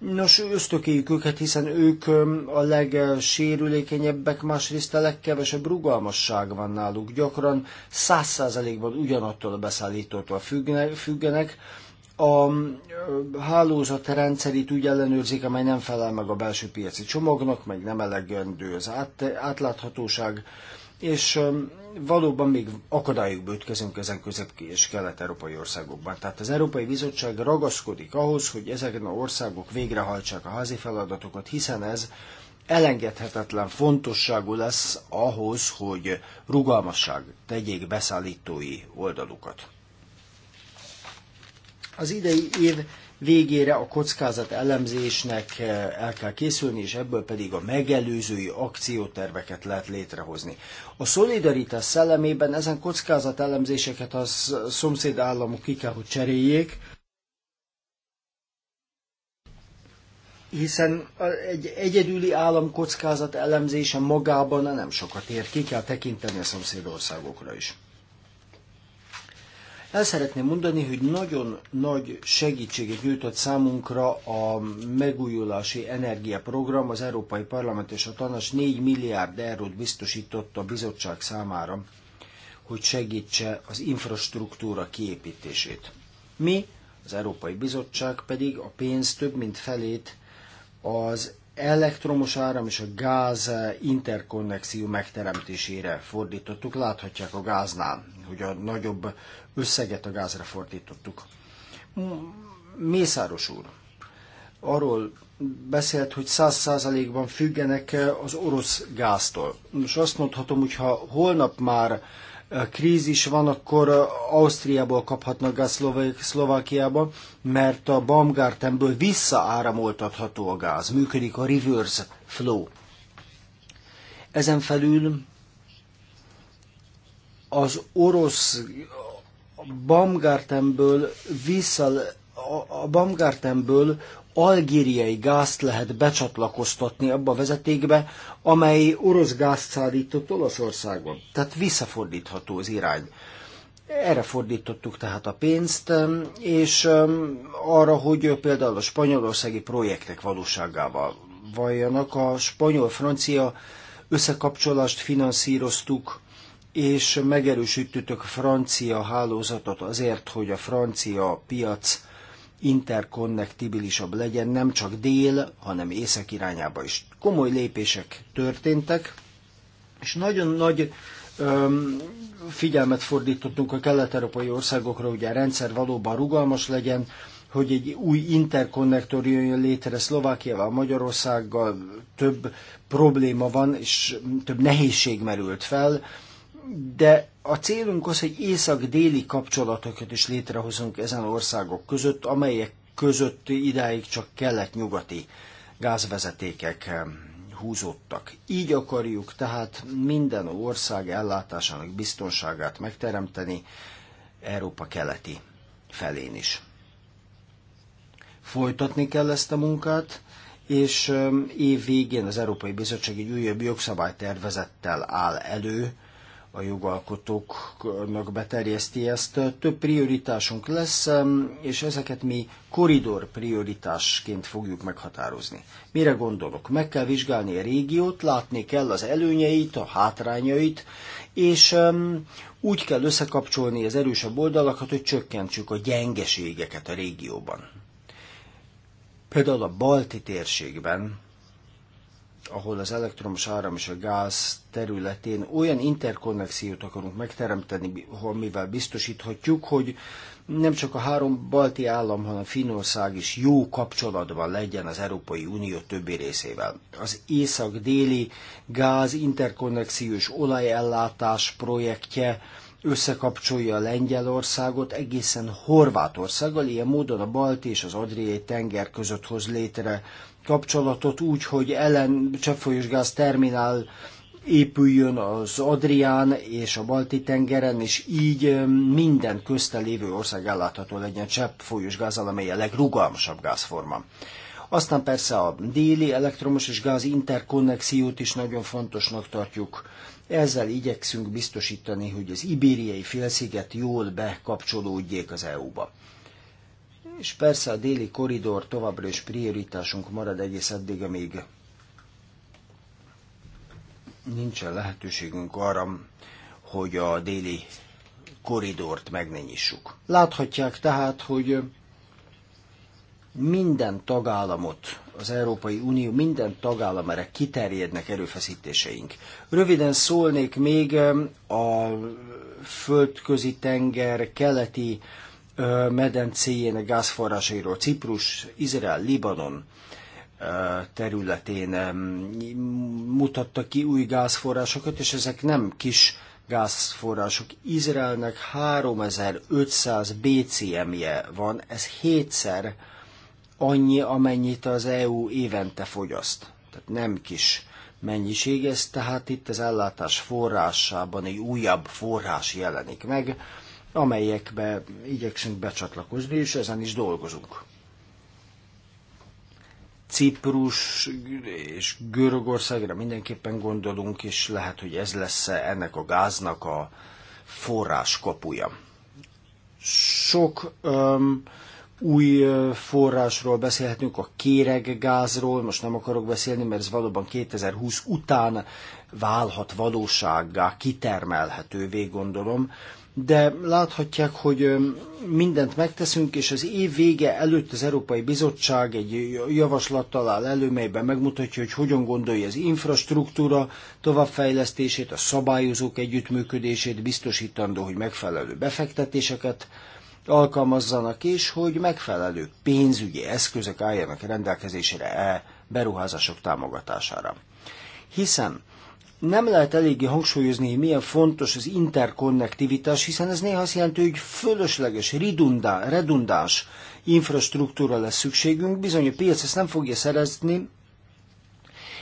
Nos, ösztökéljük őket, hiszen ők a legsérülékenyebbek, másrészt a legkevesebb rugalmasság van náluk. Gyakran száz százalékban ugyanattól a beszállítótól függenek. A hálózat rendszerét úgy ellenőrzik, amely nem felel meg a belső piaci csomagnak, meg nem elegendő az át, átláthatóság és valóban még akadályok bőtkezünk ezen közép- és kelet-európai országokban. Tehát az Európai Bizottság ragaszkodik ahhoz, hogy ezeken a országok végrehajtsák a házi feladatokat, hiszen ez elengedhetetlen fontosságú lesz ahhoz, hogy rugalmasság tegyék beszállítói oldalukat. Az idei év végére a kockázat elemzésnek eh, el kell készülni, és ebből pedig a megelőzői akcióterveket lehet létrehozni. A szolidaritás szellemében ezen kockázat elemzéseket a szomszéd államok ki kell, hogy cseréljék, hiszen egy egyedüli állam kockázat elemzése magában nem sokat ér, ki kell tekinteni a szomszédországokra is. El szeretném mondani, hogy nagyon nagy segítséget nyújtott számunkra a megújulási energiaprogram. Az Európai Parlament és a Tanács 4 milliárd eurót biztosított a bizottság számára, hogy segítse az infrastruktúra kiépítését. Mi, az Európai Bizottság pedig a pénz több mint felét az elektromos áram és a gáz interkonnexió megteremtésére fordítottuk. Láthatják a gáznál, hogy a nagyobb összeget a gázra fordítottuk. Mészáros úr, arról beszélt, hogy száz százalékban függenek az orosz gáztól. Most azt mondhatom, hogy ha holnap már krízis van, akkor Ausztriából kaphatnak gáz Szlovákiába, mert a Baumgartenből visszaáramoltatható a gáz. Működik a reverse flow. Ezen felül az orosz Baumgartenből vissza a Baumgartenből algériai gázt lehet becsatlakoztatni abba a vezetékbe, amely orosz gázt szállított Olaszországban. Tehát visszafordítható az irány. Erre fordítottuk tehát a pénzt, és arra, hogy például a spanyolországi projektek valóságával valljanak. A spanyol-francia összekapcsolást finanszíroztuk, és megerősítettük a francia hálózatot azért, hogy a francia piac interkonnektibilisabb legyen, nem csak dél, hanem észak irányába is. Komoly lépések történtek, és nagyon nagy öm, figyelmet fordítottunk a kelet-európai országokra, hogy a rendszer valóban rugalmas legyen, hogy egy új interkonnektor jöjjön létre Szlovákiával, Magyarországgal, több probléma van, és több nehézség merült fel, de a célunk az, hogy észak-déli kapcsolatokat is létrehozunk ezen országok között, amelyek között idáig csak kelet-nyugati gázvezetékek húzódtak. Így akarjuk tehát minden ország ellátásának biztonságát megteremteni Európa keleti felén is. Folytatni kell ezt a munkát, és év végén az Európai Bizottság egy újabb jogszabálytervezettel áll elő, a jogalkotóknak beterjeszti ezt. Több prioritásunk lesz, és ezeket mi koridor prioritásként fogjuk meghatározni. Mire gondolok? Meg kell vizsgálni a régiót, látni kell az előnyeit, a hátrányait, és úgy kell összekapcsolni az erősebb oldalakat, hogy csökkentsük a gyengeségeket a régióban. Például a balti térségben ahol az elektromos áram és a gáz területén olyan interkonnexiót akarunk megteremteni, amivel biztosíthatjuk, hogy nem csak a három balti állam, hanem Finország is jó kapcsolatban legyen az Európai Unió többi részével. Az észak-déli gáz interkonnexiós olajellátás projektje összekapcsolja Lengyelországot egészen Horvátországgal, ilyen módon a Balti és az Adriai tenger között hoz létre kapcsolatot úgy, hogy ellen cseppfolyós gáz terminál épüljön az Adrián és a Balti tengeren, és így minden közte lévő ország ellátható legyen csepp folyós gázzal, amely a legrugalmasabb gázforma. Aztán persze a déli elektromos és gáz interkonnexiót is nagyon fontosnak tartjuk. Ezzel igyekszünk biztosítani, hogy az ibériai félsziget jól bekapcsolódjék az EU-ba és persze a déli koridor továbbra is prioritásunk marad egész eddig, amíg nincsen lehetőségünk arra, hogy a déli koridort megnyissuk. Láthatják tehát, hogy minden tagállamot, az Európai Unió minden tagállamára kiterjednek erőfeszítéseink. Röviden szólnék még a földközi tenger keleti medencéjének gázforrásairól Ciprus, Izrael, Libanon területén mutattak ki új gázforrásokat, és ezek nem kis gázforrások. Izraelnek 3500 BCM-je van, ez hétszer annyi, amennyit az EU évente fogyaszt. Tehát nem kis mennyiség ez, tehát itt az ellátás forrásában egy újabb forrás jelenik meg, amelyekbe igyekszünk becsatlakozni, és ezen is dolgozunk. Ciprus és Görögországra mindenképpen gondolunk, és lehet, hogy ez lesz ennek a gáznak a forrás kapuja. Sok um, új forrásról beszélhetünk, a kéreggázról, most nem akarok beszélni, mert ez valóban 2020 után válhat valósággá, kitermelhetővé gondolom, de láthatják, hogy mindent megteszünk, és az év vége előtt az Európai Bizottság egy javaslattal áll elő, melyben megmutatja, hogy hogyan gondolja az infrastruktúra továbbfejlesztését, a szabályozók együttműködését, biztosítandó, hogy megfelelő befektetéseket alkalmazzanak, és hogy megfelelő pénzügyi eszközök álljanak rendelkezésére e beruházások támogatására. Hiszen nem lehet eléggé hangsúlyozni, hogy milyen fontos az interkonnektivitás, hiszen ez néha azt jelenti, hogy fölösleges, ridundá, redundás infrastruktúra lesz szükségünk, bizony a piac ezt nem fogja szerezni,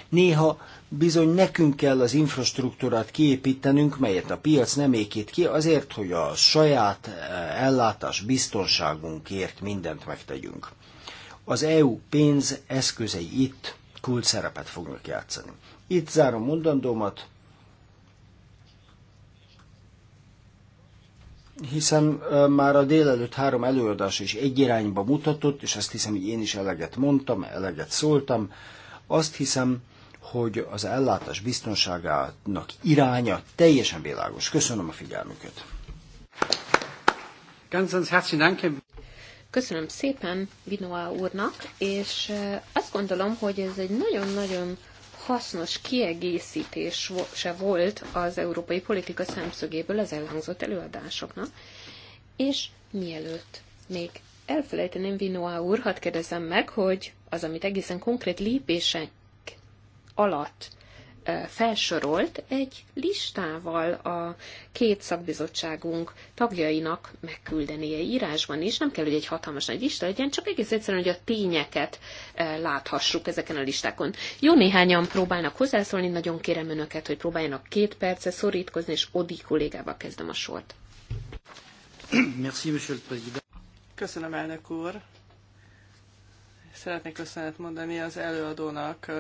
néha bizony nekünk kell az infrastruktúrát kiépítenünk, melyet a piac nem ékít ki, azért, hogy a saját eh, ellátás biztonságunkért mindent megtegyünk. Az EU pénz eszközei itt kult szerepet fognak játszani. Itt zárom mondandómat, hiszen már a délelőtt három előadás is egy irányba mutatott, és azt hiszem, hogy én is eleget mondtam, eleget szóltam. Azt hiszem, hogy az ellátás biztonságának iránya teljesen világos. Köszönöm a figyelmüket. Köszönöm szépen Vinoa úrnak, és azt gondolom, hogy ez egy nagyon-nagyon hasznos kiegészítése volt az európai politika szemszögéből az elhangzott előadásoknak. És mielőtt még elfelejteném Vinoá úr, hadd kérdezem meg, hogy az, amit egészen konkrét lépések alatt felsorolt, egy listával a két szakbizottságunk tagjainak megküldenie írásban is. Nem kell, hogy egy hatalmas nagy lista legyen, csak egész egyszerűen, hogy a tényeket láthassuk ezeken a listákon. Jó néhányan próbálnak hozzászólni, nagyon kérem önöket, hogy próbáljanak két perce szorítkozni, és Odi kollégával kezdem a sort. Merci, Köszönöm, elnök úr. Szeretnék köszönet mondani az előadónak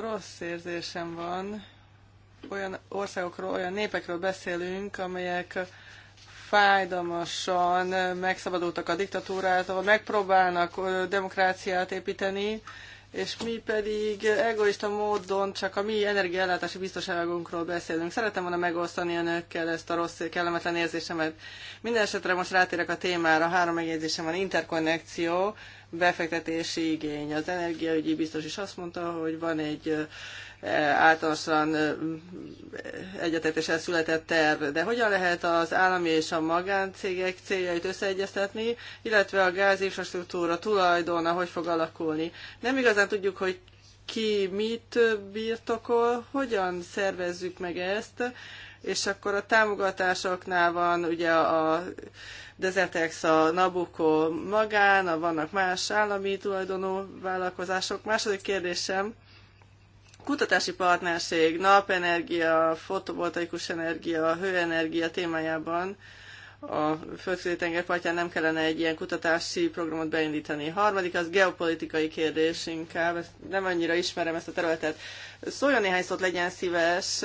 Rossz érzésem van. Olyan országokról, olyan népekről beszélünk, amelyek fájdalmasan megszabadultak a diktatúrától, megpróbálnak demokráciát építeni, és mi pedig egoista módon csak a mi energiállátási biztonságunkról beszélünk. Szeretem volna megosztani önökkel ezt a rossz, kellemetlen érzésemet. Minden esetre most rátérek a témára. Három megjegyzésem van. Interkonnekció befektetési igény. Az energiaügyi biztos is azt mondta, hogy van egy e, általánosan egyetetesen született terv, de hogyan lehet az állami és a magáncégek céljait összeegyeztetni, illetve a gázinfrastruktúra tulajdona hogy fog alakulni. Nem igazán tudjuk, hogy ki mit birtokol, hogyan szervezzük meg ezt, és akkor a támogatásoknál van ugye a Desertex, a Nabucco magán, a vannak más állami tulajdonú vállalkozások. Második kérdésem, kutatási partnerség, napenergia, fotovoltaikus energia, hőenergia témájában a földközi tengerpartján nem kellene egy ilyen kutatási programot beindítani. Harmadik, az geopolitikai kérdés inkább, nem annyira ismerem ezt a területet. Szóljon néhány szót, legyen szíves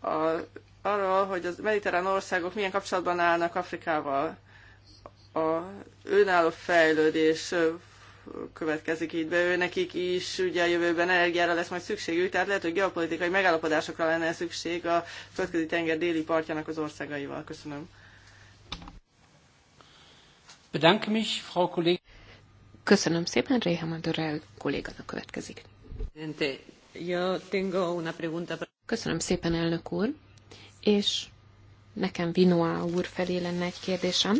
a, arról, hogy az mediterrán országok milyen kapcsolatban állnak Afrikával. A önálló fejlődés következik így be, ő nekik is ugye a jövőben energiára lesz majd szükségük, tehát lehet, hogy geopolitikai megállapodásokra lenne szükség a földközi tenger déli partjának az országaival. Köszönöm. Bedanke mich, Frau Kollégin. Köszönöm szépen, Réha Madurell kolléganak következik. Yo tengo una pregunta Köszönöm szépen, elnök úr, és nekem Vinoa úr felé lenne egy kérdésem.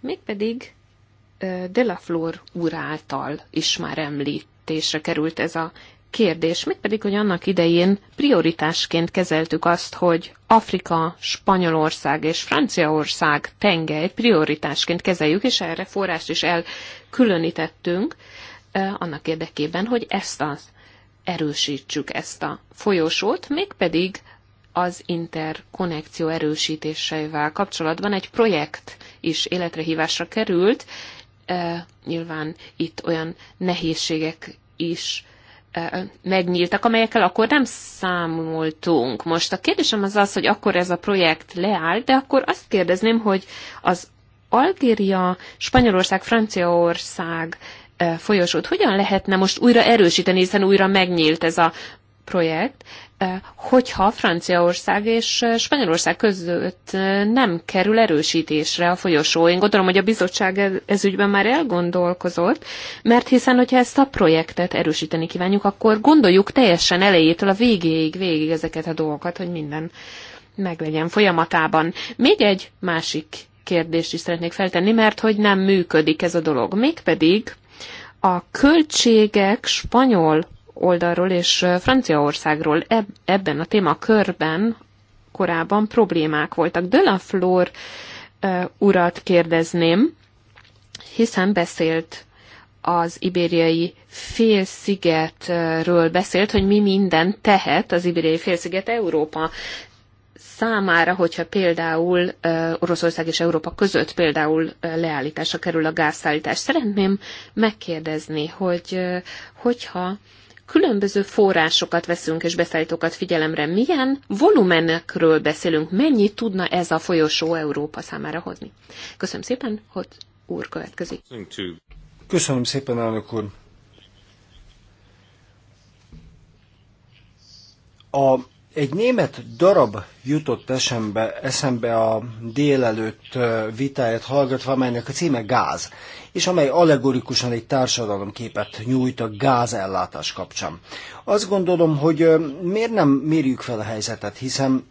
Mégpedig Delaflor úr által is már említésre került ez a kérdés, mégpedig, hogy annak idején prioritásként kezeltük azt, hogy Afrika, Spanyolország és Franciaország tengely prioritásként kezeljük, és erre forrást is elkülönítettünk annak érdekében, hogy ezt az erősítsük ezt a folyosót, mégpedig az interkonnekció erősítéseivel kapcsolatban egy projekt is életre hívásra került. E, nyilván itt olyan nehézségek is e, megnyíltak, amelyekkel akkor nem számoltunk. Most a kérdésem az az, hogy akkor ez a projekt leáll, de akkor azt kérdezném, hogy az Algéria, Spanyolország, Franciaország folyosót hogyan lehetne most újra erősíteni, hiszen újra megnyílt ez a projekt, hogyha Franciaország és Spanyolország között nem kerül erősítésre a folyosó. Én gondolom, hogy a bizottság ez ügyben már elgondolkozott, mert hiszen, hogyha ezt a projektet erősíteni kívánjuk, akkor gondoljuk teljesen elejétől a végéig, végig ezeket a dolgokat, hogy minden meglegyen folyamatában. Még egy másik kérdést is szeretnék feltenni, mert hogy nem működik ez a dolog. Mégpedig a költségek spanyol oldalról és Franciaországról ebben a témakörben korábban problémák voltak. De la Flor urat kérdezném, hiszen beszélt az ibériai félszigetről beszélt, hogy mi minden tehet az ibériai félsziget Európa számára, hogyha például Oroszország és Európa között például leállításra kerül a gázszállítás. Szeretném megkérdezni, hogy hogyha különböző forrásokat veszünk és beszállítókat figyelemre, milyen volumenekről beszélünk, mennyit tudna ez a folyosó Európa számára hozni. Köszönöm szépen, hogy úr következik. Köszönöm szépen, elnök úr. A egy német darab jutott esembe, eszembe a délelőtt vitáját hallgatva, amelynek a címe Gáz, és amely allegorikusan egy társadalomképet nyújt a gázellátás kapcsán. Azt gondolom, hogy miért nem mérjük fel a helyzetet, hiszen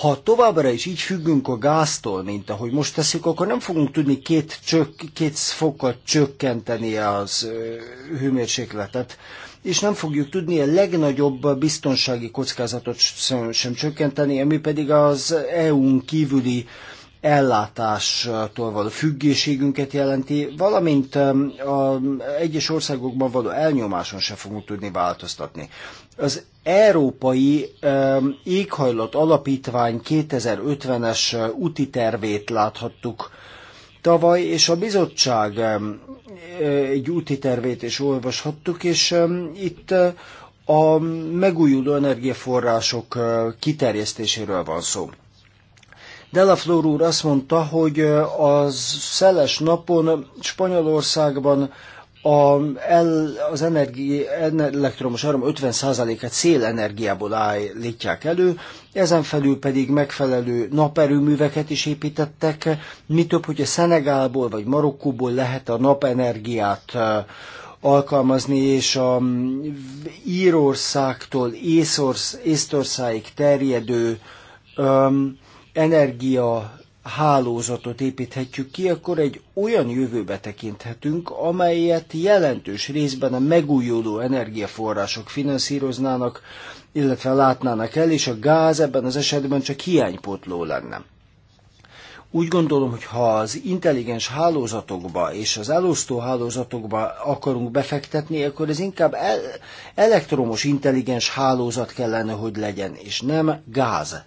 ha továbbra is így függünk a gáztól, mint ahogy most teszik, akkor nem fogunk tudni két, csök, két fokkal csökkenteni az hőmérsékletet és nem fogjuk tudni a legnagyobb biztonsági kockázatot sem csökkenteni, ami pedig az EU-n kívüli ellátástól való függőségünket jelenti, valamint um, az egyes országokban való elnyomáson sem fogunk tudni változtatni. Az Európai um, Éghajlat Alapítvány 2050-es uh, úti tervét láthattuk tavaly, és a bizottság egy úti tervét is olvashattuk, és itt a megújuló energiaforrások kiterjesztéséről van szó. Delaflor úr azt mondta, hogy az szeles napon Spanyolországban a, el, az energi, elektromos áram 50%-át szélenergiából állítják elő, ezen felül pedig megfelelő naperőműveket is építettek, mi több, hogy a Szenegálból vagy Marokkóból lehet a napenergiát alkalmazni, és a Írországtól Észorsz, Észtországig terjedő um, energia hálózatot építhetjük ki, akkor egy olyan jövőbe tekinthetünk, amelyet jelentős részben a megújuló energiaforrások finanszíroznának, illetve látnának el, és a gáz ebben az esetben csak hiánypótló lenne. Úgy gondolom, hogy ha az intelligens hálózatokba és az elosztó hálózatokba akarunk befektetni, akkor ez inkább el- elektromos intelligens hálózat kellene, hogy legyen, és nem gáz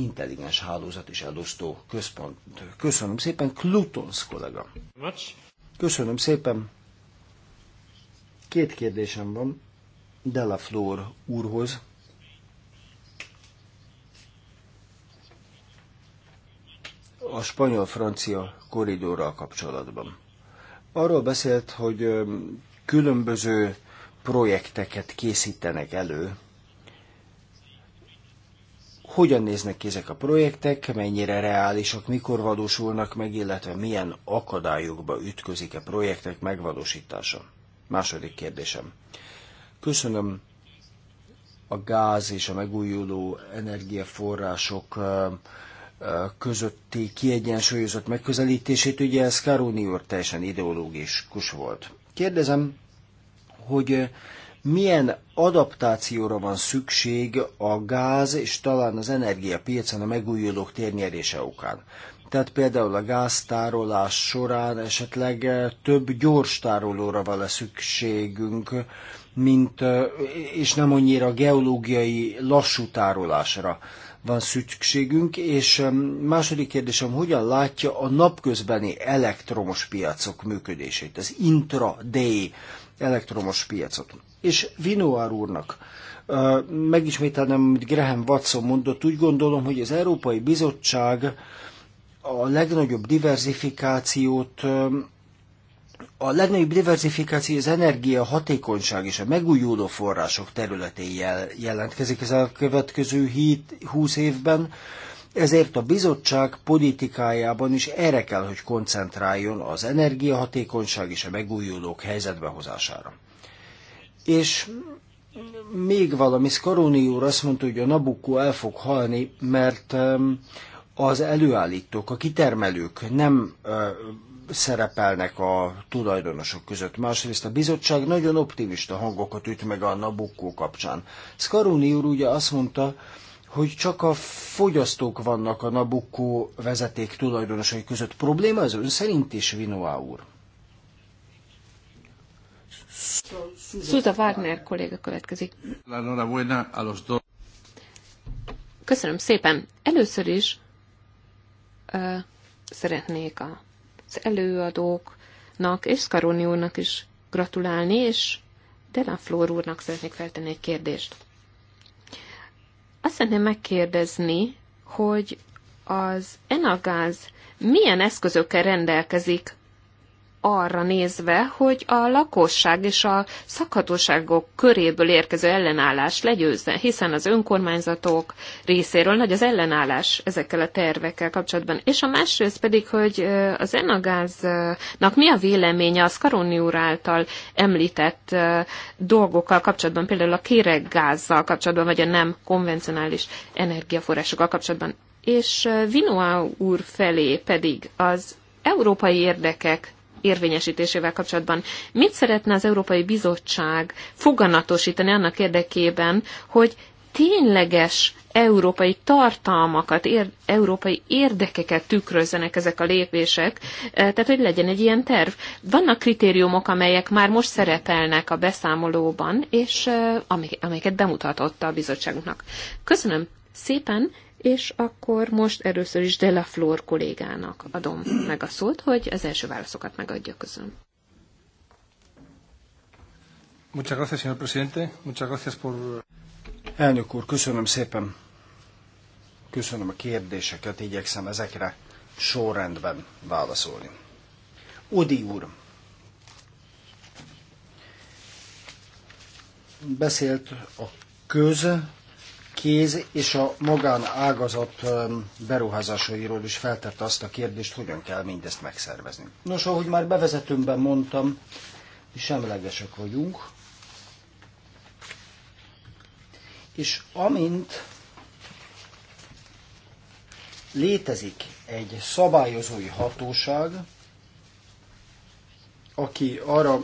intelligens hálózat és elosztó központ. Köszönöm szépen, Klutons kollega. Köszönöm szépen. Két kérdésem van Della Flor úrhoz. A spanyol-francia korridorral kapcsolatban. Arról beszélt, hogy különböző projekteket készítenek elő, hogyan néznek ki ezek a projektek, mennyire reálisak, mikor valósulnak meg, illetve milyen akadályokba ütközik a projektek megvalósítása. Második kérdésem. Köszönöm a gáz és a megújuló energiaforrások közötti kiegyensúlyozott megközelítését, ugye ez Karuni úr teljesen ideológikus volt. Kérdezem, hogy milyen adaptációra van szükség a gáz és talán az energiapiacon a megújulók térnyerése okán. Tehát például a gáztárolás során esetleg eh, több gyors tárolóra van szükségünk, mint, eh, és nem annyira geológiai lassú tárolásra van szükségünk, és eh, második kérdésem, hogyan látja a napközbeni elektromos piacok működését, az intraday elektromos piacot és Vinoar úrnak. Megismételnem, amit Graham Watson mondott, úgy gondolom, hogy az Európai Bizottság a legnagyobb diversifikációt a legnagyobb diversifikáció az energia hatékonyság és a megújuló források területén jelentkezik ez a következő 20 évben, ezért a bizottság politikájában is erre kell, hogy koncentráljon az energiahatékonyság és a megújulók helyzetbehozására. És még valami, Skaroni úr azt mondta, hogy a Nabucco el fog halni, mert az előállítók, a kitermelők nem szerepelnek a tulajdonosok között. Másrészt a bizottság nagyon optimista hangokat üt meg a Nabucco kapcsán. Skaroni úr ugye azt mondta, hogy csak a fogyasztók vannak a Nabucco vezeték tulajdonosai között. Probléma ez ön szerint is, Vinoá úr? Szóval Szuza Wagner kolléga következik. Köszönöm szépen. Először is uh, szeretnék az előadóknak és Scaroni úrnak is gratulálni, és Dela Flór úrnak szeretnék feltenni egy kérdést. Azt szeretném megkérdezni, hogy az Enagáz milyen eszközökkel rendelkezik arra nézve, hogy a lakosság és a szakhatóságok köréből érkező ellenállás legyőzze, hiszen az önkormányzatok részéről nagy az ellenállás ezekkel a tervekkel kapcsolatban. És a másrészt pedig, hogy az Enagáznak mi a véleménye az Karoni úr által említett dolgokkal kapcsolatban, például a kéreggázzal kapcsolatban, vagy a nem konvencionális energiaforrásokkal kapcsolatban. És Vinoa úr felé pedig az európai érdekek érvényesítésével kapcsolatban. Mit szeretne az Európai Bizottság foganatosítani annak érdekében, hogy tényleges európai tartalmakat, ér, európai érdekeket tükrözzenek ezek a lépések, eh, tehát hogy legyen egy ilyen terv. Vannak kritériumok, amelyek már most szerepelnek a beszámolóban, és eh, amelyeket bemutatott a bizottságunknak. Köszönöm szépen, és akkor most először is Della Flor kollégának adom meg a szót, hogy az első válaszokat megadja. közön. Muchas gracias, señor presidente. Muchas gracias por... Elnök úr, köszönöm szépen. Köszönöm a kérdéseket, igyekszem ezekre sorrendben válaszolni. Odi úr, beszélt a köz kéz és a magánágazat um, beruházásairól is feltette azt a kérdést, hogyan kell mindezt megszervezni. Nos, ahogy már bevezetőmben mondtam, mi semlegesek vagyunk, és amint létezik egy szabályozói hatóság, aki arra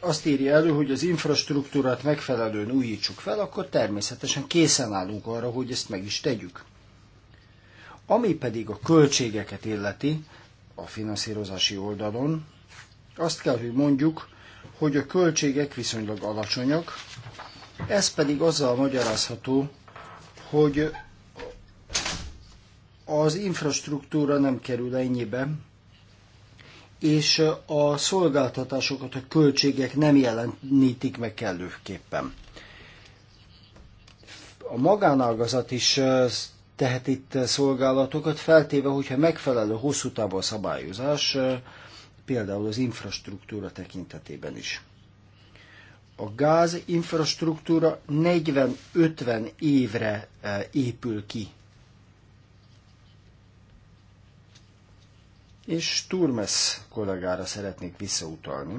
azt írja elő, hogy az infrastruktúrát megfelelően újítsuk fel, akkor természetesen készen állunk arra, hogy ezt meg is tegyük. Ami pedig a költségeket illeti a finanszírozási oldalon, azt kell, hogy mondjuk, hogy a költségek viszonylag alacsonyak, ez pedig azzal magyarázható, hogy az infrastruktúra nem kerül ennyibe, és a szolgáltatásokat a költségek nem jelenítik meg kellőképpen. A magánágazat is tehet itt szolgálatokat, feltéve, hogyha megfelelő hosszú távú a szabályozás, például az infrastruktúra tekintetében is. A gáz infrastruktúra 40-50 évre épül ki És Turmes kollégára szeretnék visszautalni.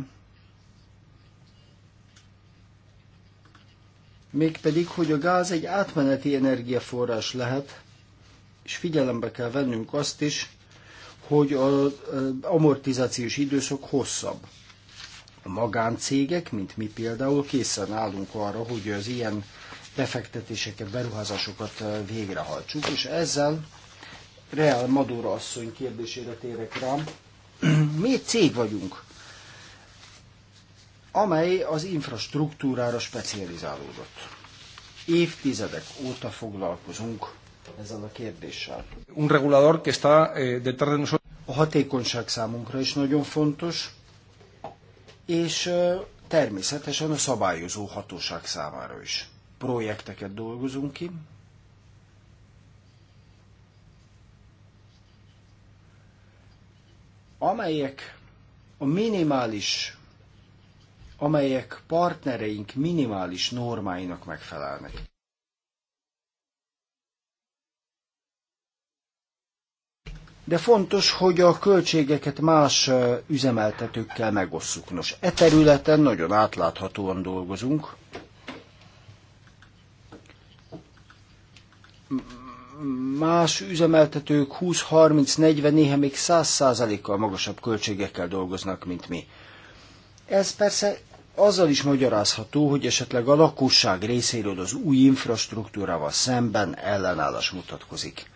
Mégpedig, hogy a gáz egy átmeneti energiaforrás lehet, és figyelembe kell vennünk azt is, hogy az amortizációs időszak hosszabb. A magáncégek, mint mi például, készen állunk arra, hogy az ilyen befektetéseket, beruházásokat végrehajtsuk, és ezzel Real Maduro asszony kérdésére térek rám. *clears throat* Mi egy cég vagyunk, amely az infrastruktúrára specializálódott. Évtizedek óta foglalkozunk ezzel a kérdéssel. Un regulador que está eh, detrás de nosotros. A hatékonyság számunkra is nagyon fontos, és természetesen a szabályozó hatóság számára is. Projekteket dolgozunk ki, amelyek a minimális, amelyek partnereink minimális normáinak megfelelnek. De fontos, hogy a költségeket más üzemeltetőkkel megosszuk. Nos, e területen nagyon átláthatóan dolgozunk más üzemeltetők 20-30-40, néha még 100%-kal magasabb költségekkel dolgoznak, mint mi. Ez persze azzal is magyarázható, hogy esetleg a lakosság részéről az új infrastruktúrával szemben ellenállás mutatkozik.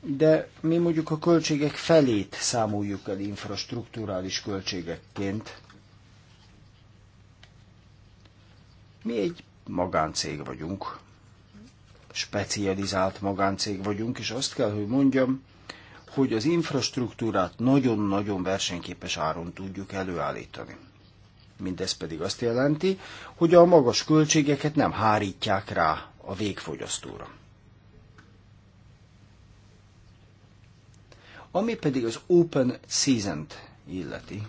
De mi mondjuk a költségek felét számoljuk el infrastruktúrális költségekként. Mi egy magáncég vagyunk, specializált magáncég vagyunk, és azt kell, hogy mondjam, hogy az infrastruktúrát nagyon-nagyon versenyképes áron tudjuk előállítani. Mindez pedig azt jelenti, hogy a magas költségeket nem hárítják rá a végfogyasztóra. Ami pedig az Open Season-t illeti,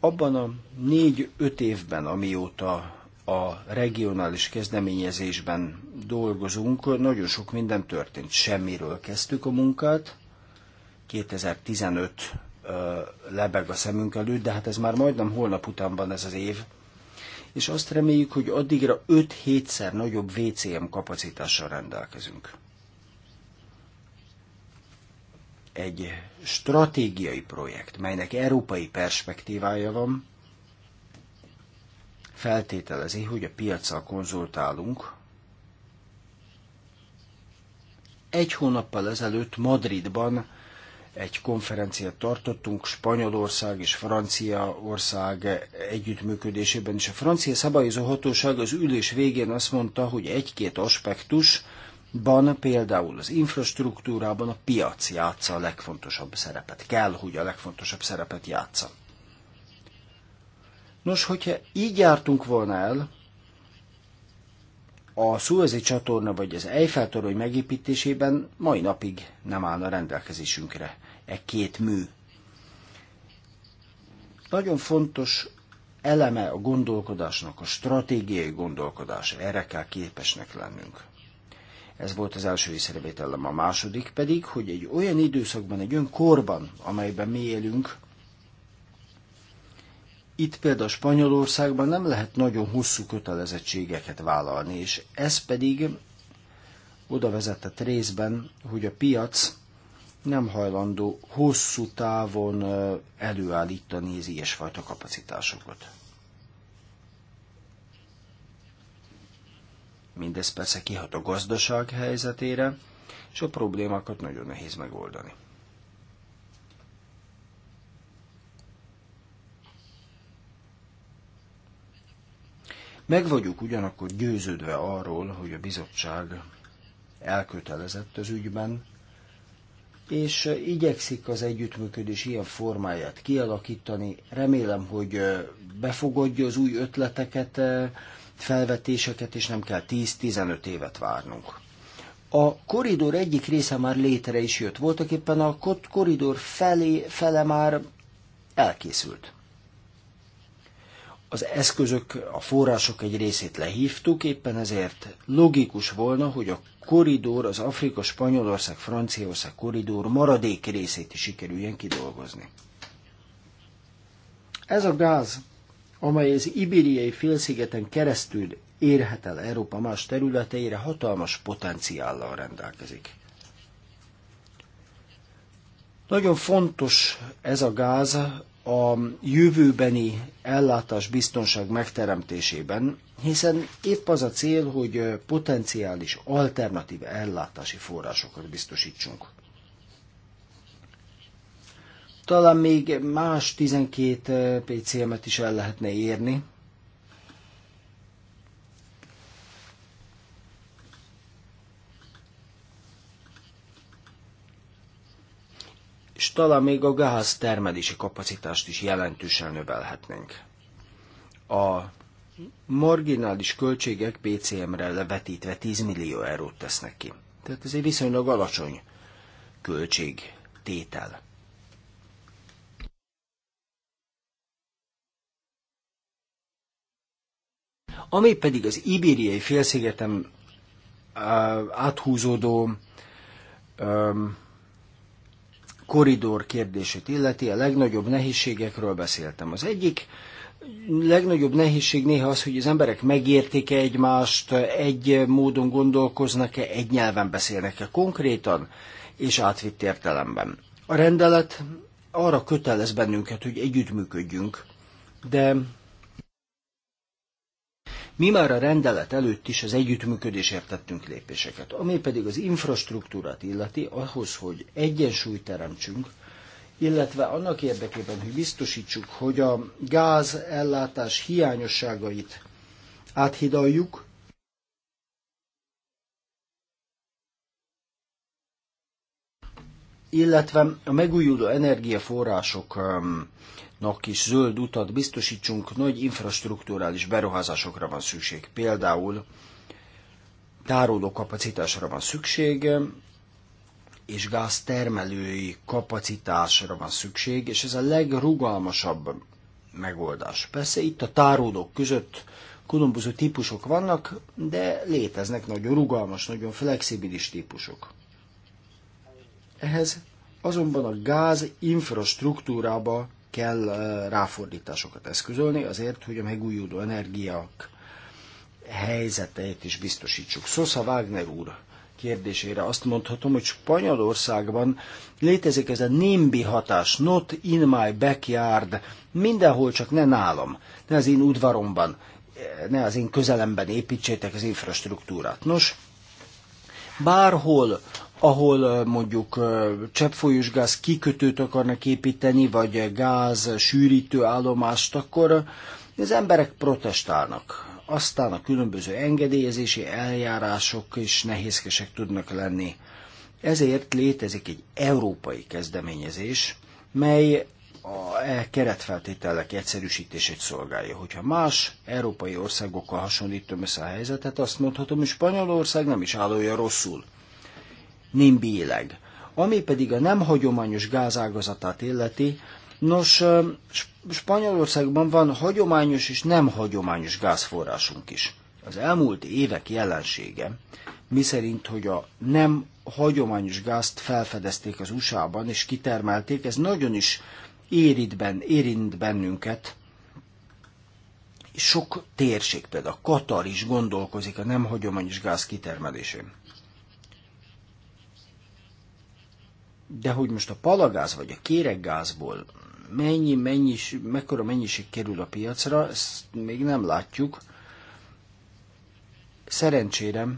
Abban a négy-öt évben, amióta a regionális kezdeményezésben dolgozunk, nagyon sok minden történt. Semmiről kezdtük a munkát, 2015 lebeg a szemünk előtt, de hát ez már majdnem holnap után van ez az év, és azt reméljük, hogy addigra 5-7-szer nagyobb VCM kapacitással rendelkezünk. egy stratégiai projekt, melynek európai perspektívája van, feltételezi, hogy a piacsal konzultálunk. Egy hónappal ezelőtt Madridban egy konferenciát tartottunk Spanyolország és Franciaország együttműködésében, és a francia szabályozó hatóság az ülés végén azt mondta, hogy egy-két aspektus, Ban például az infrastruktúrában a piac játsza a legfontosabb szerepet. Kell, hogy a legfontosabb szerepet játsza. Nos, hogyha így jártunk volna el, a Suezi csatorna vagy az Eiffel torony megépítésében mai napig nem állna rendelkezésünkre e két mű. Nagyon fontos eleme a gondolkodásnak, a stratégiai gondolkodás. Erre kell képesnek lennünk. Ez volt az első észrevételem. A második pedig, hogy egy olyan időszakban, egy olyan korban, amelyben mi élünk, itt például Spanyolországban nem lehet nagyon hosszú kötelezettségeket vállalni, és ez pedig oda vezetett részben, hogy a piac nem hajlandó hosszú távon előállítani az ilyesfajta kapacitásokat. Mindez persze kihat a gazdaság helyzetére, és a problémákat nagyon nehéz megoldani. Meg vagyok ugyanakkor győződve arról, hogy a bizottság elkötelezett az ügyben, és igyekszik az együttműködés ilyen formáját kialakítani. Remélem, hogy befogadja az új ötleteket, felvetéseket, és nem kell 10-15 évet várnunk. A koridor egyik része már létre is jött, voltak éppen a koridor felé, fele már elkészült. Az eszközök, a források egy részét lehívtuk, éppen ezért logikus volna, hogy a koridor, az Afrika, Spanyolország, Franciaország koridor maradék részét is sikerüljen kidolgozni. Ez a gáz amely az ibériai félszigeten keresztül érhet el Európa más területeire, hatalmas potenciállal rendelkezik. Nagyon fontos ez a gáz a jövőbeni ellátás biztonság megteremtésében, hiszen épp az a cél, hogy potenciális alternatív ellátási forrásokat biztosítsunk. Talán még más 12 eh, PCM-et is el lehetne érni. És talán még a gáz termelési kapacitást is jelentősen növelhetnénk. A marginális költségek PCM-re levetítve 10 millió eurót tesznek ki. Tehát ez egy viszonylag alacsony költség tétel. Ami pedig az ibériai félszigetem áthúzódó um, koridor kérdését illeti, a legnagyobb nehézségekről beszéltem. Az egyik legnagyobb nehézség néha az, hogy az emberek megértik-e egymást, egy módon gondolkoznak-e, egy nyelven beszélnek-e konkrétan, és átvitt értelemben. A rendelet arra kötelez bennünket, hogy együttműködjünk, de mi már a rendelet előtt is az együttműködésért tettünk lépéseket, ami pedig az infrastruktúrát illeti ahhoz, hogy egyensúlyt teremtsünk, illetve annak érdekében, hogy biztosítsuk, hogy a gáz ellátás hiányosságait áthidaljuk, illetve a megújuló energiaforrások um, nak is zöld utat biztosítsunk, nagy infrastruktúrális beruházásokra van szükség. Például tároló kapacitásra van szükség, és gáztermelői kapacitásra van szükség, és ez a legrugalmasabb megoldás. Persze itt a tárolók között különböző típusok vannak, de léteznek nagyon rugalmas, nagyon flexibilis típusok. Ehhez azonban a gáz infrastruktúrába kell ráfordításokat eszközölni azért, hogy a megújuló energiák helyzeteit is biztosítsuk. Szosza Wagner úr kérdésére azt mondhatom, hogy Spanyolországban létezik ez a NIMBY hatás, not in my backyard, mindenhol csak ne nálam, ne az én udvaromban, ne az én közelemben építsétek az infrastruktúrát. Nos, bárhol, ahol mondjuk cseppfolyós gáz kikötőt akarnak építeni, vagy gáz sűrítő állomást, akkor az emberek protestálnak. Aztán a különböző engedélyezési eljárások is nehézkesek tudnak lenni. Ezért létezik egy európai kezdeményezés, mely a e keretfeltételek egyszerűsítését szolgálja. Hogyha más európai országokkal hasonlítom össze a helyzetet, azt mondhatom, hogy Spanyolország nem is áll olyan rosszul nem Ami pedig a nem hagyományos gázágazatát illeti, nos, Spanyolországban van hagyományos és nem hagyományos gázforrásunk is. Az elmúlt évek jelensége, miszerint, hogy a nem hagyományos gázt felfedezték az USA-ban és kitermelték, ez nagyon is érint, ben, érint bennünket. Sok térség, például Katar is gondolkozik a nem hagyományos gáz kitermelésén. De hogy most a palagáz vagy a kéreggázból mennyi, mennyis, mekkora mennyiség kerül a piacra, ezt még nem látjuk. Szerencsére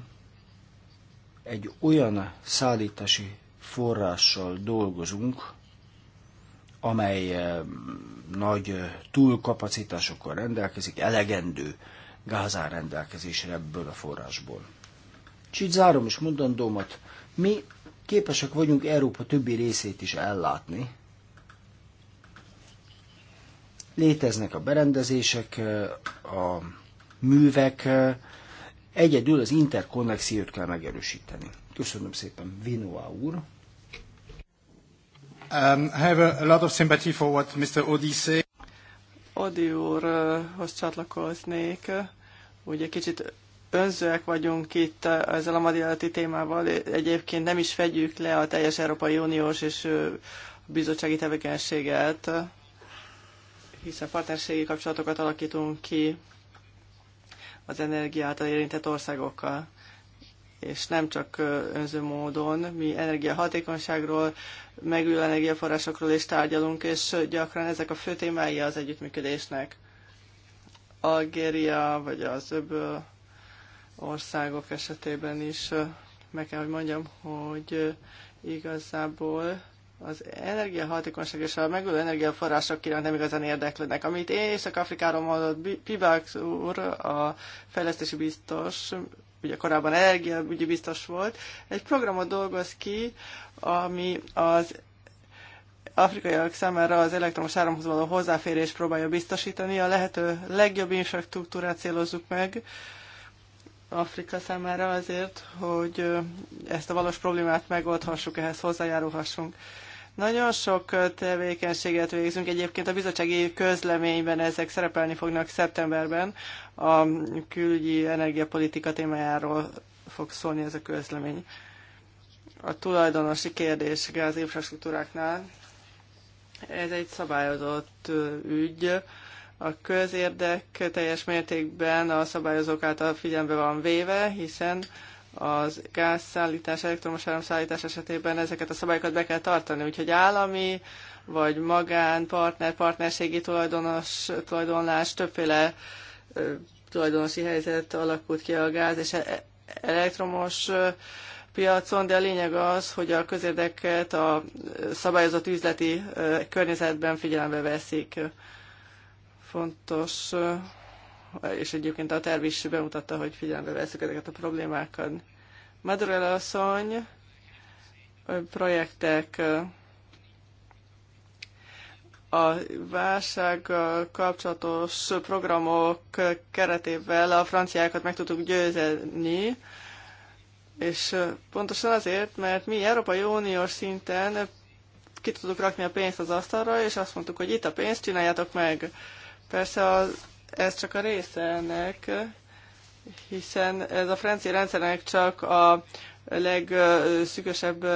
egy olyan szállítási forrással dolgozunk, amely eh, nagy eh, túlkapacitásokkal rendelkezik, elegendő gázán rendelkezésre ebből a forrásból. És így zárom is mondandómat, mi képesek vagyunk Európa többi részét is ellátni. Léteznek a berendezések, a művek, egyedül az interkonnexiót kell megerősíteni. Köszönöm szépen, Vinoa úr. Um, I have a, a lot of sympathy for what Mr. Odi said. Odi úrhoz csatlakoznék. Ugye kicsit önzőek vagyunk itt ezzel a madilati témával. Egyébként nem is fedjük le a teljes Európai Uniós és bizottsági tevékenységet, hiszen partnerségi kapcsolatokat alakítunk ki az energiát érintett országokkal és nem csak önző módon. Mi energiahatékonyságról, megülő energiaforrásokról is tárgyalunk, és gyakran ezek a fő témái az együttműködésnek. Algéria, vagy az öböl országok esetében is meg kell, hogy mondjam, hogy igazából az energiahatékonyság és a megújuló energiaforrások iránt nem igazán érdeklődnek. Amit én Észak-Afrikáról mondott Pibax úr, a fejlesztési biztos, ugye korábban energiaügyi biztos volt, egy programot dolgoz ki, ami az afrikaiak számára az elektromos áramhoz való hozzáférés próbálja biztosítani. A lehető legjobb infrastruktúrát célozzuk meg, Afrika számára azért, hogy ezt a valós problémát megoldhassuk, ehhez hozzájárulhassunk. Nagyon sok tevékenységet végzünk. Egyébként a bizottsági közleményben ezek szerepelni fognak szeptemberben. A külügyi energiapolitika témájáról fog szólni ez a közlemény. A tulajdonosi kérdés infrastruktúráknál. Ez egy szabályozott ügy a közérdek teljes mértékben a szabályozók által figyelembe van véve, hiszen az gázszállítás, elektromos áramszállítás esetében ezeket a szabályokat be kell tartani. Úgyhogy állami vagy magán, partner, partnerségi tulajdonos, tulajdonlás, többféle ö, tulajdonosi helyzet alakult ki a gáz és e-, elektromos piacon, de a lényeg az, hogy a közérdeket a szabályozott üzleti környezetben figyelembe veszik. Fontos, eh, és egyébként a terv is bemutatta, hogy figyelembe veszük ezeket a problémákat. Madurella asszony, projektek eh, a válság kapcsolatos programok keretével a franciákat meg tudtuk győzni, és eh, pontosan azért, mert mi Európai Uniós szinten ki tudtuk rakni a pénzt az asztalra, és azt mondtuk, hogy itt a pénzt, csináljátok meg. Persze az, ez csak a része ennek, hiszen ez a francia rendszernek csak a legszűkösebb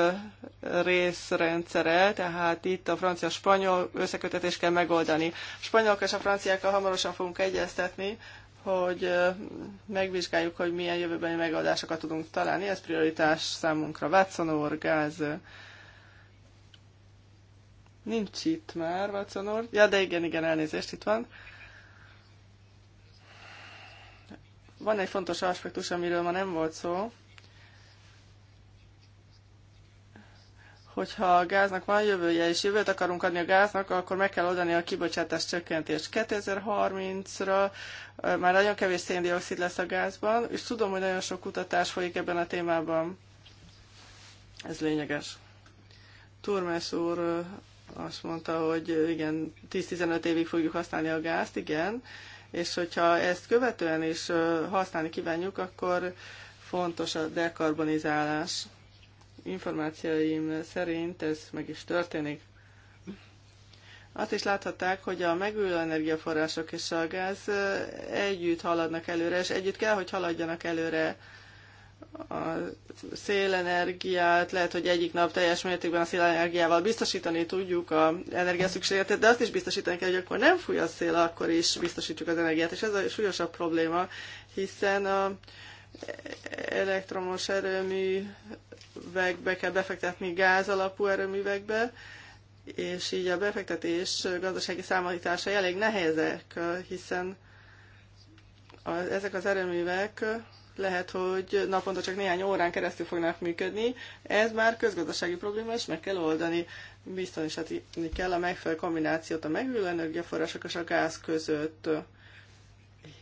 részrendszere, tehát itt a francia-spanyol összekötetést kell megoldani. A spanyolok és a franciákkal hamarosan fogunk egyeztetni, hogy megvizsgáljuk, hogy milyen jövőbeni megoldásokat tudunk találni. Ez prioritás számunkra. Watson úr, Gáz Nincs itt már, Watson úr. Ja, de igen, igen, elnézést, itt van. Van egy fontos aspektus, amiről ma nem volt szó. hogyha a gáznak van jövője, és jövőt akarunk adni a gáznak, akkor meg kell oldani a kibocsátás csökkentést. 2030-ra már nagyon kevés széndiokszid lesz a gázban, és tudom, hogy nagyon sok kutatás folyik ebben a témában. Ez lényeges. Turmes úr azt mondta, hogy igen, 10-15 évig fogjuk használni a gázt, igen, és hogyha ezt követően is használni kívánjuk, akkor fontos a dekarbonizálás. Információim szerint ez meg is történik. Azt is láthatták, hogy a megújuló energiaforrások és a gáz együtt haladnak előre, és együtt kell, hogy haladjanak előre a szélenergiát, lehet, hogy egyik nap teljes mértékben a szélenergiával biztosítani tudjuk a energiaszükségletet, de azt is biztosítani kell, hogy akkor nem fúj a szél, akkor is biztosítjuk az energiát, és ez a súlyosabb probléma, hiszen a elektromos erőművekbe kell befektetni gáz alapú erőművekbe, és így a befektetés gazdasági számolítása elég nehézek, hiszen a, ezek az erőművek lehet, hogy naponta csak néhány órán keresztül fognak működni. Ez már közgazdasági probléma, és meg kell oldani. Biztosítani kell a megfelelő kombinációt a megújuló energiaforrások és a gáz között,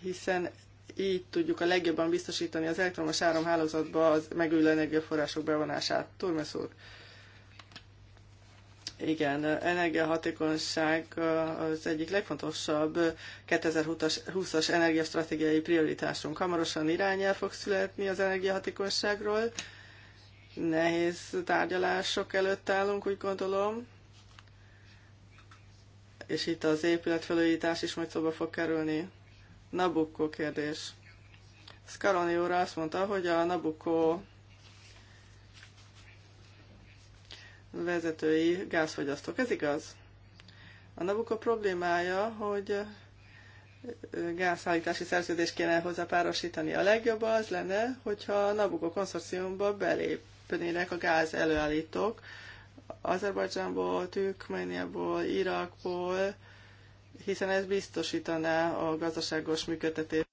hiszen így tudjuk a legjobban biztosítani az elektromos áramhálózatba az megújuló energiaforrások bevonását. Turmes úr! Igen, energiahatékonyság az egyik legfontosabb 2020-as energiastratégiai prioritásunk. Hamarosan irányel fog születni az energiahatékonyságról. Nehéz tárgyalások előtt állunk, úgy gondolom. És itt az épületfelújítás is majd szóba fog kerülni. Nabukko kérdés. Scaroni úr azt mondta, hogy a Nabukko vezetői gázfogyasztók. Ez igaz. A Nabucco problémája, hogy gázszállítási szerződést kéne hozzá párosítani. A legjobb az lenne, hogyha a Nabucco konszorciumba belépnének a gáz előállítók, Azerbajdzsánból, Türkmeniából, Irakból, hiszen ez biztosítaná a gazdaságos működtetést.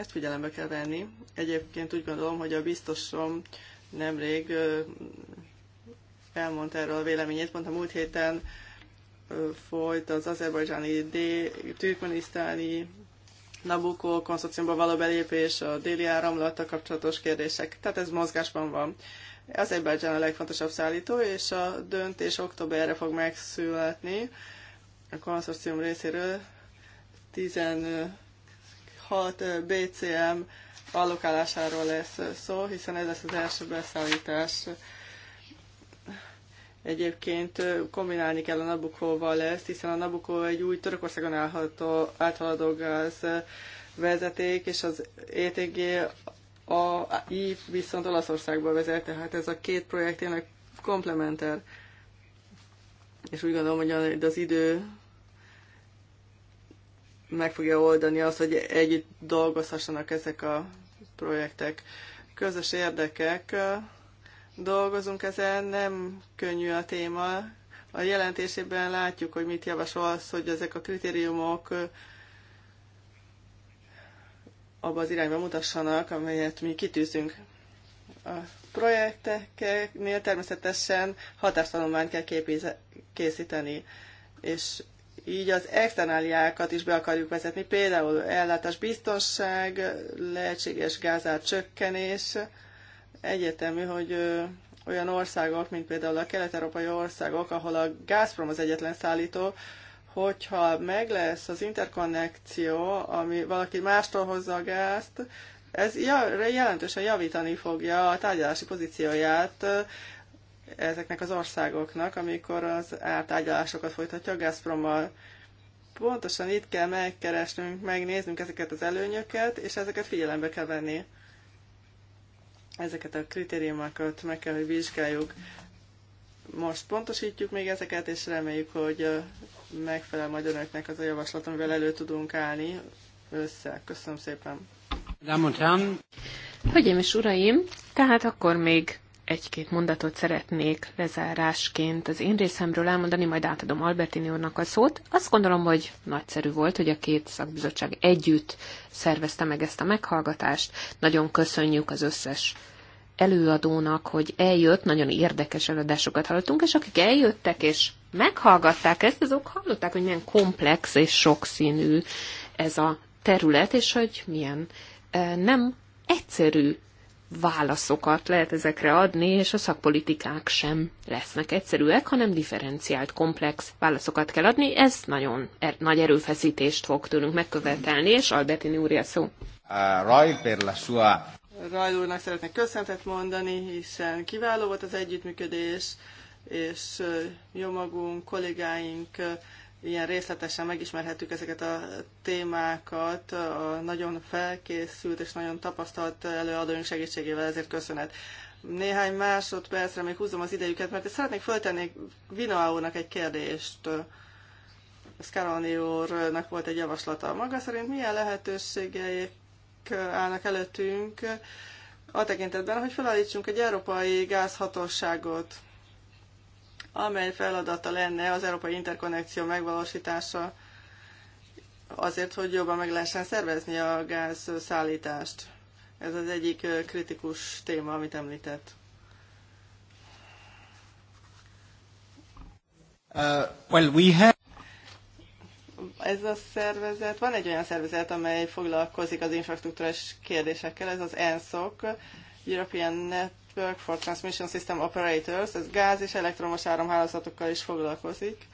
Ezt figyelembe kell venni. Egyébként úgy gondolom, hogy a biztosom nemrég elmondta erről a véleményét, pont a múlt héten folyt az azerbajdzsáni, türkmenisztáni, Nabukó konszorciumban való belépés, a déli áramlattal kapcsolatos kérdések. Tehát ez mozgásban van. Azerbajdzsán a legfontosabb szállító, és a döntés októberre fog megszületni a konszorcium részéről. 15 6 BCM allokálásáról lesz szó, hiszen ez lesz az első beszállítás. Egyébként kombinálni kell a Nabukóval ezt, hiszen a Nabukó egy új Törökországon állható, áthaladó gáz vezeték, és az ETG a IF viszont Olaszországba vezet, tehát ez a két projekt tényleg komplementer. És úgy gondolom, hogy az idő meg fogja oldani azt, hogy együtt dolgozhassanak ezek a projektek. Közös érdekek, dolgozunk ezen, nem könnyű a téma. A jelentésében látjuk, hogy mit javasol az, hogy ezek a kritériumok abba az irányba mutassanak, amelyet mi kitűzünk. A projekteknél természetesen hatástanulmányt kell képiz- készíteni, és így az externáliákat is be akarjuk vezetni, például ellátás biztonság, lehetséges gázár csökkenés. Egyetemű, hogy olyan országok, mint például a kelet-európai országok, ahol a Gazprom az egyetlen szállító, hogyha meg lesz az interkonnekció, ami valaki mástól hozza a gázt, ez jelentősen javítani fogja a tárgyalási pozícióját ezeknek az országoknak, amikor az ártágyalásokat folytatja a Gazprommal. Pontosan itt kell megkeresnünk, megnéznünk ezeket az előnyöket, és ezeket figyelembe kell venni. Ezeket a kritériumokat meg kell, hogy vizsgáljuk. Most pontosítjuk még ezeket, és reméljük, hogy megfelel majd önöknek az a javaslat, amivel elő tudunk állni össze. Köszönöm szépen. Hölgyeim és uraim, tehát akkor még egy-két mondatot szeretnék lezárásként az én részemről elmondani, majd átadom Albertini úrnak a szót. Azt gondolom, hogy nagyszerű volt, hogy a két szakbizottság együtt szervezte meg ezt a meghallgatást. Nagyon köszönjük az összes előadónak, hogy eljött, nagyon érdekes előadásokat hallottunk, és akik eljöttek és meghallgatták ezt, azok hallották, hogy milyen komplex és sokszínű ez a terület, és hogy milyen eh, nem egyszerű válaszokat lehet ezekre adni, és a szakpolitikák sem lesznek egyszerűek, hanem differenciált, komplex válaszokat kell adni. Ez nagyon er- nagy erőfeszítést fog tőlünk megkövetelni, és Albertini úr a szó. Raj per la sua... Rai úrnak szeretnék köszöntet mondani, hiszen kiváló volt az együttműködés, és jó magunk, kollégáink ilyen részletesen megismerhettük ezeket a témákat a nagyon felkészült és nagyon tapasztalt előadóink segítségével, ezért köszönet. Néhány másodpercre még húzom az idejüket, mert szeretnék föltenni Vinaónak egy kérdést. Szkaroni úrnak volt egy javaslata. Maga szerint milyen lehetőségeik állnak előttünk a tekintetben, hogy felállítsunk egy európai gázhatóságot? amely feladata lenne az európai interkonnekció megvalósítása azért, hogy jobban meg lehessen szervezni a gázszállítást. Ez az egyik kritikus téma, amit említett. Uh, well, we have... Ez a szervezet, van egy olyan szervezet, amely foglalkozik az infrastruktúrás kérdésekkel, ez az ENSOC, European Net Work for Transmission System Operators, ez gáz és elektromos áramhálózatokkal is foglalkozik.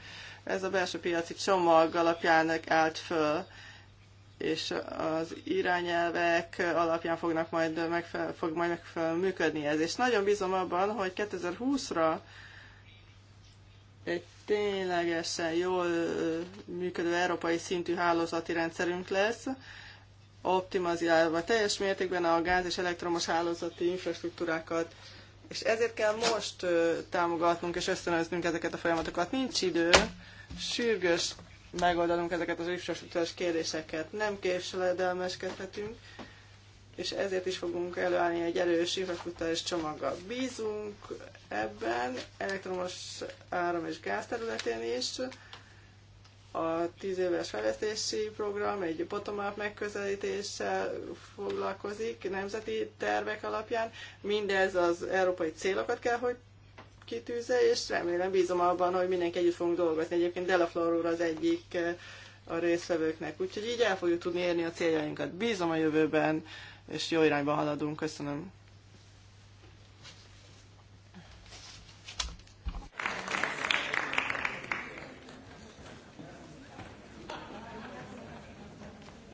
Ez a belső piaci csomag alapján állt föl, és az irányelvek alapján fognak majd megfelel, fog majd megfelelően működni ez. És nagyon bízom abban, hogy 2020-ra egy ténylegesen jól működő európai szintű hálózati rendszerünk lesz, optimalizálva teljes mértékben a gáz és elektromos hálózati infrastruktúrákat. És ezért kell most támogatnunk és ösztönöznünk ezeket a folyamatokat. Nincs idő, sürgős megoldanunk ezeket az infrastruktúrás kérdéseket. Nem késledelmeskedhetünk, és ezért is fogunk előállni egy erős infrastruktúrás csomaggal. Bízunk ebben elektromos áram és gáz területén is, a tíz éves fejlesztési program egy bottom-up megközelítéssel foglalkozik, nemzeti tervek alapján. Mindez az európai célokat kell, hogy kitűzze, és remélem, bízom abban, hogy mindenki együtt fogunk dolgozni. Egyébként Delaflor úr az egyik eh, a résztvevőknek, úgyhogy így el fogjuk tudni érni a céljainkat. Bízom a jövőben, és jó irányba haladunk. Köszönöm.